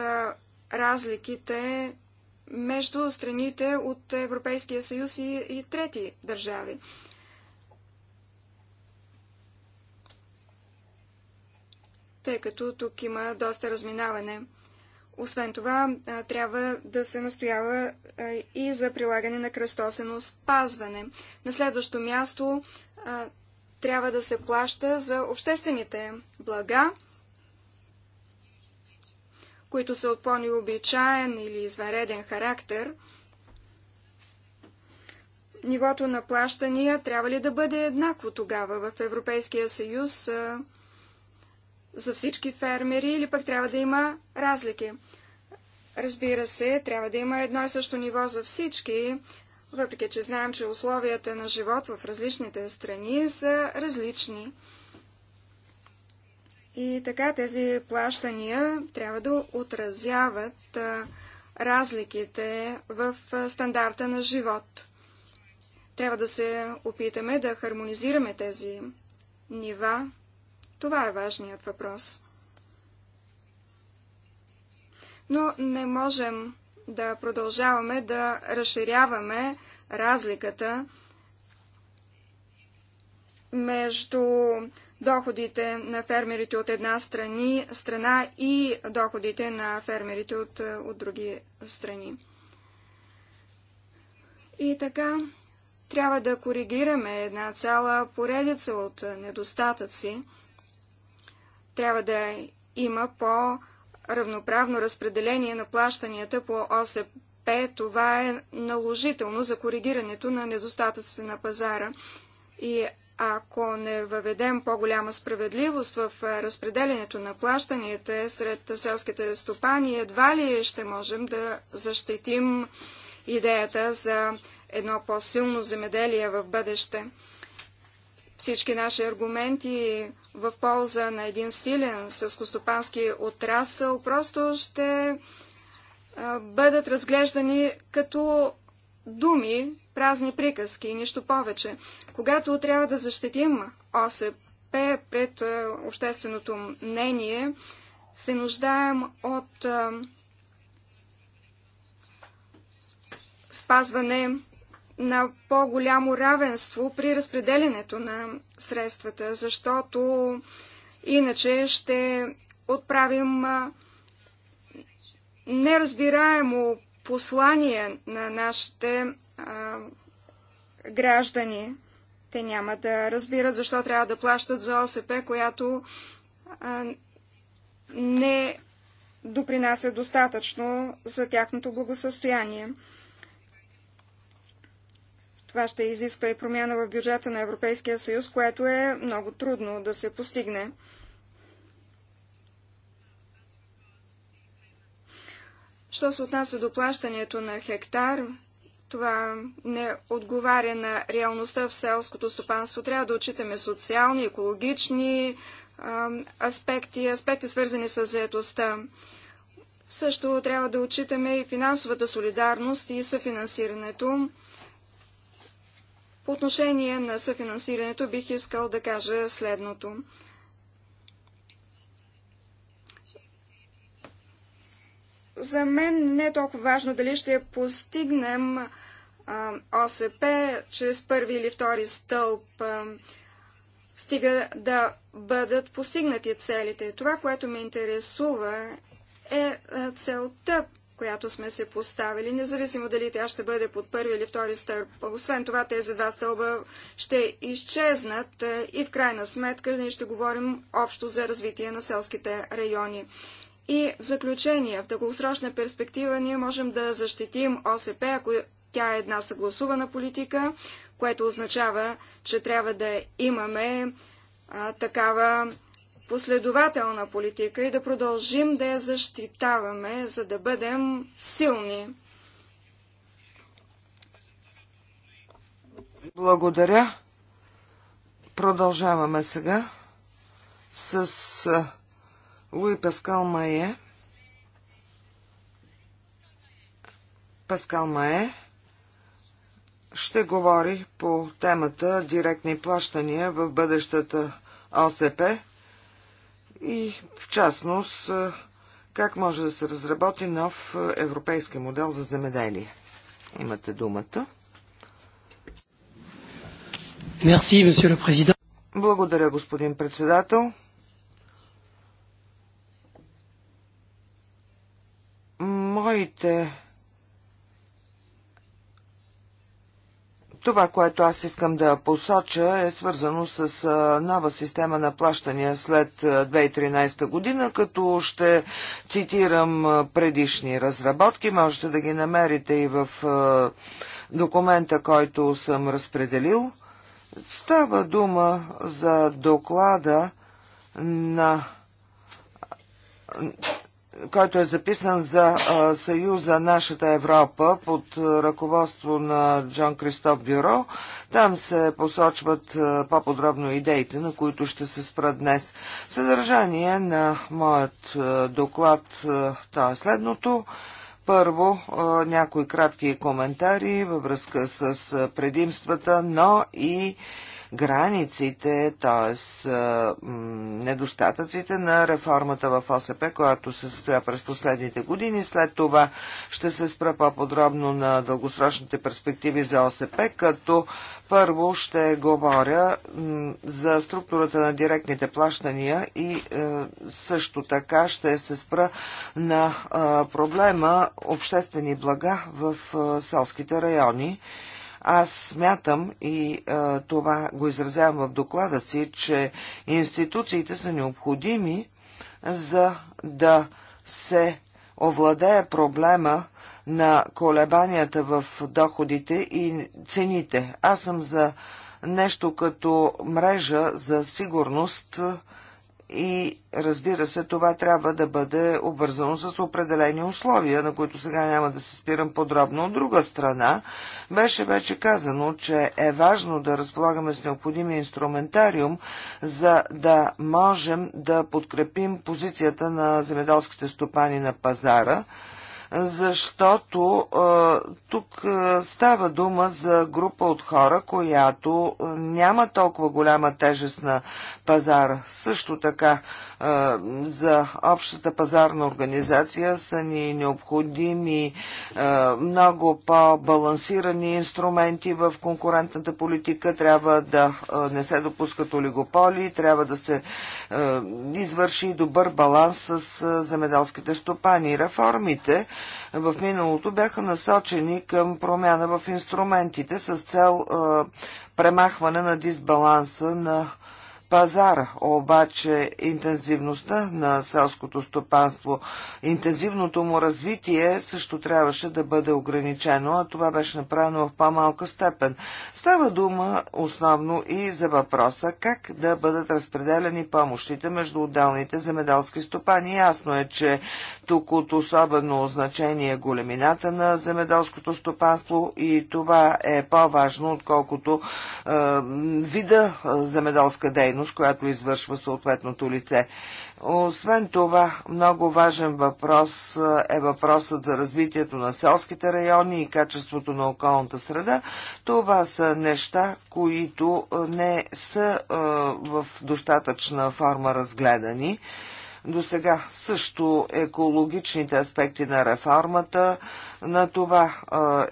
разликите между страните от Европейския съюз и, и трети държави. Тъй като тук има доста разминаване. Освен това, трябва да се настоява и за прилагане на кръстосено спазване. На следващо място трябва да се плаща за обществените блага които са от по-необичаен или извареден характер, нивото на плащания трябва ли да бъде еднакво тогава в Европейския съюз а, за всички фермери или пък трябва да има разлики? Разбира се, трябва да има едно и също ниво за всички, въпреки че знаем, че условията на живот в различните страни са различни. И така тези плащания трябва да отразяват разликите в стандарта на живот. Трябва да се опитаме да хармонизираме тези нива. Това е важният въпрос. Но не можем да продължаваме да разширяваме разликата между доходите на фермерите от една страни, страна и доходите на фермерите от, е, от други страни. И така, трябва да коригираме една цяла поредица от е, недостатъци. Трябва да има по-равноправно разпределение на плащанията по ОСП това е наложително за коригирането на недостатъците на пазара. И ако не въведем по-голяма справедливост в разпределението на плащанията сред селските стопани, едва ли ще можем да защитим идеята за едно по-силно земеделие в бъдеще. Всички наши аргументи в полза на един силен съскостопански отрасъл просто ще бъдат разглеждани като думи, празни приказки и нищо повече. Когато трябва да защитим ОСП пред е, общественото мнение, се нуждаем от е, спазване на по-голямо равенство при разпределенето на средствата, защото иначе ще отправим е, неразбираемо послание на нашите а, граждани. Те няма да разбират защо трябва да плащат за ОСП, която а, не допринася достатъчно за тяхното благосъстояние. Това ще изисква и промяна в бюджета на Европейския съюз, което е много трудно да се постигне. Що се отнася до плащането на хектар, това не отговаря на реалността в селското стопанство. Трябва да отчитаме социални, екологични а, аспекти, аспекти свързани с заедостта. Също трябва да отчитаме и финансовата солидарност и съфинансирането. По отношение на съфинансирането бих искал да кажа следното. За мен не е толкова важно дали ще постигнем а, ОСП чрез първи или втори стълб, а, стига да бъдат постигнати целите. Това, което ме интересува, е целта, която сме се поставили, независимо дали тя ще бъде под първи или втори стълб. Освен това, тези два стълба ще изчезнат и в крайна сметка ние ще говорим общо за развитие на селските райони. И в заключение, в дългосрочна перспектива ние можем да защитим ОСП, ако тя е една съгласувана политика, което означава, че трябва да имаме а, такава последователна политика и да продължим да я защитаваме, за да бъдем силни. Благодаря. Продължаваме сега с Луи Паскал Мае. Паскал Мае ще говори по темата директни плащания в бъдещата ОСП и в частност как може да се разработи нов европейски модел за земеделие. Имате думата. Благодаря, господин председател. своите Това, което аз искам да посоча, е свързано с нова система на плащания след 2013 година, като ще цитирам предишни разработки. Можете да ги намерите и в документа, който съм разпределил. Става дума за доклада на който е записан за Съюза Нашата Европа под ръководство на Джон Кристоф Бюро. Там се посочват по-подробно идеите, на които ще се спра днес. Съдържание на моят доклад, то е следното. Първо, някои кратки коментари във връзка с предимствата, но и границите, т.е. недостатъците на реформата в ОСП, която се състоя през последните години. След това ще се спра по-подробно на дългосрочните перспективи за ОСП, като първо ще говоря за структурата на директните плащания и е, също така ще се спра на проблема обществени блага в селските райони. Аз смятам и а, това го изразявам в доклада си, че институциите са необходими за да се овладее проблема на колебанията в доходите и цените. Аз съм за нещо като мрежа за сигурност, и разбира се, това трябва да бъде обвързано с определени условия, на които сега няма да се спирам подробно. От друга страна, беше вече казано, че е важно да разполагаме с необходимия инструментариум, за да можем да подкрепим позицията на земеделските стопани на пазара – защото тук става дума за група от хора, която няма толкова голяма тежест на пазара. Също така за общата пазарна организация са ни необходими много по-балансирани инструменти в конкурентната политика. Трябва да не се допускат олигополи, трябва да се извърши добър баланс с земеделските стопани. Реформите в миналото бяха насочени към промяна в инструментите с цел премахване на дисбаланса на Пазар, Обаче интензивността на селското стопанство, интензивното му развитие също трябваше да бъде ограничено, а това беше направено в по-малка степен. Става дума основно и за въпроса как да бъдат разпределени помощите между отделните земеделски стопани. Ясно е, че тук от особено значение е големината на земеделското стопанство и това е по-важно, отколкото е, вида е, земеделска дейност дейност, която извършва съответното лице. Освен това, много важен въпрос е въпросът за развитието на селските райони и качеството на околната среда. Това са неща, които е, не са е, в достатъчна форма разгледани. До сега също екологичните аспекти на реформата, на това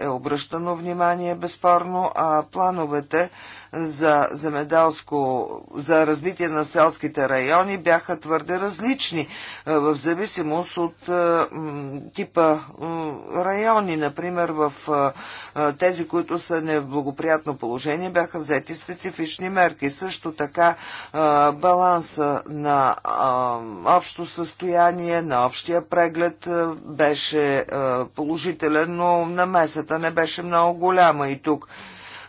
е, е обръщано внимание безспорно, а плановете за земеделско, за развитие на селските райони бяха твърде различни е, в зависимост от е, типа райони. Например, в е, тези, които са неблагоприятно положение, бяха взети специфични мерки. Също така баланса на общо състояние, на общия преглед беше положителен, но намесата не беше много голяма и тук.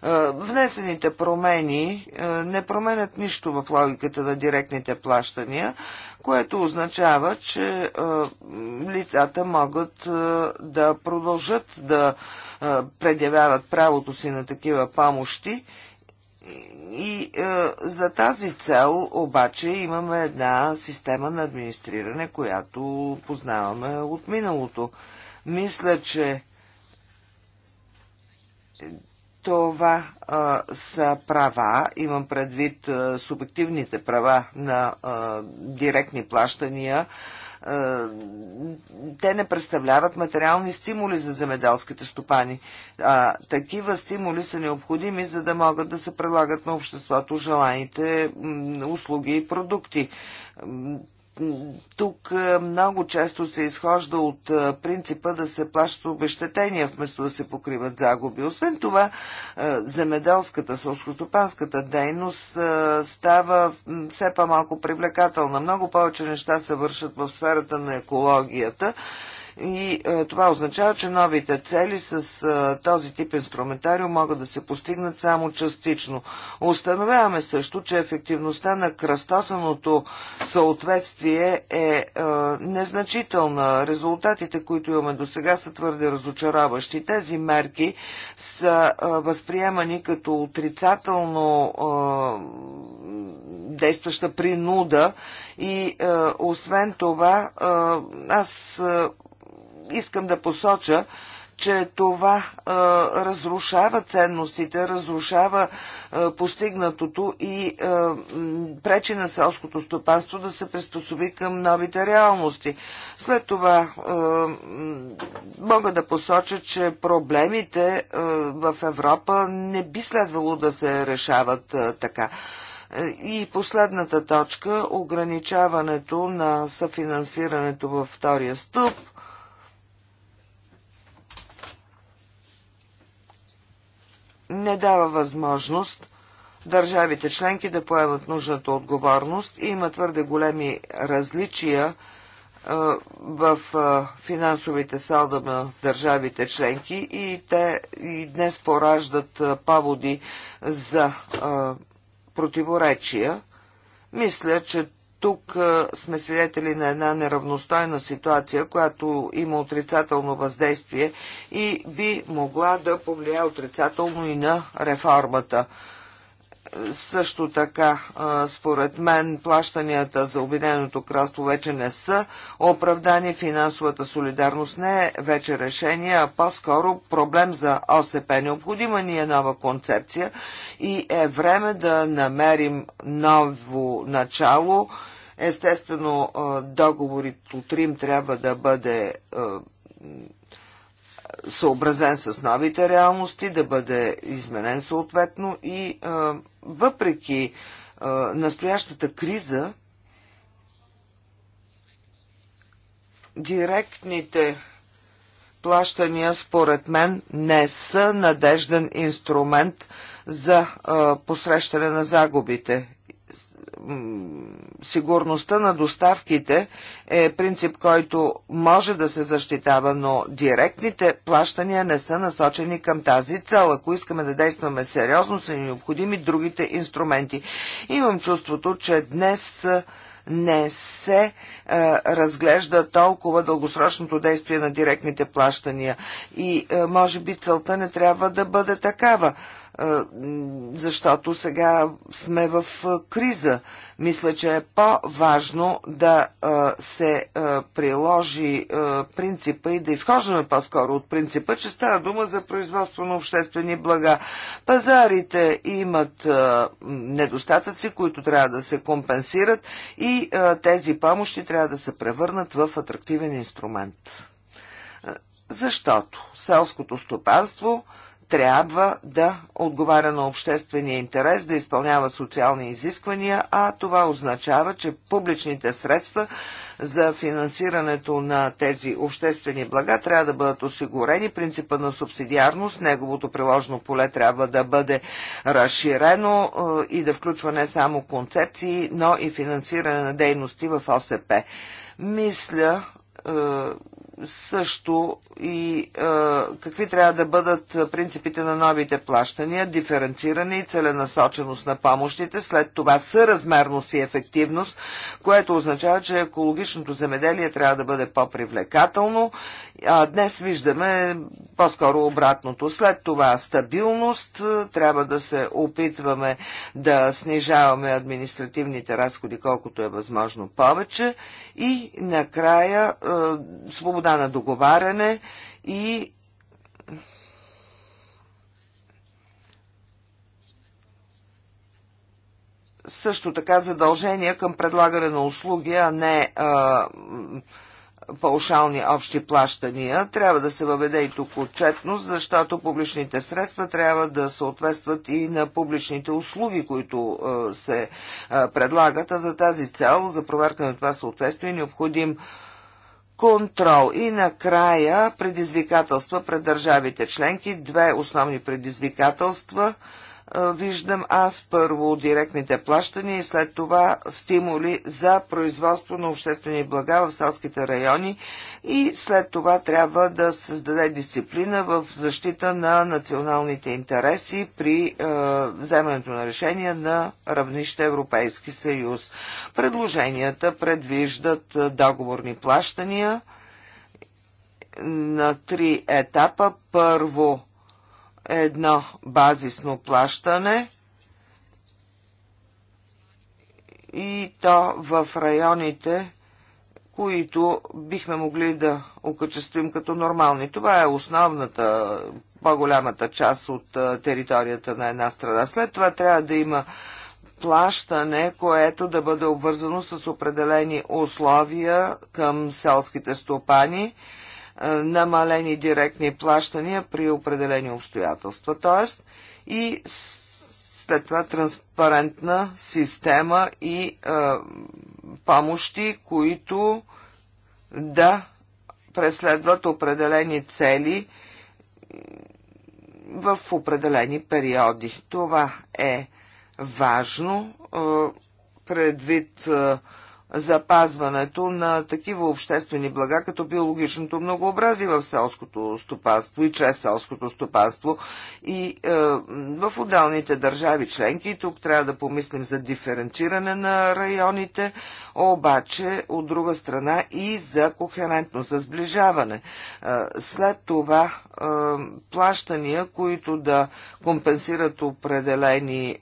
Е, внесените промени е, не променят нищо в логиката на директните плащания, което означава, че е, лицата могат да продължат да предявяват правото си на такива помощи и за тази цел обаче имаме една система на администриране, която познаваме от миналото. Мисля, че това а, са права, имам предвид а, субективните права на а, директни плащания. те не представляват материални стимули за земеделските стопани. А, такива стимули са необходими, за да могат да се прилагат на обществото желаните услуги и продукти тук е, много често се изхожда от е, принципа да се плащат обещетения, вместо да се покриват загуби. Освен това, е, земеделската, сълскотопанската дейност става все по-малко привлекателна. Много повече неща се вършат в сферата на екологията и е, това означава, че новите цели с е, този тип инструментариум могат да се постигнат само частично. Установяваме също, че ефективността на кръстосаното съответствие е, е незначителна. Резултатите, които имаме до сега, са твърде разочароващи. Тези мерки са възприемани като отрицателно действаща принуда и е, освен това е, аз е, искам да посоча, че това а, разрушава ценностите, разрушава а, постигнатото и а, пречи на селското стопанство да се приспособи към новите реалности. След това а, мога да посоча, че проблемите а, в Европа не би следвало да се решават а, така. И последната точка – ограничаването на съфинансирането във втория стълб – не дава възможност държавите членки да поемат нужната отговорност и има твърде големи различия е, в е, финансовите салда на държавите членки и те и днес пораждат е, поводи за противоречия. Мисля, че тук сме свидетели на една неравностойна ситуация, която има отрицателно въздействие и би могла да повлияе отрицателно и на реформата също така, според мен, плащанията за Обединеното кралство вече не са оправдани. Финансовата солидарност не е вече решение, а по-скоро проблем за ОСП. Необходима ни е нова концепция и е време да намерим ново начало – Естествено, договорът от Рим трябва да бъде съобразен с новите реалности, да бъде изменен съответно и въпреки настоящата криза, директните плащания, според мен, не са надежден инструмент за посрещане на загубите сигурността на доставките е принцип, който може да се защитава, но директните плащания не са насочени към тази цел. Ако искаме да действаме сериозно, са необходими другите инструменти. Имам чувството, че днес не се е, разглежда толкова дългосрочното действие на директните плащания. И е, може би целта не трябва да бъде такава защото сега сме в криза. Мисля, че е по-важно да се приложи принципа и да изхождаме по-скоро от принципа, че става дума за производство на обществени блага. Пазарите имат недостатъци, които трябва да се компенсират и тези помощи трябва да се превърнат в атрактивен инструмент. Защото селското стопанство – трябва да отговаря на обществения интерес, да изпълнява социални изисквания, а това означава, че публичните средства за финансирането на тези обществени блага трябва да бъдат осигурени. Принципа на субсидиарност, неговото приложно поле трябва да бъде разширено е, и да включва не само концепции, но и финансиране на дейности в ОСП. Мисля, е, също и е, какви трябва да бъдат принципите на новите плащания, диференциране и целенасоченост на помощите, след това съразмерност и ефективност, което означава, че екологичното земеделие трябва да бъде по-привлекателно а днес виждаме по-скоро обратното. След това стабилност, трябва да се опитваме да снижаваме административните разходи колкото е възможно повече и накрая е, свобода на договаряне и също така задължения към предлагане на услуги, а не е, паушални общи плащания. Трябва да се въведе и тук отчетност, защото публичните средства трябва да съответстват и на публичните услуги, които е, се е, предлагат. А за тази цел, за проверка на това съответствие, е необходим контрол и накрая предизвикателства пред държавите членки. Две основни предизвикателства – виждам аз първо директните плащания и след това стимули за производство на обществени блага в селските райони и след това трябва да създаде дисциплина в защита на националните интереси при е, вземането на решения на равнище Европейски съюз. Предложенията предвиждат договорни плащания на три етапа. Първо – едно базисно плащане и то в районите, които бихме могли да окачествим като нормални. Това е основната, по-голямата част от територията на една страна. След това трябва да има плащане, което да бъде обвързано с определени условия към селските стопани – намалени директни плащания при определени обстоятелства. Тоест и след това транспарентна система и е, помощи, които да преследват определени цели в определени периоди. Това е важно е, предвид е, запазването на такива обществени блага, като биологичното многообразие в селското стопанство и чрез селското стопанство. И е, в отдалните държави членки, тук трябва да помислим за диференциране на районите, обаче от друга страна и за кохерентно, за сближаване. След това плащания, които да компенсират определени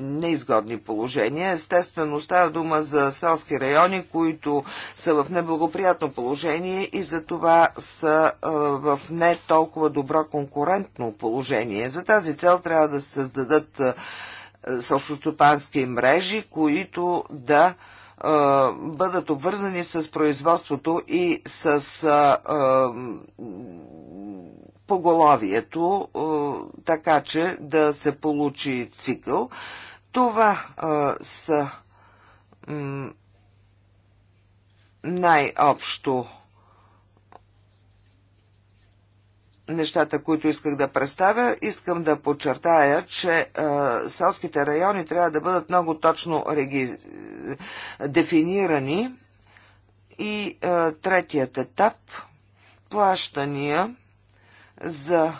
неизгодни положения. Естествено, става дума за селски райони, които са в неблагоприятно положение и за това са в не толкова добро конкурентно положение. За тази цел трябва да се създадат сълскостопански мрежи, които да бъдат обвързани с производството и с поголовието, така че да се получи цикъл. Това са най-общо нещата, които исках да представя, искам да подчертая, че е, селските райони трябва да бъдат много точно реги... дефинирани. И е, третият етап плащания за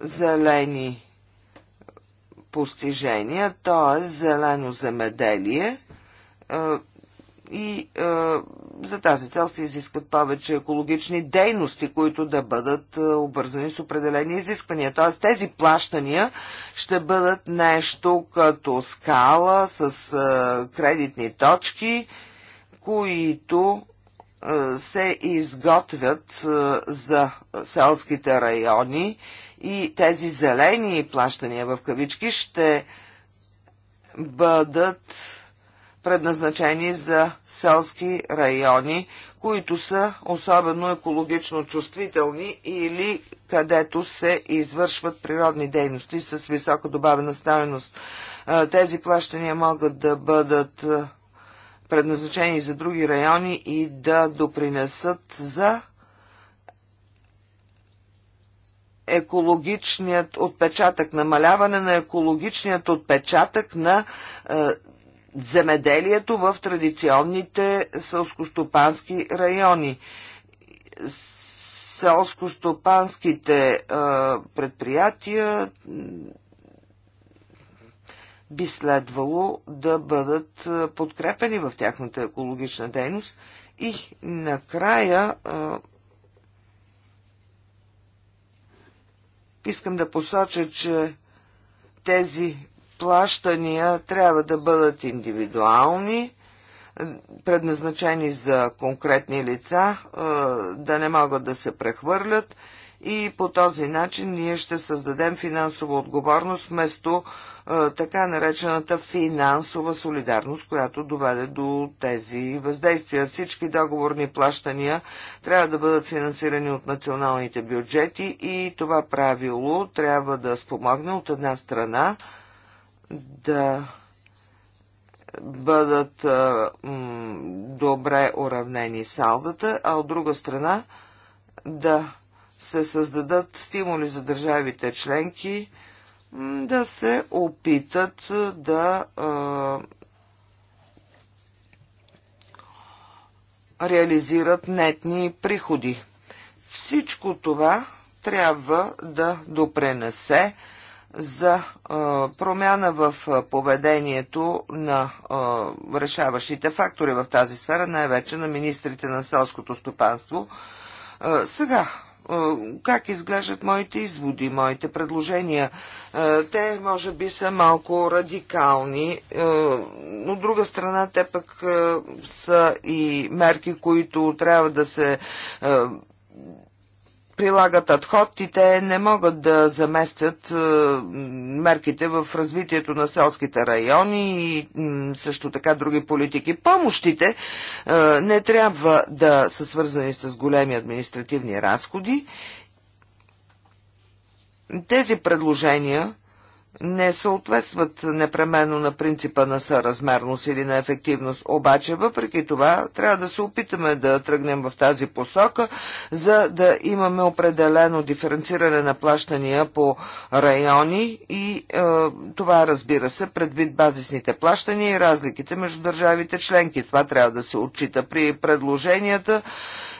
зелени постижения, т.е. зелено земеделие. Е, и е, за тази цел се изискват повече екологични дейности, които да бъдат е, обързани с определени изисквания. Т.е. тези плащания ще бъдат нещо като скала с е, кредитни точки, които е, се изготвят за селските райони и тези зелени плащания в кавички ще бъдат предназначени за селски райони, които са особено екологично чувствителни или където се извършват природни дейности с висока добавена стоеност. Тези плащания могат да бъдат предназначени за други райони и да допринесат за екологичният отпечатък, намаляване на екологичният отпечатък на земеделието в традиционните селскостопански райони. Селскостопанските предприятия би следвало да бъдат подкрепени в тяхната екологична дейност. И накрая искам да посоча, че тези плащания трябва да бъдат индивидуални, предназначени за конкретни лица, е, да не могат да се прехвърлят и по този начин ние ще създадем финансова отговорност вместо е, така наречената финансова солидарност, която доведе до тези въздействия. Всички договорни плащания трябва да бъдат финансирани от националните бюджети и това правило трябва да спомогне от една страна да бъдат а, м, добре уравнени салдата, а от друга страна да се създадат стимули за държавите членки м, да се опитат да а, реализират нетни приходи. Всичко това трябва да допренесе за е, промяна в е, поведението на е, решаващите фактори в тази сфера, най-вече на министрите на селското стопанство. Сега, как изглеждат моите изводи, моите предложения. Те може би са малко радикални, но от друга страна те пък са и мерки, които трябва да се прилагат адход и те не могат да заместят е, мерките в развитието на селските райони и също така други политики. Помощите е, не трябва да са свързани с големи административни разходи. Тези предложения не съответстват непременно на принципа на съразмерност или на ефективност. Обаче, въпреки това, трябва да се опитаме да тръгнем в тази посока, за да имаме определено диференциране на плащания по райони и е, това, разбира се, предвид базисните плащания и разликите между държавите членки. Това трябва да се отчита при предложенията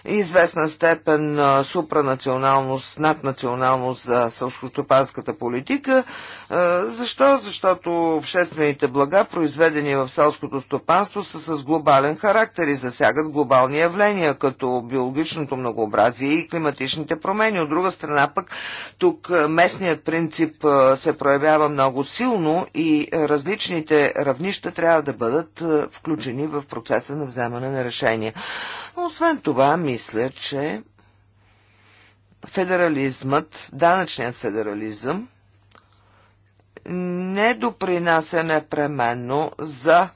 известна степен супранационалност, наднационалност за селскостопанската политика. Е, защо? Защото обществените блага, произведени в селското стопанство, са с глобален характер и засягат глобални явления, като биологичното многообразие и климатичните промени. От друга страна пък, тук е, местният принцип е, се проявява много силно и различните равнища трябва да бъдат включени в процеса на вземане на решения. Освен това, мисля, мисля, че федерализмът, данъчният федерализъм, не допринася непременно за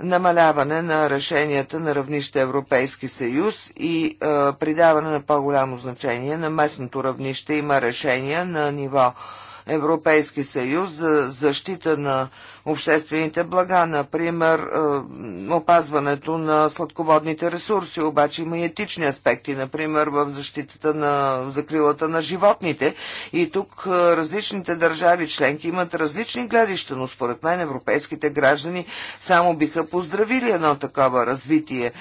намаляване на решенията на равнище Европейски съюз и е, придаване на по-голямо значение на местното равнище. Има решения на ниво Европейски съюз за защита на обществените блага, например е, опазването на сладководните ресурси, обаче има и етични аспекти, например в защитата на закрилата на животните. И тук е, различните държави членки имат различни гледища, но според мен европейските граждани само биха поздравили едно такова развитие, е,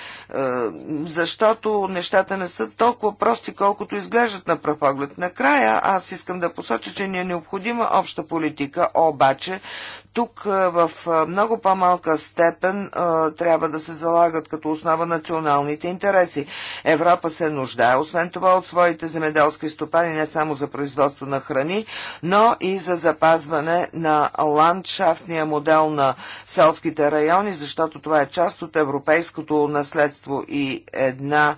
защото нещата не са толкова прости, колкото изглеждат на пръв поглед. Накрая аз искам да посоча, че ни е необходима обща политика, обаче тук в много по-малка степен трябва да се залагат като основа националните интереси. Европа се нуждае, освен това, от своите земеделски стопани не само за производство на храни, но и за запазване на ландшафтния модел на селските райони, защото това е част от европейското наследство и една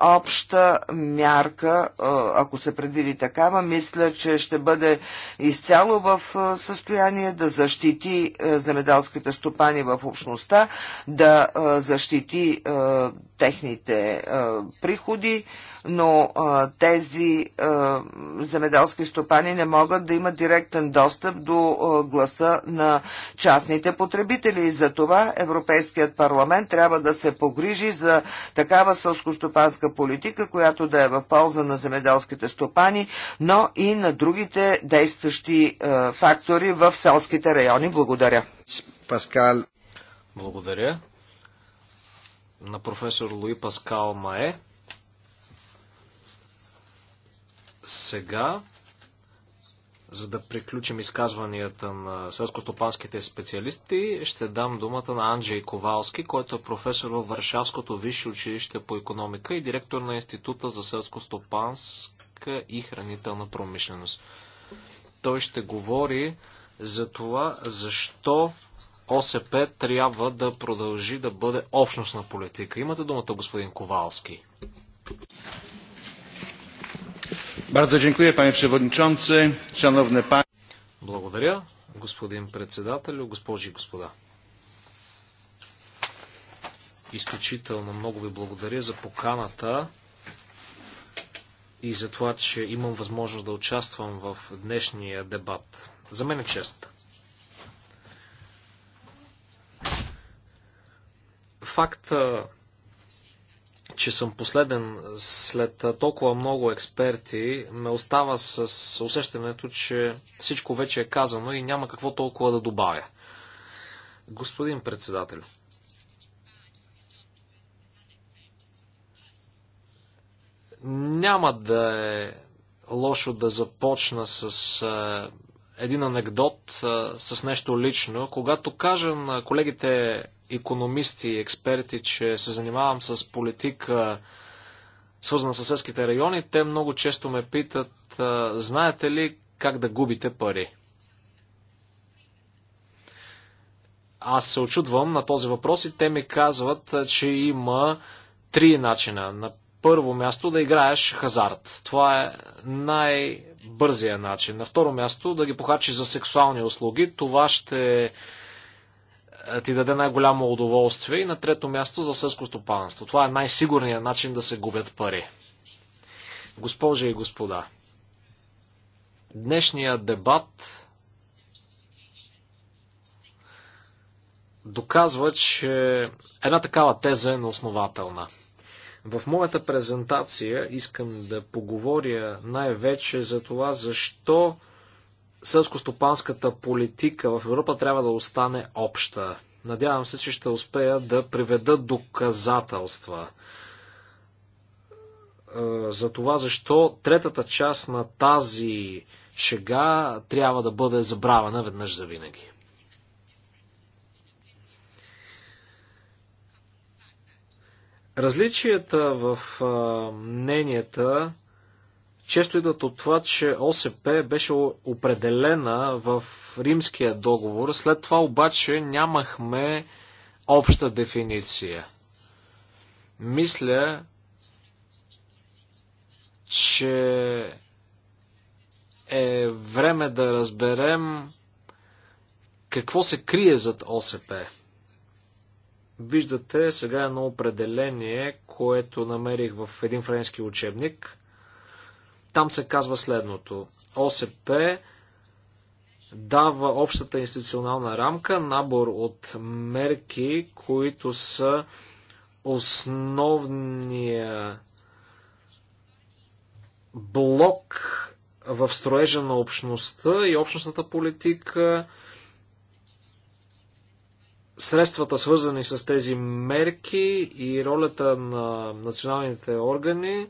обща мярка, ако се предвиди такава, мисля, че ще бъде изцяло в състояние да защити замедалските стопани в общността, да защити техните приходи, но а, тези а, земеделски стопани не могат да имат директен достъп до а, гласа на частните потребители. И за това Европейският парламент трябва да се погрижи за такава сълскостопанска политика, която да е в полза на земеделските стопани, но и на другите действащи а, фактори в селските райони. Благодаря. Паскал. Благодаря. На професор Луи Паскал Мае. сега, за да приключим изказванията на селскостопанските специалисти, ще дам думата на Анджей Ковалски, който е професор в Варшавското висше училище по економика и директор на Института за селскостопанска и хранителна промишленост. Той ще говори за това, защо ОСП трябва да продължи да бъде общностна политика. Имате думата, господин Ковалски. Bardzo dziękuję, panie przewodniczący, szanowne panie. Благодаря, господин председател, госпожи и господа. Изключително много ви благодаря за поканата и за това, че имам възможност да участвам в днешния дебат. За мен е чест. Факта, че съм последен след толкова много експерти, ме остава с усещането, че всичко вече е казано и няма какво толкова да добавя. Господин председател, няма да е лошо да започна с един анекдот, с нещо лично. Когато кажа на колегите економисти и експерти, че се занимавам с политика, свързана с селските райони, те много често ме питат, знаете ли как да губите пари? Аз се очудвам на този въпрос и те ми казват, че има три начина. На първо място да играеш хазарт. Това е най-бързия начин. На второ място да ги похарчиш за сексуални услуги. Това ще е, ти даде най-голямо удоволствие и на трето място за сълско стопанство. Това е най-сигурният начин да се губят пари. Госпожи и господа, днешният дебат доказва, че една такава теза е неоснователна. В моята презентация искам да поговоря най-вече за това, защо селскостопанската политика в Европа трябва да остане обща. Надявам се, че ще успея да приведа доказателства е, за това защо третата част на тази шега трябва да бъде забравена веднъж за винаги. Различията в е, мненията често идват от това, че ОСП беше определена в римския договор, след това обаче нямахме обща дефиниция. Мисля, че е време да разберем какво се крие зад ОСП. Виждате сега е едно определение, което намерих в един френски учебник – там се казва следното. ОСП дава общата институционална рамка, набор от мерки, които са основния блок в строежа на общността и общностната политика, средствата свързани с тези мерки и ролята на националните органи,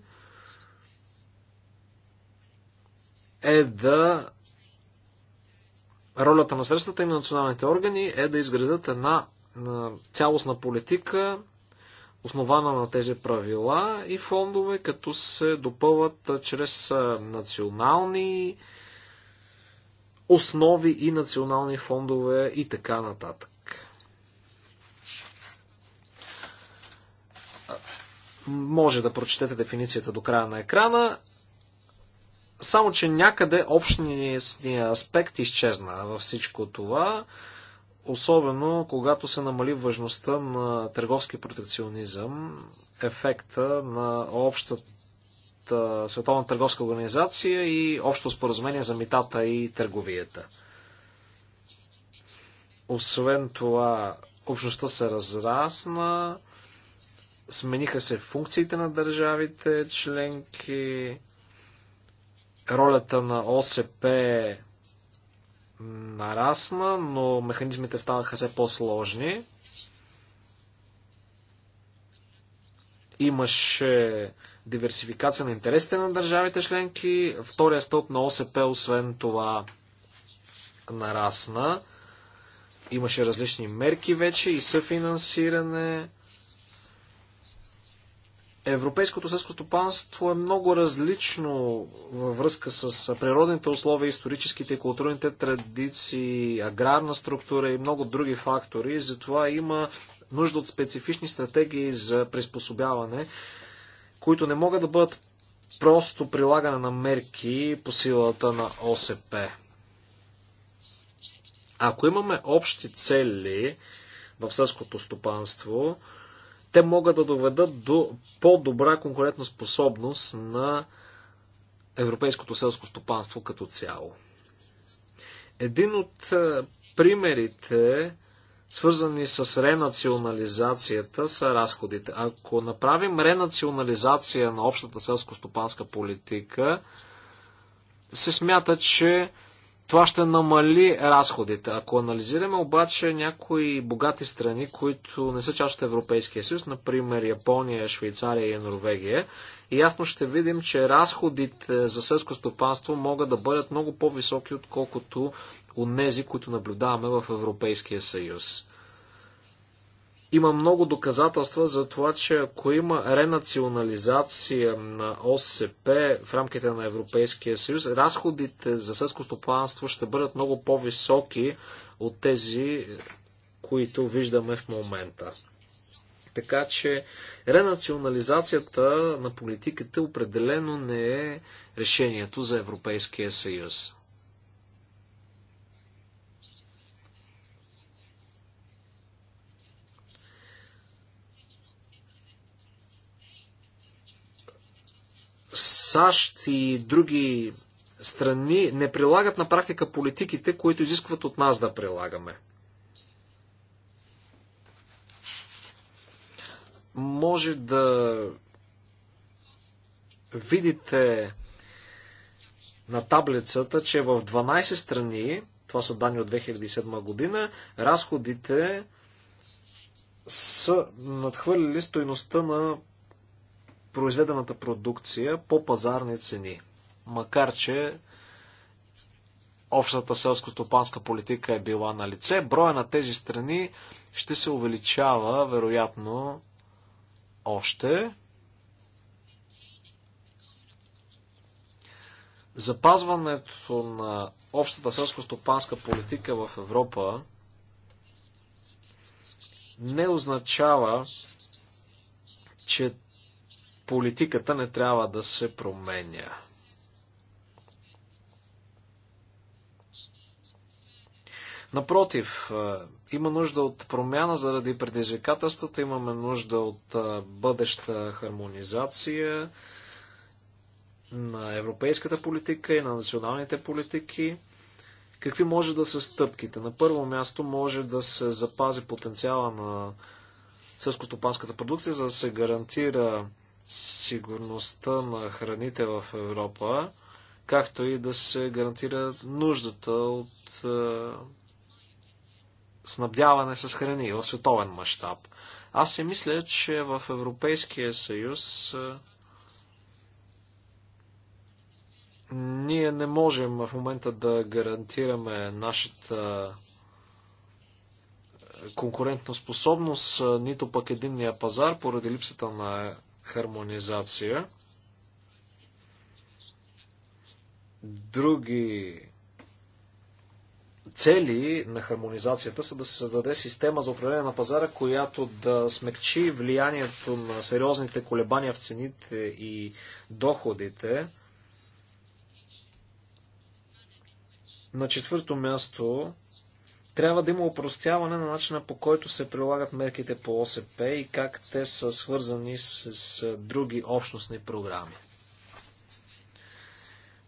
е да ролята на средствата и на националните органи е да изградат една цялостна политика, основана на тези правила и фондове, като се допълват чрез национални основи и национални фондове и така нататък. Може да прочетете дефиницията до края на екрана. Само, че някъде общният аспект изчезна във всичко това, особено когато се намали важността на търговски протекционизъм, ефекта на общата Световна търговска организация и общо споразумение за митата и търговията. Освен това, общността се разрасна, смениха се функциите на държавите, членки, ролята на ОСП нарасна, но механизмите станаха все по-сложни. Имаше диверсификация на интересите на държавите членки. Втория стълб на ОСП, освен това, нарасна. Имаше различни мерки вече и съфинансиране Европейското селско стопанство е много различно във връзка с природните условия, историческите и културните традиции, аграрна структура и много други фактори. Затова има нужда от специфични стратегии за приспособяване, които не могат да бъдат просто прилагане на мерки по силата на ОСП. Ако имаме общи цели в сърското стопанство, те могат да доведат до по-добра конкурентоспособност на европейското селско стопанство като цяло. Един от е, примерите, свързани с ренационализацията, са разходите. Ако направим ренационализация на общата селско-стопанска политика, се смята, че това ще намали разходите. Ако анализираме обаче някои богати страни, които не са част от Европейския съюз, например Япония, Швейцария и Норвегия, и ясно ще видим, че разходите за селско стопанство могат да бъдат много по-високи, отколкото от нези, които наблюдаваме в Европейския съюз. Има много доказателства за това, че ако има ренационализация на ОСП в рамките на Европейския съюз, разходите за сърско стопанство ще бъдат много по-високи от тези, които виждаме в момента. Така че ренационализацията на политиката определено не е решението за Европейския съюз. САЩ и други страни не прилагат на практика политиките, които изискват от нас да прилагаме. Може да видите на таблицата, че в 12 страни, това са данни от 2007 година, разходите са надхвърлили стоеността на произведената продукция по пазарни цени. Макар, че общата селско-стопанска политика е била на лице, броя на тези страни ще се увеличава, вероятно, още. Запазването на общата селско-стопанска политика в Европа не означава, че политиката не трябва да се променя. Напротив, е, има нужда от промяна заради предизвикателствата, имаме нужда от е, бъдеща хармонизация на европейската политика и на националните политики. Какви може да са стъпките? На първо място може да се запази потенциала на сълскостопанската продукция, за да се гарантира сигурността на храните в Европа, както и да се гарантира нуждата от е, снабдяване с храни в световен мащаб. Аз си мисля, че в Европейския съюз е, ние не можем в момента да гарантираме нашата конкурентна способност, нито пък единния пазар, поради липсата на хармонизация. Други цели на хармонизацията са да се създаде система за управление на пазара, която да смекчи влиянието на сериозните колебания в цените и доходите. На четвърто място трябва да има упростяване на начина по който се прилагат мерките по ОСП и как те са свързани с, с други общностни програми.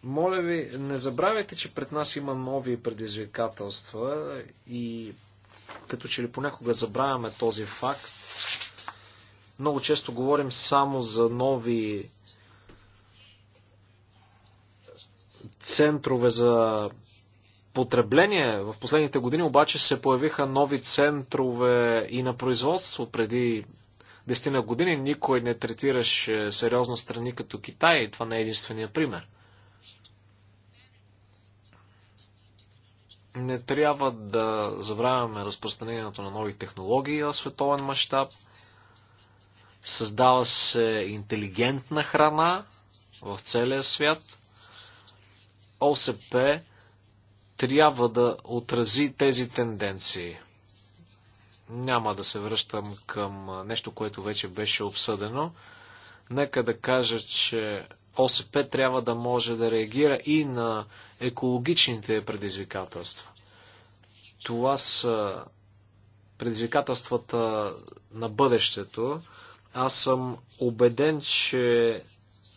Моля ви, не забравяйте, че пред нас има нови предизвикателства и като че ли понякога забравяме този факт. Много често говорим само за нови центрове за потребление. В последните години обаче се появиха нови центрове и на производство. Преди десетина години никой не третираше сериозно страни като Китай. и Това не е единствения пример. Не трябва да забравяме разпространението на нови технологии в световен мащаб. Създава се интелигентна храна в целия свят. ОСП трябва да отрази тези тенденции. Няма да се връщам към нещо, което вече беше обсъдено. Нека да кажа, че ОСП трябва да може да реагира и на екологичните предизвикателства. Това са предизвикателствата на бъдещето. Аз съм убеден, че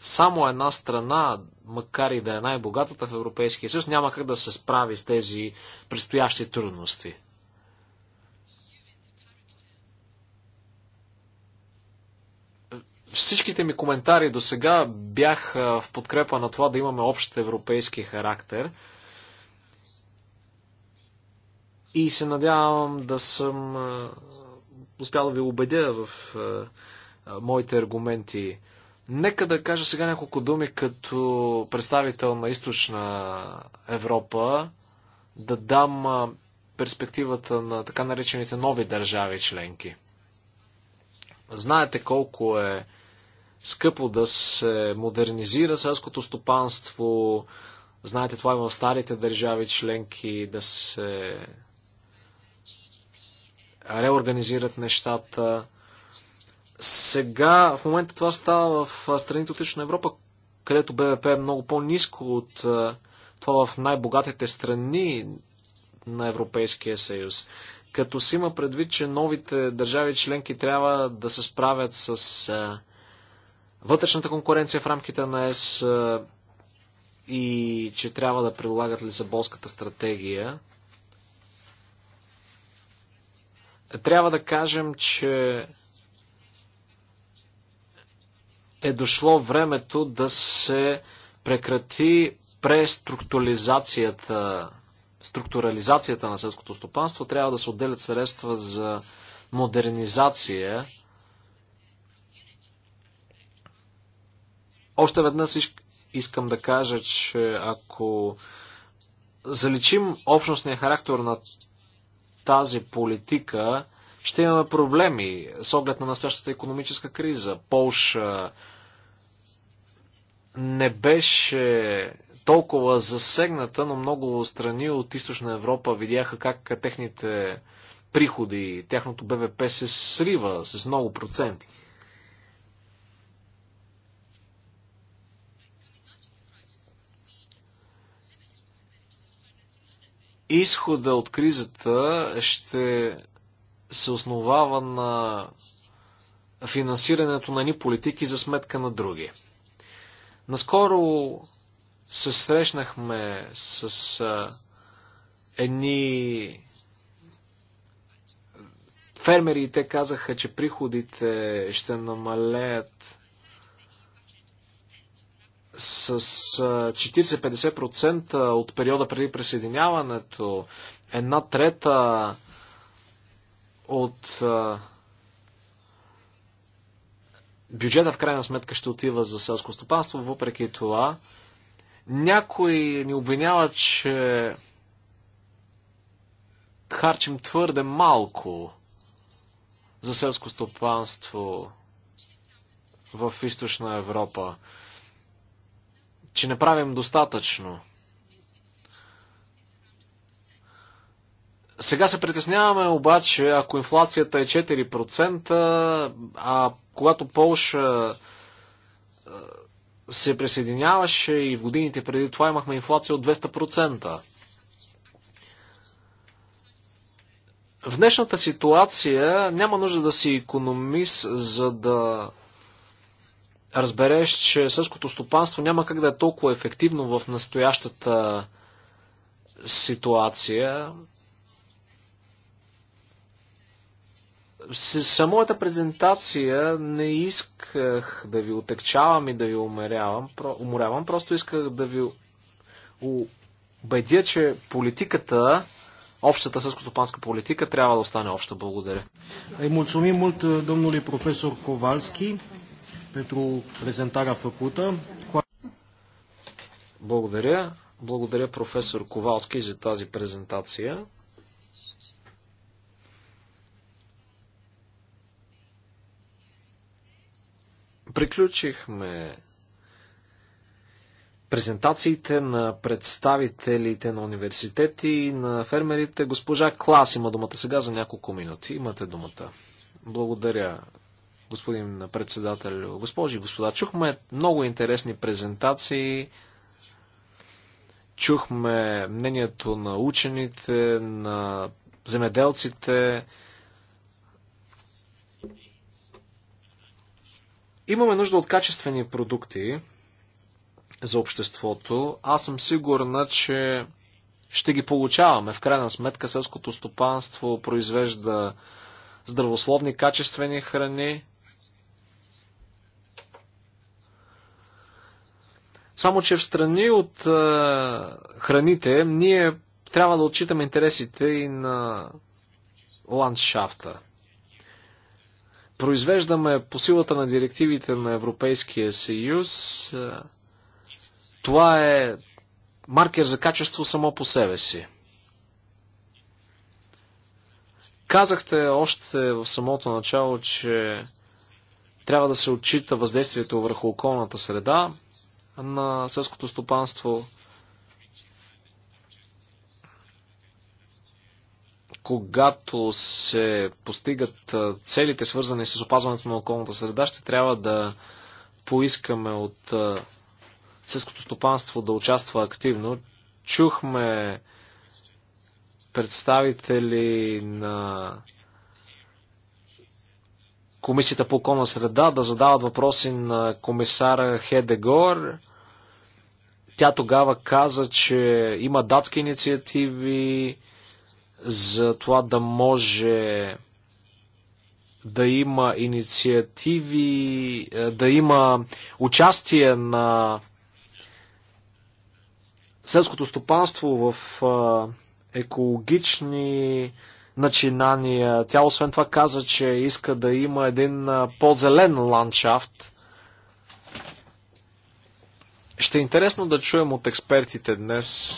само една страна, макар и да е най-богатата в Европейския съюз, няма как да се справи с тези предстоящи трудности. Всичките ми коментари до сега бях в подкрепа на това да имаме общ европейски характер. И се надявам да съм успял да ви убедя в моите аргументи. Нека да кажа сега няколко думи като представител на източна Европа, да дам перспективата на така наречените нови държави членки. Знаете колко е скъпо да се модернизира селското стопанство, знаете това и в старите държави членки, да се реорганизират нещата. Сега, в момента това става в страните от Ична Европа, където БВП е много по-низко от това в най-богатите страни на Европейския съюз. Като си има предвид, че новите държави членки трябва да се справят с вътрешната конкуренция в рамките на ЕС и че трябва да прилагат Лисабонската стратегия, трябва да кажем, че е дошло времето да се прекрати преструктуризацията структурализацията на селското стопанство, трябва да се отделят средства за модернизация. Още веднъж искам да кажа, че ако заличим общностния характер на тази политика, ще имаме проблеми с оглед на настоящата економическа криза. Полша не беше толкова засегната, но много страни от източна Европа видяха как техните приходи, тяхното БВП се срива с много проценти. Изхода от кризата ще се основава на финансирането на ни политики за сметка на други. Наскоро се срещнахме с а, едни фермери и те казаха, че приходите ще намалеят с 40-50% от периода преди присъединяването, една трета от бюджета в крайна сметка ще отива за селско стопанство, въпреки това някои ни обвиняват, че харчим твърде малко за селско стопанство в източна Европа, че не правим достатъчно – Сега се притесняваме обаче, ако инфлацията е 4%, а когато Полша се присъединяваше и в годините преди това имахме инфлация от 200%. В днешната ситуация няма нужда да си економист, за да разбереш, че сърското стопанство няма как да е толкова ефективно в настоящата ситуация. самата презентация не исках да ви отекчавам и да ви умерявам, уморявам, просто исках да ви убедя, че политиката, общата сълскостопанска политика трябва да остане обща. Благодаря. Е, Мулțumim мулт, domnului е, професор Ковалски Петро Презентара Факута. Благодаря. Благодаря професор Ковалски за тази презентация. Приключихме презентациите на представителите на университети и на фермерите. Госпожа Клас има думата сега за няколко минути. Имате думата. Благодаря, господин председател. Госпожи и господа, чухме много интересни презентации. Чухме мнението на учените, на земеделците, Имаме нужда от качествени продукти за обществото. Аз съм сигурна, че ще ги получаваме. В крайна сметка селското стопанство произвежда здравословни, качествени храни. Само, че в страни от е, храните ние трябва да отчитаме интересите и на ландшафта произвеждаме по силата на директивите на Европейския съюз, е, това е маркер за качество само по себе си. Казахте още в самото начало, че трябва да се отчита въздействието върху околната среда на селското стопанство – когато се постигат целите, свързани с опазването на околната среда, ще трябва да поискаме от сельското стопанство да участва активно. Чухме представители на Комисията по околна среда да задават въпроси на комисара Хедегор. Тя тогава каза, че има датски инициативи, за това да може да има инициативи, е, да има участие на селското стопанство в е, екологични начинания. Тя освен това каза, че иска да има един е, по-зелен ландшафт. Ще е интересно да чуем от експертите днес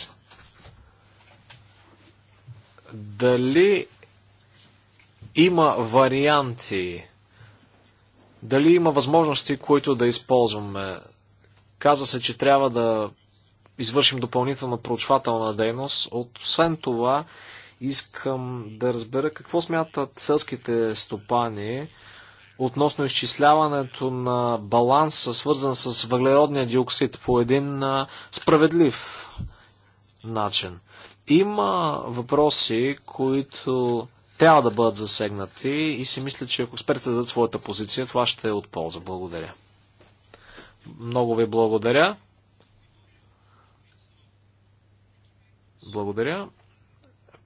дали има варианти, дали има възможности, които да използваме. Каза се, че трябва да извършим допълнителна проучвателна дейност. Освен това, искам да разбера какво смятат селските стопани относно изчисляването на баланса, свързан с въглеродния диоксид по един справедлив начин. Има въпроси, които трябва да бъдат засегнати и си мисля, че ако експертите дадат своята позиция, това ще е от полза. Благодаря. Много ви благодаря. Благодаря.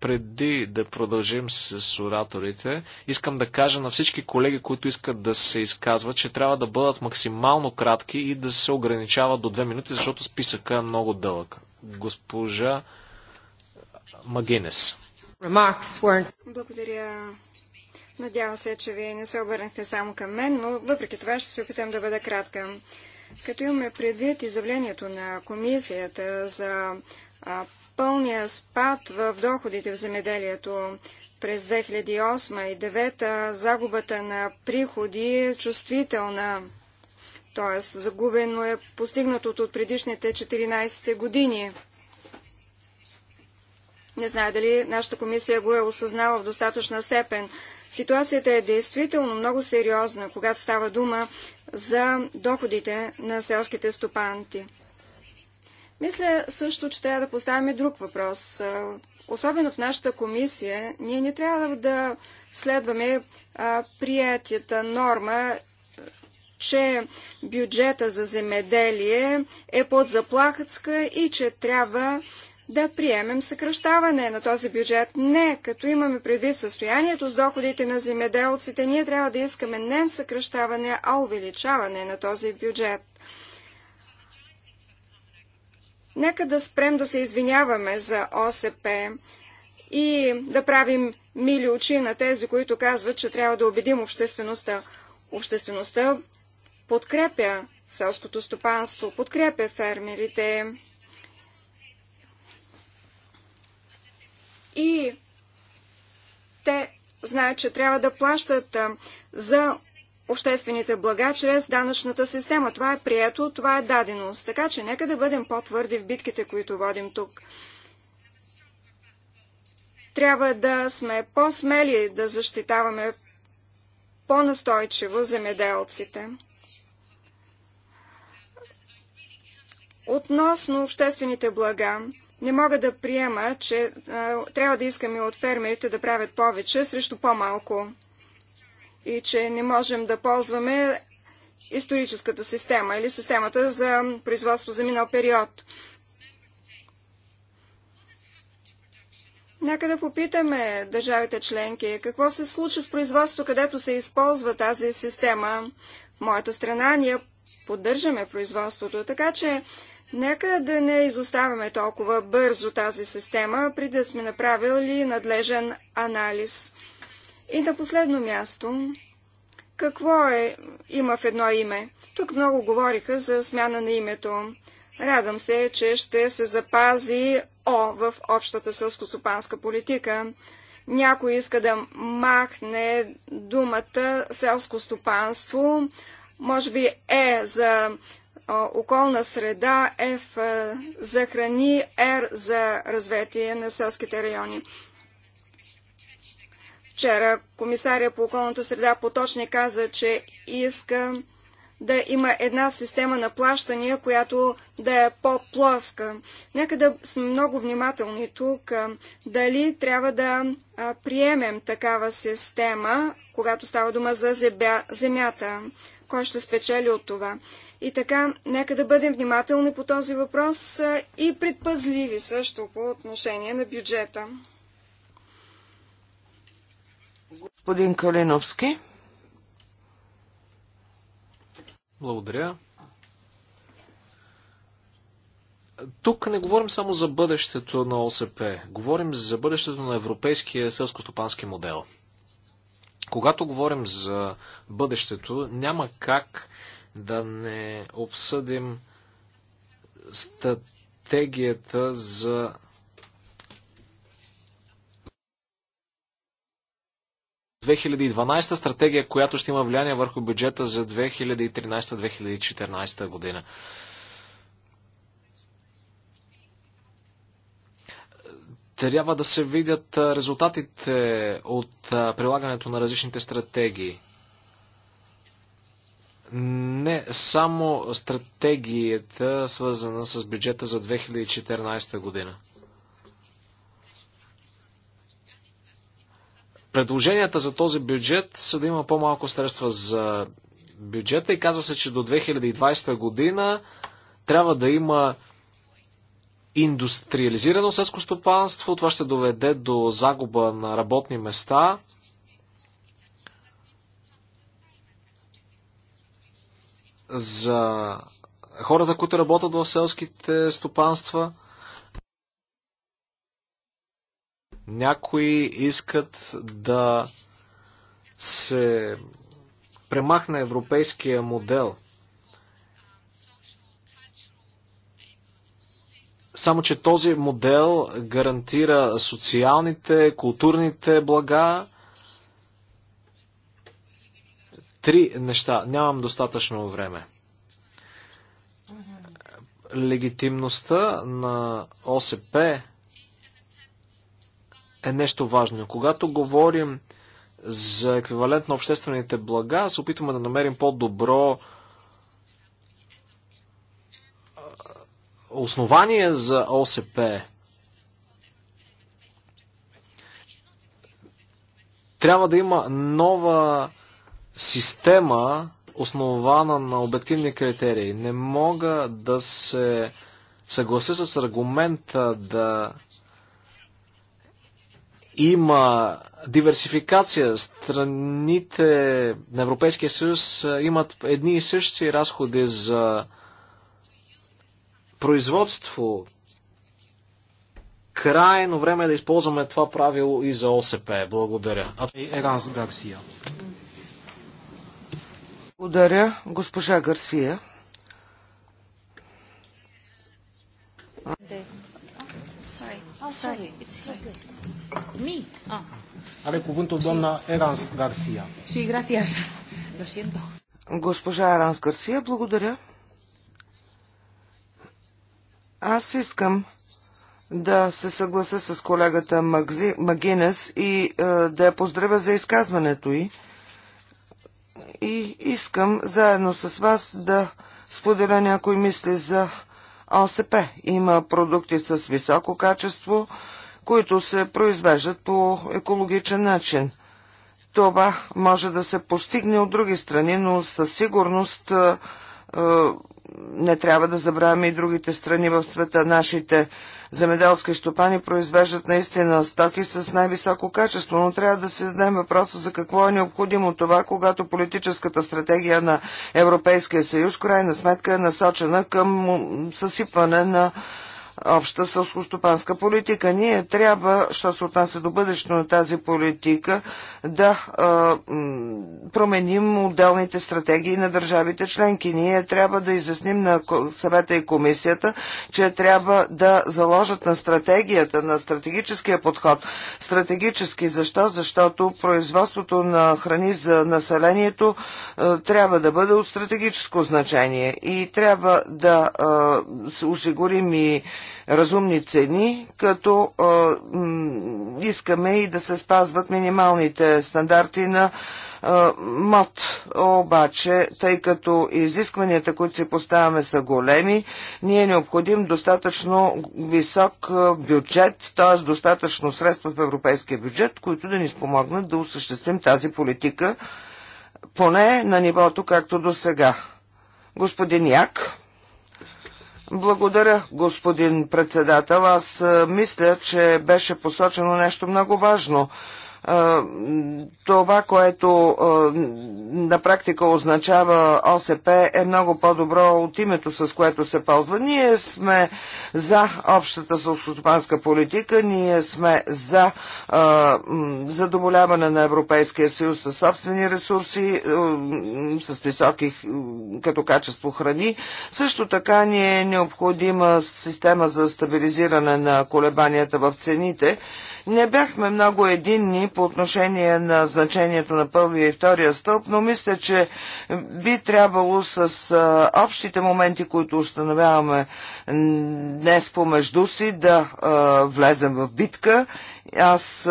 Преди да продължим с ораторите, искам да кажа на всички колеги, които искат да се изказват, че трябва да бъдат максимално кратки и да се ограничават до две минути, защото списъка е много дълъг. Госпожа Магинес. Благодаря. Надявам се, че вие не се обърнахте само към мен, но въпреки това ще се опитам да бъда кратка. Като имаме предвид изявлението на комисията за пълния спад в доходите в земеделието през 2008 и 2009, загубата на приходи е чувствителна, т.е. загубено е постигнатото от предишните 14 години. Не знае дали нашата комисия го е осъзнала в достатъчна степен. Ситуацията е действително много сериозна, когато става дума за доходите на селските стопанти. Мисля също, че трябва да поставим друг въпрос. Особено в нашата комисия, ние не трябва да следваме приятията норма, че бюджета за земеделие е под заплахъцка и че трябва да приемем съкръщаване на този бюджет. Не, като имаме предвид състоянието с доходите на земеделците, ние трябва да искаме не съкръщаване, а увеличаване на този бюджет. Нека да спрем да се извиняваме за ОСП и да правим мили очи на тези, които казват, че трябва да убедим обществеността. Обществеността подкрепя селското стопанство, подкрепя фермерите, и те знаят, че трябва да плащат за обществените блага чрез данъчната система. Това е прието, това е даденост. Така че нека да бъдем по-твърди в битките, които водим тук. Трябва да сме по-смели да защитаваме по-настойчиво земеделците. Относно обществените блага, не мога да приема, че а, трябва да искаме от фермерите да правят повече срещу по-малко и че не можем да ползваме историческата система или системата за производство за минал период. Нека да попитаме държавите членки какво се случи с производство, където се използва тази система. В моята страна ние поддържаме производството, така че Нека да не изоставяме толкова бързо тази система, преди да сме направили надлежен анализ. И на последно място, какво е, има в едно име? Тук много говориха за смяна на името. Радвам се, че ще се запази О в общата селскостопанска политика. Някой иска да махне думата селско стопанство, може би Е за околна среда, F е за храни, R за развитие на селските райони. Вчера комисаря по околната среда поточни каза, че иска да има една система на плащания, която да е по-плоска. Нека да сме много внимателни тук, дали трябва да приемем такава система, когато става дума за земята. Кой ще спечели от това? И така, нека да бъдем внимателни по този въпрос и предпазливи също по отношение на бюджета. Господин Калиновски. Благодаря. Тук не говорим само за бъдещето на ОСП, говорим за бъдещето на европейския селско-стопански модел. Когато говорим за бъдещето, няма как да не обсъдим стратегията за ...2012 стратегия, която ще има влияние върху бюджета за 2013-2014 година. Трябва да се видят резултатите от прилагането на различните стратегии не само стратегията, свързана с бюджета за 2014 година. Предложенията за този бюджет са да има по-малко средства за бюджета и казва се, че до 2020 година трябва да има индустриализирано селско стопанство. Това ще доведе до загуба на работни места – за хората, които работят в селските стопанства. Някои искат да се премахне европейския модел. Само, че този модел гарантира социалните, културните блага, Три неща. Нямам достатъчно време. Легитимността на ОСП е нещо важно. Когато говорим за еквивалент на обществените блага, се опитваме да намерим по-добро основание за ОСП. Трябва да има нова система, основана на обективни критерии. Не мога да се съглася с аргумента да има диверсификация. Страните на Европейския съюз имат едни и същи разходи за производство. Крайно време е да използваме това правило и за ОСП. Благодаря. Е, Еранс Гарсия. Благодаря, госпожа Гарсия. Oh, ah. Are cuvântul doamna Еранс Гарсия. Си, gracias. Lo siento. Госпожа Еранс Гарсия, благодаря. Аз искам да се съгласа с колегата Магинес и е, да я поздравя за изказването й и искам заедно с вас да споделя някои мисли за ОСП. Има продукти с високо качество, които се произвеждат по екологичен начин. Това може да се постигне от други страни, но със сигурност е, е, не трябва да забравяме и другите страни в света. Нашите земеделски стопани произвеждат наистина стоки с най-високо качество, но трябва да се зададем въпроса за какво е необходимо това, когато политическата стратегия на Европейския съюз крайна сметка е насочена към съсипване на обща сълскостопанска политика. Ние трябва, що се отнася до бъдещето на тази политика, да а, променим отделните стратегии на държавите членки. Ние трябва да изясним на съвета и комисията, че трябва да заложат на стратегията, на стратегическия подход. Стратегически защо? Защото производството на храни за населението а, трябва да бъде от стратегическо значение и трябва да а, осигурим и разумни цени, като искаме и да се спазват минималните стандарти на МОД. Обаче, тъй като изискванията, които си поставяме са големи, ние е необходим достатъчно висок бюджет, т.е. достатъчно средства в европейския бюджет, които да ни спомогнат да осъществим тази политика, поне на нивото както до сега. Господин Як. Благодаря, господин председател. Аз мисля, че беше посочено нещо много важно това, което на практика означава ОСП е много по-добро от името, с което се ползва. Ние сме за общата сълскостопанска политика, ние сме за задоволяване на Европейския съюз със собствени ресурси, с високи като качество храни. Също така ни е необходима система за стабилизиране на колебанията в цените. Не бяхме много единни по отношение на значението на първия и втория стълб, но мисля, че би трябвало с общите моменти, които установяваме днес помежду си, да влезем в битка аз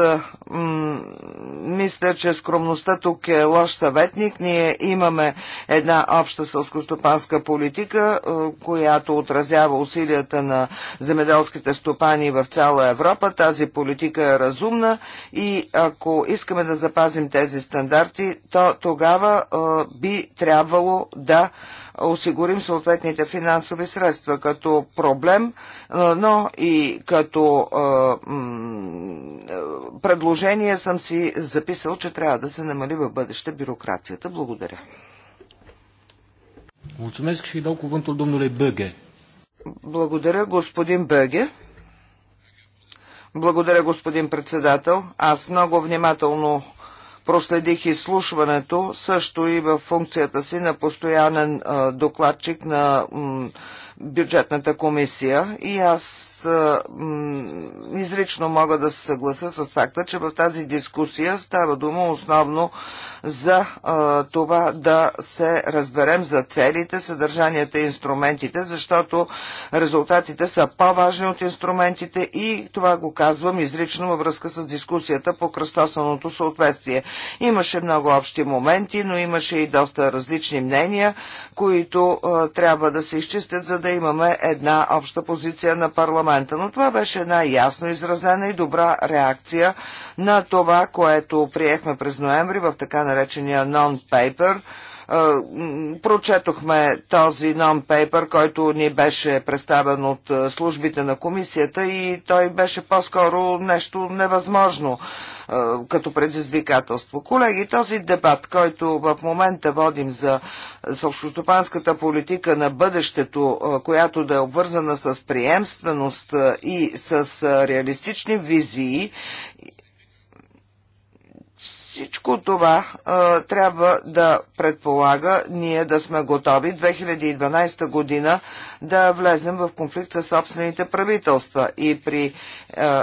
мисля, че скромността тук е лош съветник. Ние имаме една обща сълскостопанска политика, която отразява усилията на земеделските стопани в цяла Европа. Тази политика е разумна и ако искаме да запазим тези стандарти, то тогава би трябвало да осигурим съответните финансови средства като проблем, но и като предложение съм си записал, че трябва да се намали в бъдеще бюрокрацията. Благодаря. Нали, Благодаря, господин Бъге. Благодаря, господин председател. Аз много внимателно проследих изслушването, също и в функцията си на постоянен докладчик на бюджетната комисия и аз изрично мога да се съгласа с факта, че в тази дискусия става дума основно за а, това да се разберем за целите, съдържанията и инструментите, защото резултатите са по-важни от инструментите и това го казвам изрично във връзка с дискусията по кръстосаното съответствие. Имаше много общи моменти, но имаше и доста различни мнения, които а, трябва да се изчистят, за да имаме една обща позиция на парламента. Но това беше една ясно изразена и добра реакция на това, което приехме през ноември в така наречения non-paper. Е, прочетохме този non-paper, който ни беше представен от е, службите на комисията и той беше по-скоро нещо невъзможно е, като предизвикателство. Колеги, този дебат, който в момента водим за сълскостопанската политика на бъдещето, която да е обвързана с приемственост и с реалистични визии всичко това а, трябва да предполага ние да сме готови 2012 година да влезем в конфликт с собствените правителства. И при е,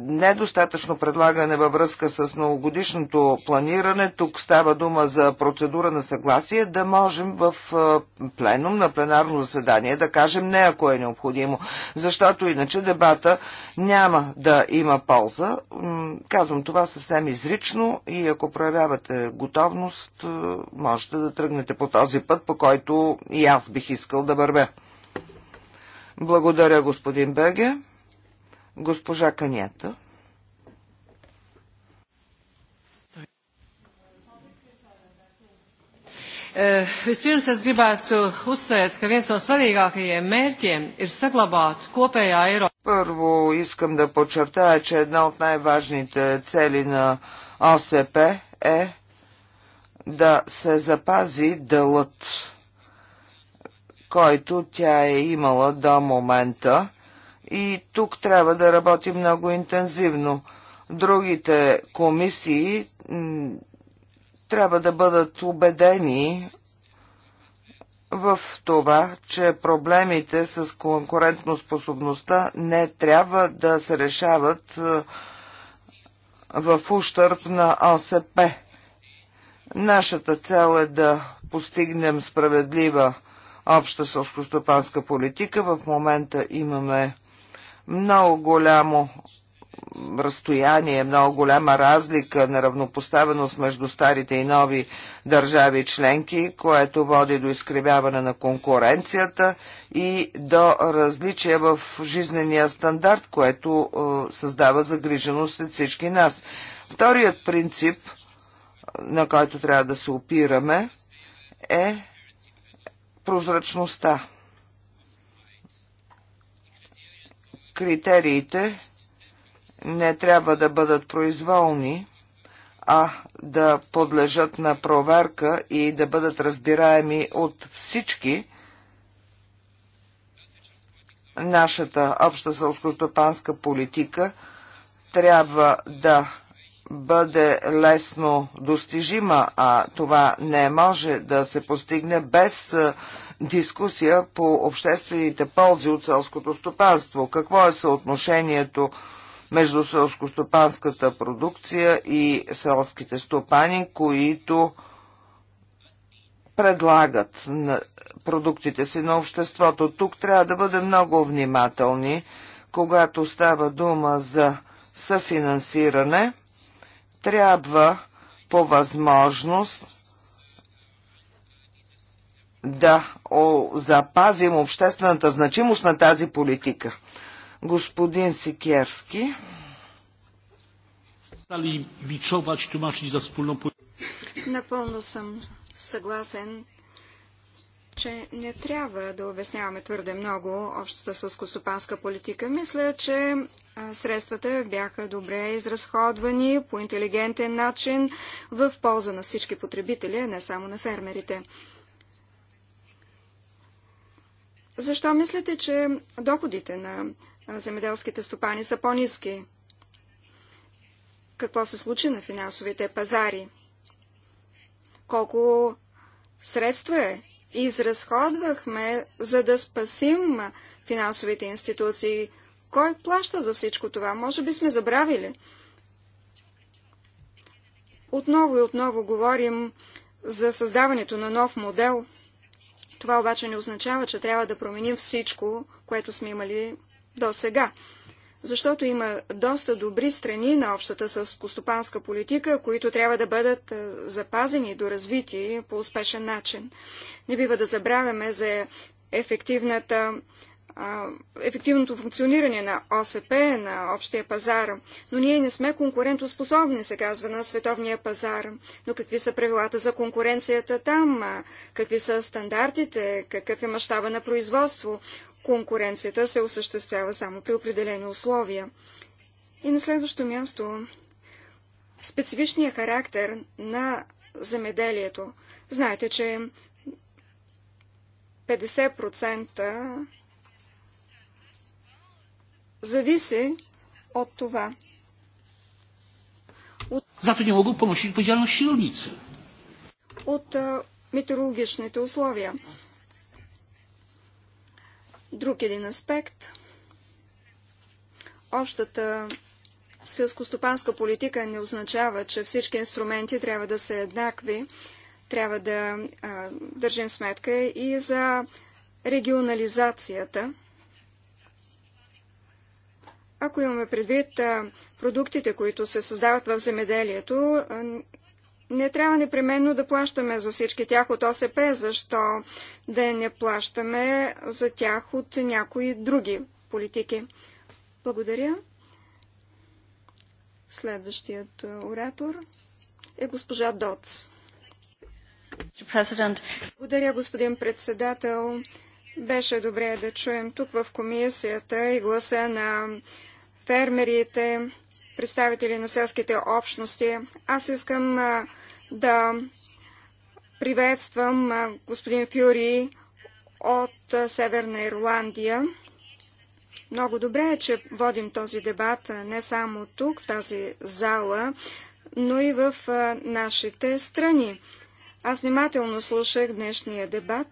недостатъчно предлагане във връзка с многогодишното планиране, тук става дума за процедура на съгласие, да можем в е, пленум на пленарно заседание да кажем не, ако е необходимо, защото иначе дебата няма да има полза. Казвам това съвсем изрично и ако проявявате готовност, е, можете да тръгнете по този път, по който и аз бих искал да вървя. Благодаря, господин Беге. Госпожа Канята. es gribētu uzsvērt, ka viens no svarīgākajiem mērķiem ir saglabāt kopējā Първо искам да подчертая, че една от най-важните цели на АСП е да се запази делът който тя е имала до момента и тук трябва да работи много интензивно. Другите комисии трябва да бъдат убедени в това, че проблемите с конкурентноспособността не трябва да се решават е, в ущърп на ОСП. Нашата цел е да постигнем справедлива обща сълскостопанска политика. В момента имаме много голямо разстояние, много голяма разлика на равнопоставеност между старите и нови държави членки, което води до изкривяване на конкуренцията и до различия в жизнения стандарт, което е, създава загриженост след всички нас. Вторият принцип, на който трябва да се опираме, е прозрачността. Критериите не трябва да бъдат произволни, а да подлежат на проверка и да бъдат разбираеми от всички. Нашата обща сълскостопанска политика трябва да бъде лесно достижима, а това не може да се постигне без дискусия по обществените ползи от селското стопанство. Какво е съотношението между селскостопанската продукция и селските стопани, които предлагат на продуктите си на обществото. Тук трябва да бъдем много внимателни, когато става дума за съфинансиране. Трябва по възможност да о, запазим обществената значимост на тази политика. Господин Сикерски. Напълно съм съгласен, че не трябва да обясняваме твърде много общата сълскостопанска политика. Мисля, че средствата бяха добре изразходвани по интелигентен начин в полза на всички потребители, не само на фермерите. Защо мислите, че доходите на земеделските стопани са по-низки? Какво се случи на финансовите пазари? Колко средства е? изразходвахме, за да спасим финансовите институции? Кой плаща за всичко това? Може би сме забравили. Отново и отново говорим за създаването на нов модел – това обаче не означава, че трябва да променим всичко, което сме имали до сега. Защото има доста добри страни на общата съскостопанска политика, които трябва да бъдат е, запазени до развитие по успешен начин. Не бива да забравяме за ефективната ефективното функциониране на ОСП, на общия пазар. Но ние не сме конкурентоспособни, се казва, на световния пазар. Но какви са правилата за конкуренцията там? Какви са стандартите? Какъв е мащаба на производство? Конкуренцията се осъществява само при определени условия. И на следващо място, специфичният характер на земеделието. Знаете, че 50% зависи от това. От... Зато не могат поносить отговорност чиновници. От а, метеорологичните условия. Друг един аспект. Общата селскостопанска политика не означава, че всички инструменти трябва да са еднакви. Трябва да а, държим сметка и за регионализацията – ако имаме предвид продуктите, които се създават в земеделието, не трябва непременно да плащаме за всички тях от ОСП, защо да не плащаме за тях от някои други политики. Благодаря. Следващият оратор е госпожа Доц. Благодаря, господин председател. Беше добре да чуем тук в комисията и гласа на фермерите, представители на селските общности. Аз искам да приветствам господин Фюри от Северна Ирландия. Много добре е, че водим този дебат не само тук, в тази зала, но и в нашите страни. Аз внимателно слушах днешния дебат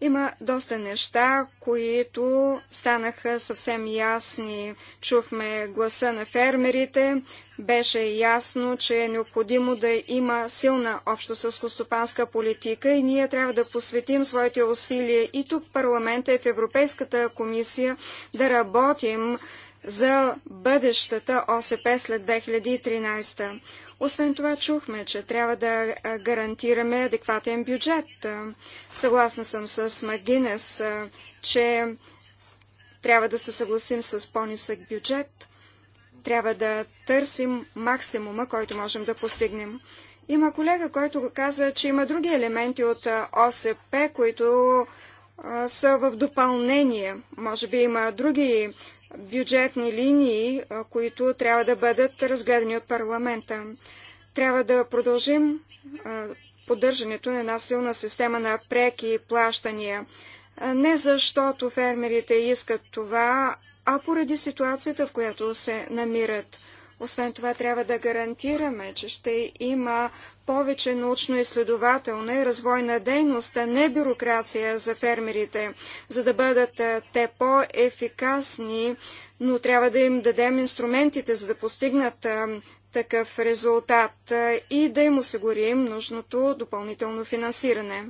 има доста неща, които станаха съвсем ясни. Чухме гласа на фермерите. Беше ясно, че е необходимо да има силна обща сълскостопанска политика и ние трябва да посветим своите усилия и тук в парламента и в Европейската комисия да работим за бъдещата ОСП след 2013. Освен това чухме, че трябва да гарантираме адекватен бюджет. Съгласна съм с Магинес, че трябва да се съгласим с по-нисък бюджет. Трябва да търсим максимума, който можем да постигнем. Има колега, който каза, че има други елементи от ОСП, които а, са в допълнение. Може би има други бюджетни линии, които трябва да бъдат разгледани от парламента. Трябва да продължим поддържането на една силна система на преки плащания. Не защото фермерите искат това, а поради ситуацията, в която се намират. Освен това, трябва да гарантираме, че ще има повече научно-изследователна и развойна дейност, а не бюрокрация за фермерите, за да бъдат те по-ефикасни, но трябва да им дадем инструментите, за да постигнат такъв резултат и да им осигурим нужното допълнително финансиране.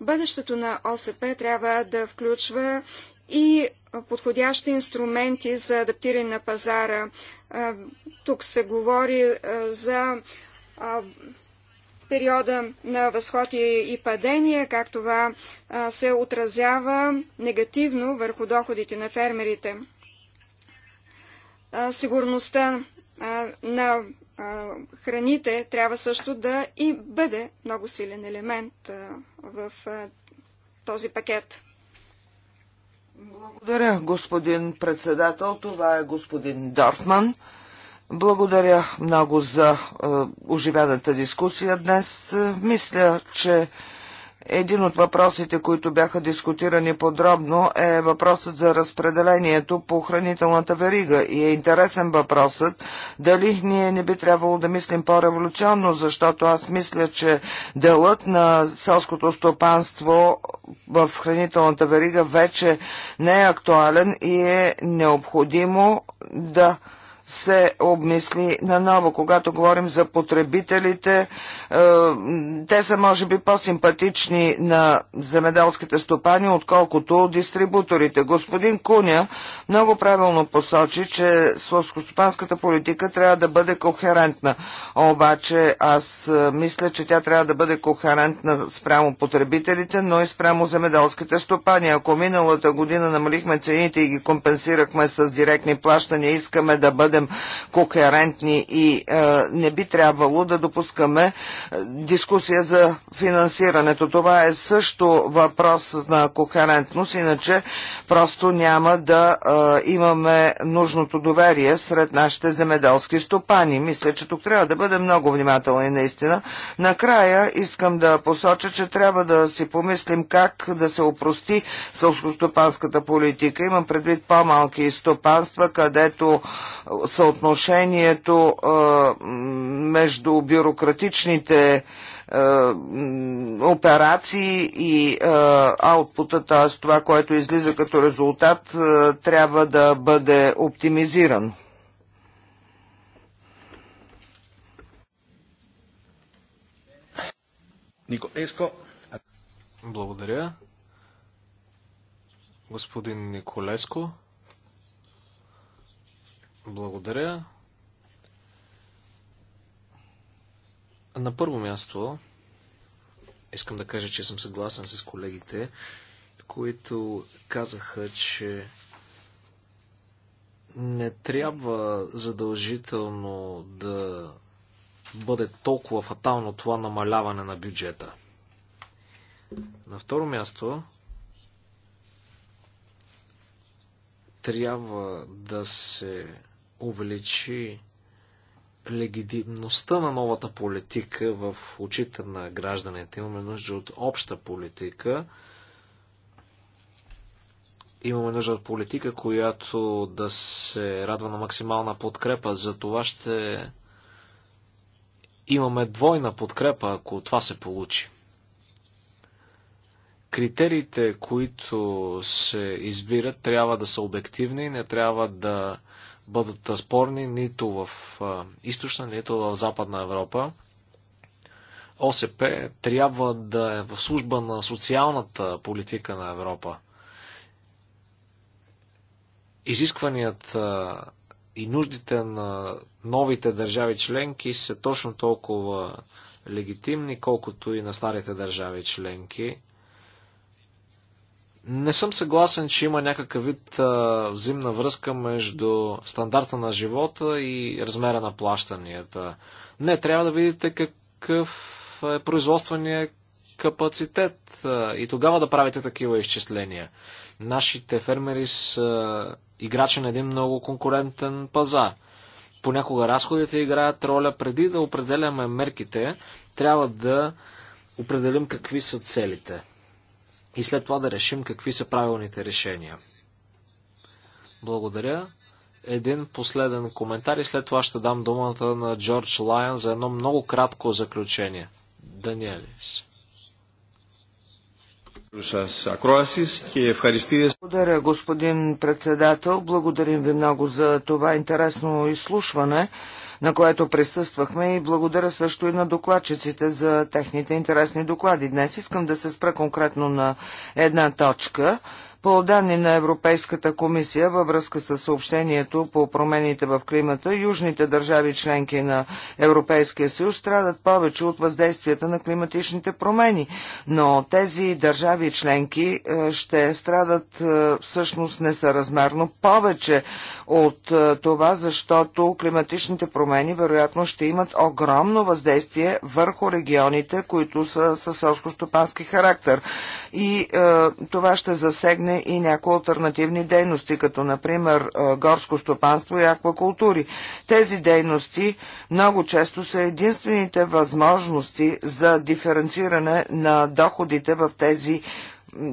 Бъдещето на ОСП трябва да включва и подходящи инструменти за адаптиране на пазара. Тук се говори за периода на възход и падение, как това се отразява негативно върху доходите на фермерите. Сигурността на храните трябва също да и бъде много силен елемент в този пакет. Благодаря, господин председател. Това е господин Дорфман. Благодаря много за е, оживяната дискусия днес. Е, мисля, че един от въпросите, които бяха дискутирани подробно, е въпросът за разпределението по хранителната верига. И е интересен въпросът дали ние не би трябвало да мислим по-революционно, защото аз мисля, че делът на селското стопанство в хранителната верига вече не е актуален и е необходимо да се обмисли наново. Когато говорим за потребителите, е, те са може би по-симпатични на земеделските стопани, отколкото дистрибуторите. Господин Куня много правилно посочи, че слоскостопанската политика трябва да бъде кохерентна. Обаче аз е, мисля, че тя трябва да бъде кохерентна спрямо потребителите, но и спрямо земеделските стопани. Ако миналата година намалихме цените и ги компенсирахме с директни плащания, искаме да бъде бъдем кохерентни и е, не би трябвало да допускаме е, дискусия за финансирането. Това е също въпрос на кохерентност, иначе просто няма да е, имаме нужното доверие сред нашите земеделски стопани. Мисля, че тук трябва да бъдем много внимателни наистина. Накрая искам да посоча, че трябва да си помислим как да се опрости сълскостопанската политика. Имам предвид по-малки стопанства, където съотношението между бюрократичните операции и аутпута, т.е. това, което излиза като резултат, трябва да бъде оптимизиран. Нико Еско. Благодаря. Господин Николеско. Благодаря. На първо място искам да кажа, че съм съгласен с колегите, които казаха, че не трябва задължително да бъде толкова фатално това намаляване на бюджета. На второ място, трябва да се увеличи легитимността на новата политика в очите на гражданите. Имаме нужда от обща политика. Имаме нужда от политика, която да се радва на максимална подкрепа. За това ще имаме двойна подкрепа, ако това се получи. Критериите, които се избират, трябва да са обективни, не трябва да бъдат спорни нито в източна, нито в западна Европа. ОСП трябва да е в служба на социалната политика на Европа. Изискванията и нуждите на новите държави членки са точно толкова легитимни, колкото и на старите държави членки. Не съм съгласен, че има някакъв вид а, взимна връзка между стандарта на живота и размера на плащанията. Не, трябва да видите какъв е производствения капацитет а, и тогава да правите такива изчисления. Нашите фермери са играчи на един много конкурентен пазар. Понякога разходите играят роля преди да определяме мерките, трябва да определим какви са целите и след това да решим какви са правилните решения. Благодаря. Един последен коментар и след това ще дам думата на Джордж Лайон за едно много кратко заключение. Даниелис. Благодаря, господин председател. Благодарим ви много за това интересно изслушване, на което присъствахме и благодаря също и на докладчиците за техните интересни доклади. Днес искам да се спра конкретно на една точка – по данни на Европейската комисия във връзка с съобщението по промените в климата, южните държави членки на Европейския съюз страдат повече от въздействията на климатичните промени, но тези държави членки е, ще страдат е, всъщност несъразмерно повече от е, това, защото климатичните промени вероятно ще имат огромно въздействие върху регионите, които са със селско-стопански характер. И е, това ще засегне и някои альтернативни дейности, като например горско стопанство и аквакултури. Тези дейности много често са единствените възможности за диференциране на доходите в тези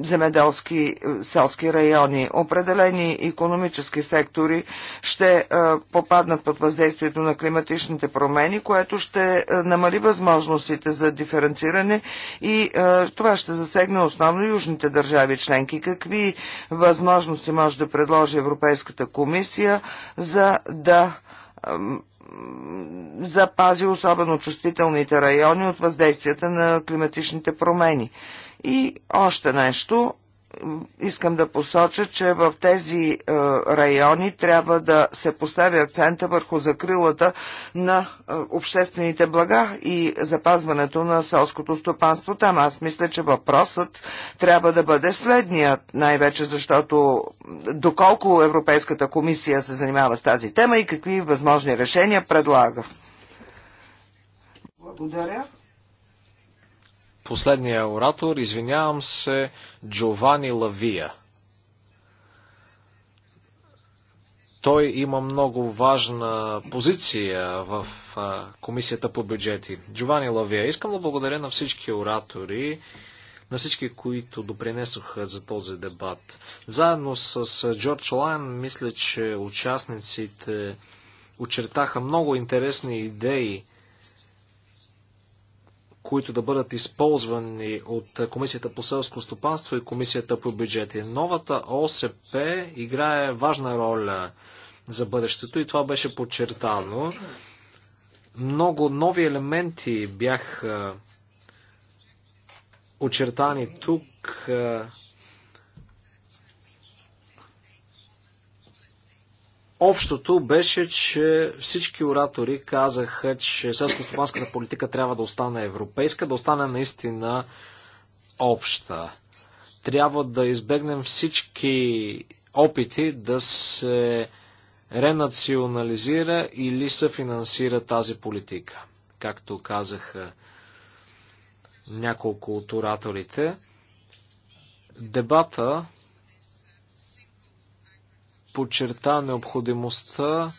земеделски е, селски райони. Определени економически сектори ще е, попаднат под въздействието на климатичните промени, което ще е, намали възможностите за диференциране и това ще засегне основно южните държави членки. Какви възможности може да предложи Европейската комисия за да запази особено чувствителните райони от въздействията на климатичните промени. И още нещо, искам да посоча, че в тези е, райони трябва да се постави акцента върху закрилата на е, обществените блага и запазването на селското стопанство там. Аз мисля, че въпросът трябва да бъде следният, най-вече защото доколко Европейската комисия се занимава с тази тема и какви възможни решения предлага. Благодаря. Последния оратор, извинявам се, Джовани Лавия. Той има много важна позиция в Комисията по бюджети. Джовани Лавия, искам да благодаря на всички оратори на всички, които допринесоха за този дебат. Заедно с Джордж Лайн, мисля, че участниците очертаха много интересни идеи които да бъдат използвани от Комисията по селско стопанство и Комисията по бюджети. Новата ОСП играе важна роля за бъдещето и това беше подчертано. Много нови елементи бяха очертани тук. Общото беше, че всички оратори казаха, че селско-стопанската политика трябва да остане европейска, да остане наистина обща. Трябва да избегнем всички опити да се ренационализира или съфинансира тази политика, както казаха няколко от ораторите. Дебата подчерта необходимостта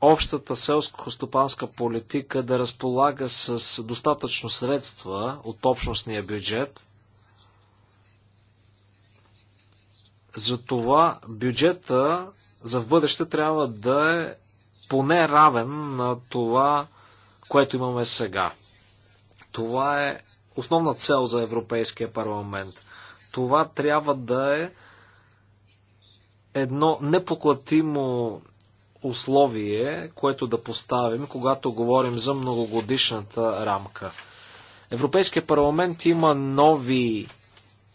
общата селско хостопанска политика да разполага с достатъчно средства от общностния бюджет. Затова бюджета за в бъдеще трябва да е поне равен на това, което имаме сега. Това е основна цел за Европейския парламент. Това трябва да е едно непоклатимо условие, което да поставим, когато говорим за многогодишната рамка. Европейския парламент има нови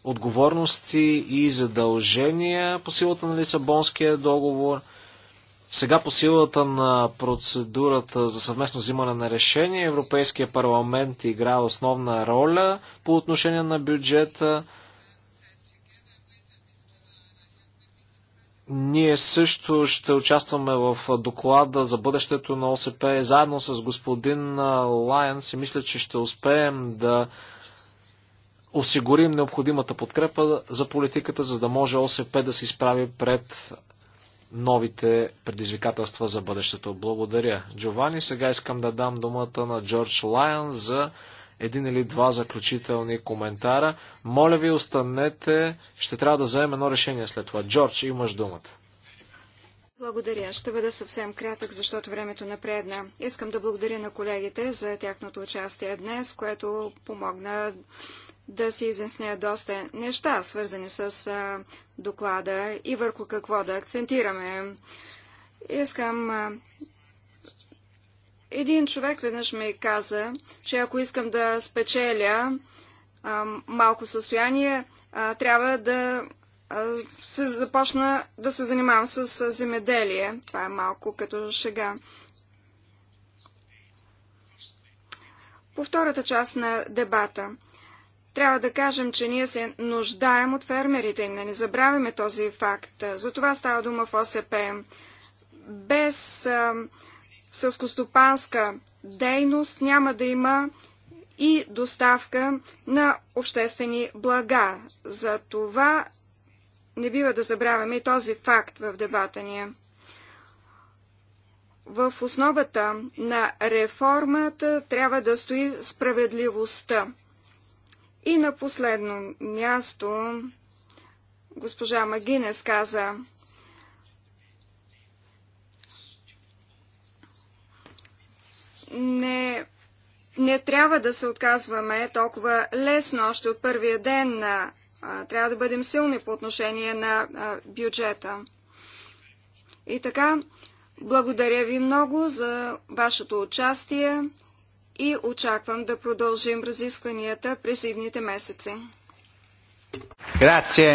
отговорности и задължения по силата на Лисабонския договор. Сега по силата на процедурата за съвместно взимане на решение Европейския парламент играе основна роля по отношение на бюджета. Ние също ще участваме в доклада за бъдещето на ОСП. Заедно с господин Лайен си мисля, че ще успеем да осигурим необходимата подкрепа за политиката, за да може ОСП да се изправи пред новите предизвикателства за бъдещето. Благодаря, Джовани. Сега искам да дам думата на Джордж Лайон за един или два заключителни коментара. Моля ви, останете. Ще трябва да вземем едно решение след това. Джордж, имаш думата. Благодаря. Ще бъда съвсем кратък, защото времето напредна. Искам да благодаря на колегите за тяхното участие днес, което помогна да се изясня доста неща, свързани с доклада и върху какво да акцентираме. Искам един човек веднъж ми каза, че ако искам да спечеля а, малко състояние, а, трябва да а, се започна да се занимавам с земеделие. Това е малко като шега. По втората част на дебата. Трябва да кажем, че ние се нуждаем от фермерите и не, не забравяме този факт. За това става дума в ОСП. Без а, селскостопанска дейност няма да има и доставка на обществени блага. За това не бива да забравяме и този факт в дебата ни. В основата на реформата трябва да стои справедливостта. И на последно място госпожа Магинес каза – не, не трябва да се отказваме толкова лесно още от първия ден. а, трябва да бъдем силни по отношение на а, бюджета. И така, благодаря ви много за вашето участие и очаквам да продължим разискванията през идните месеци.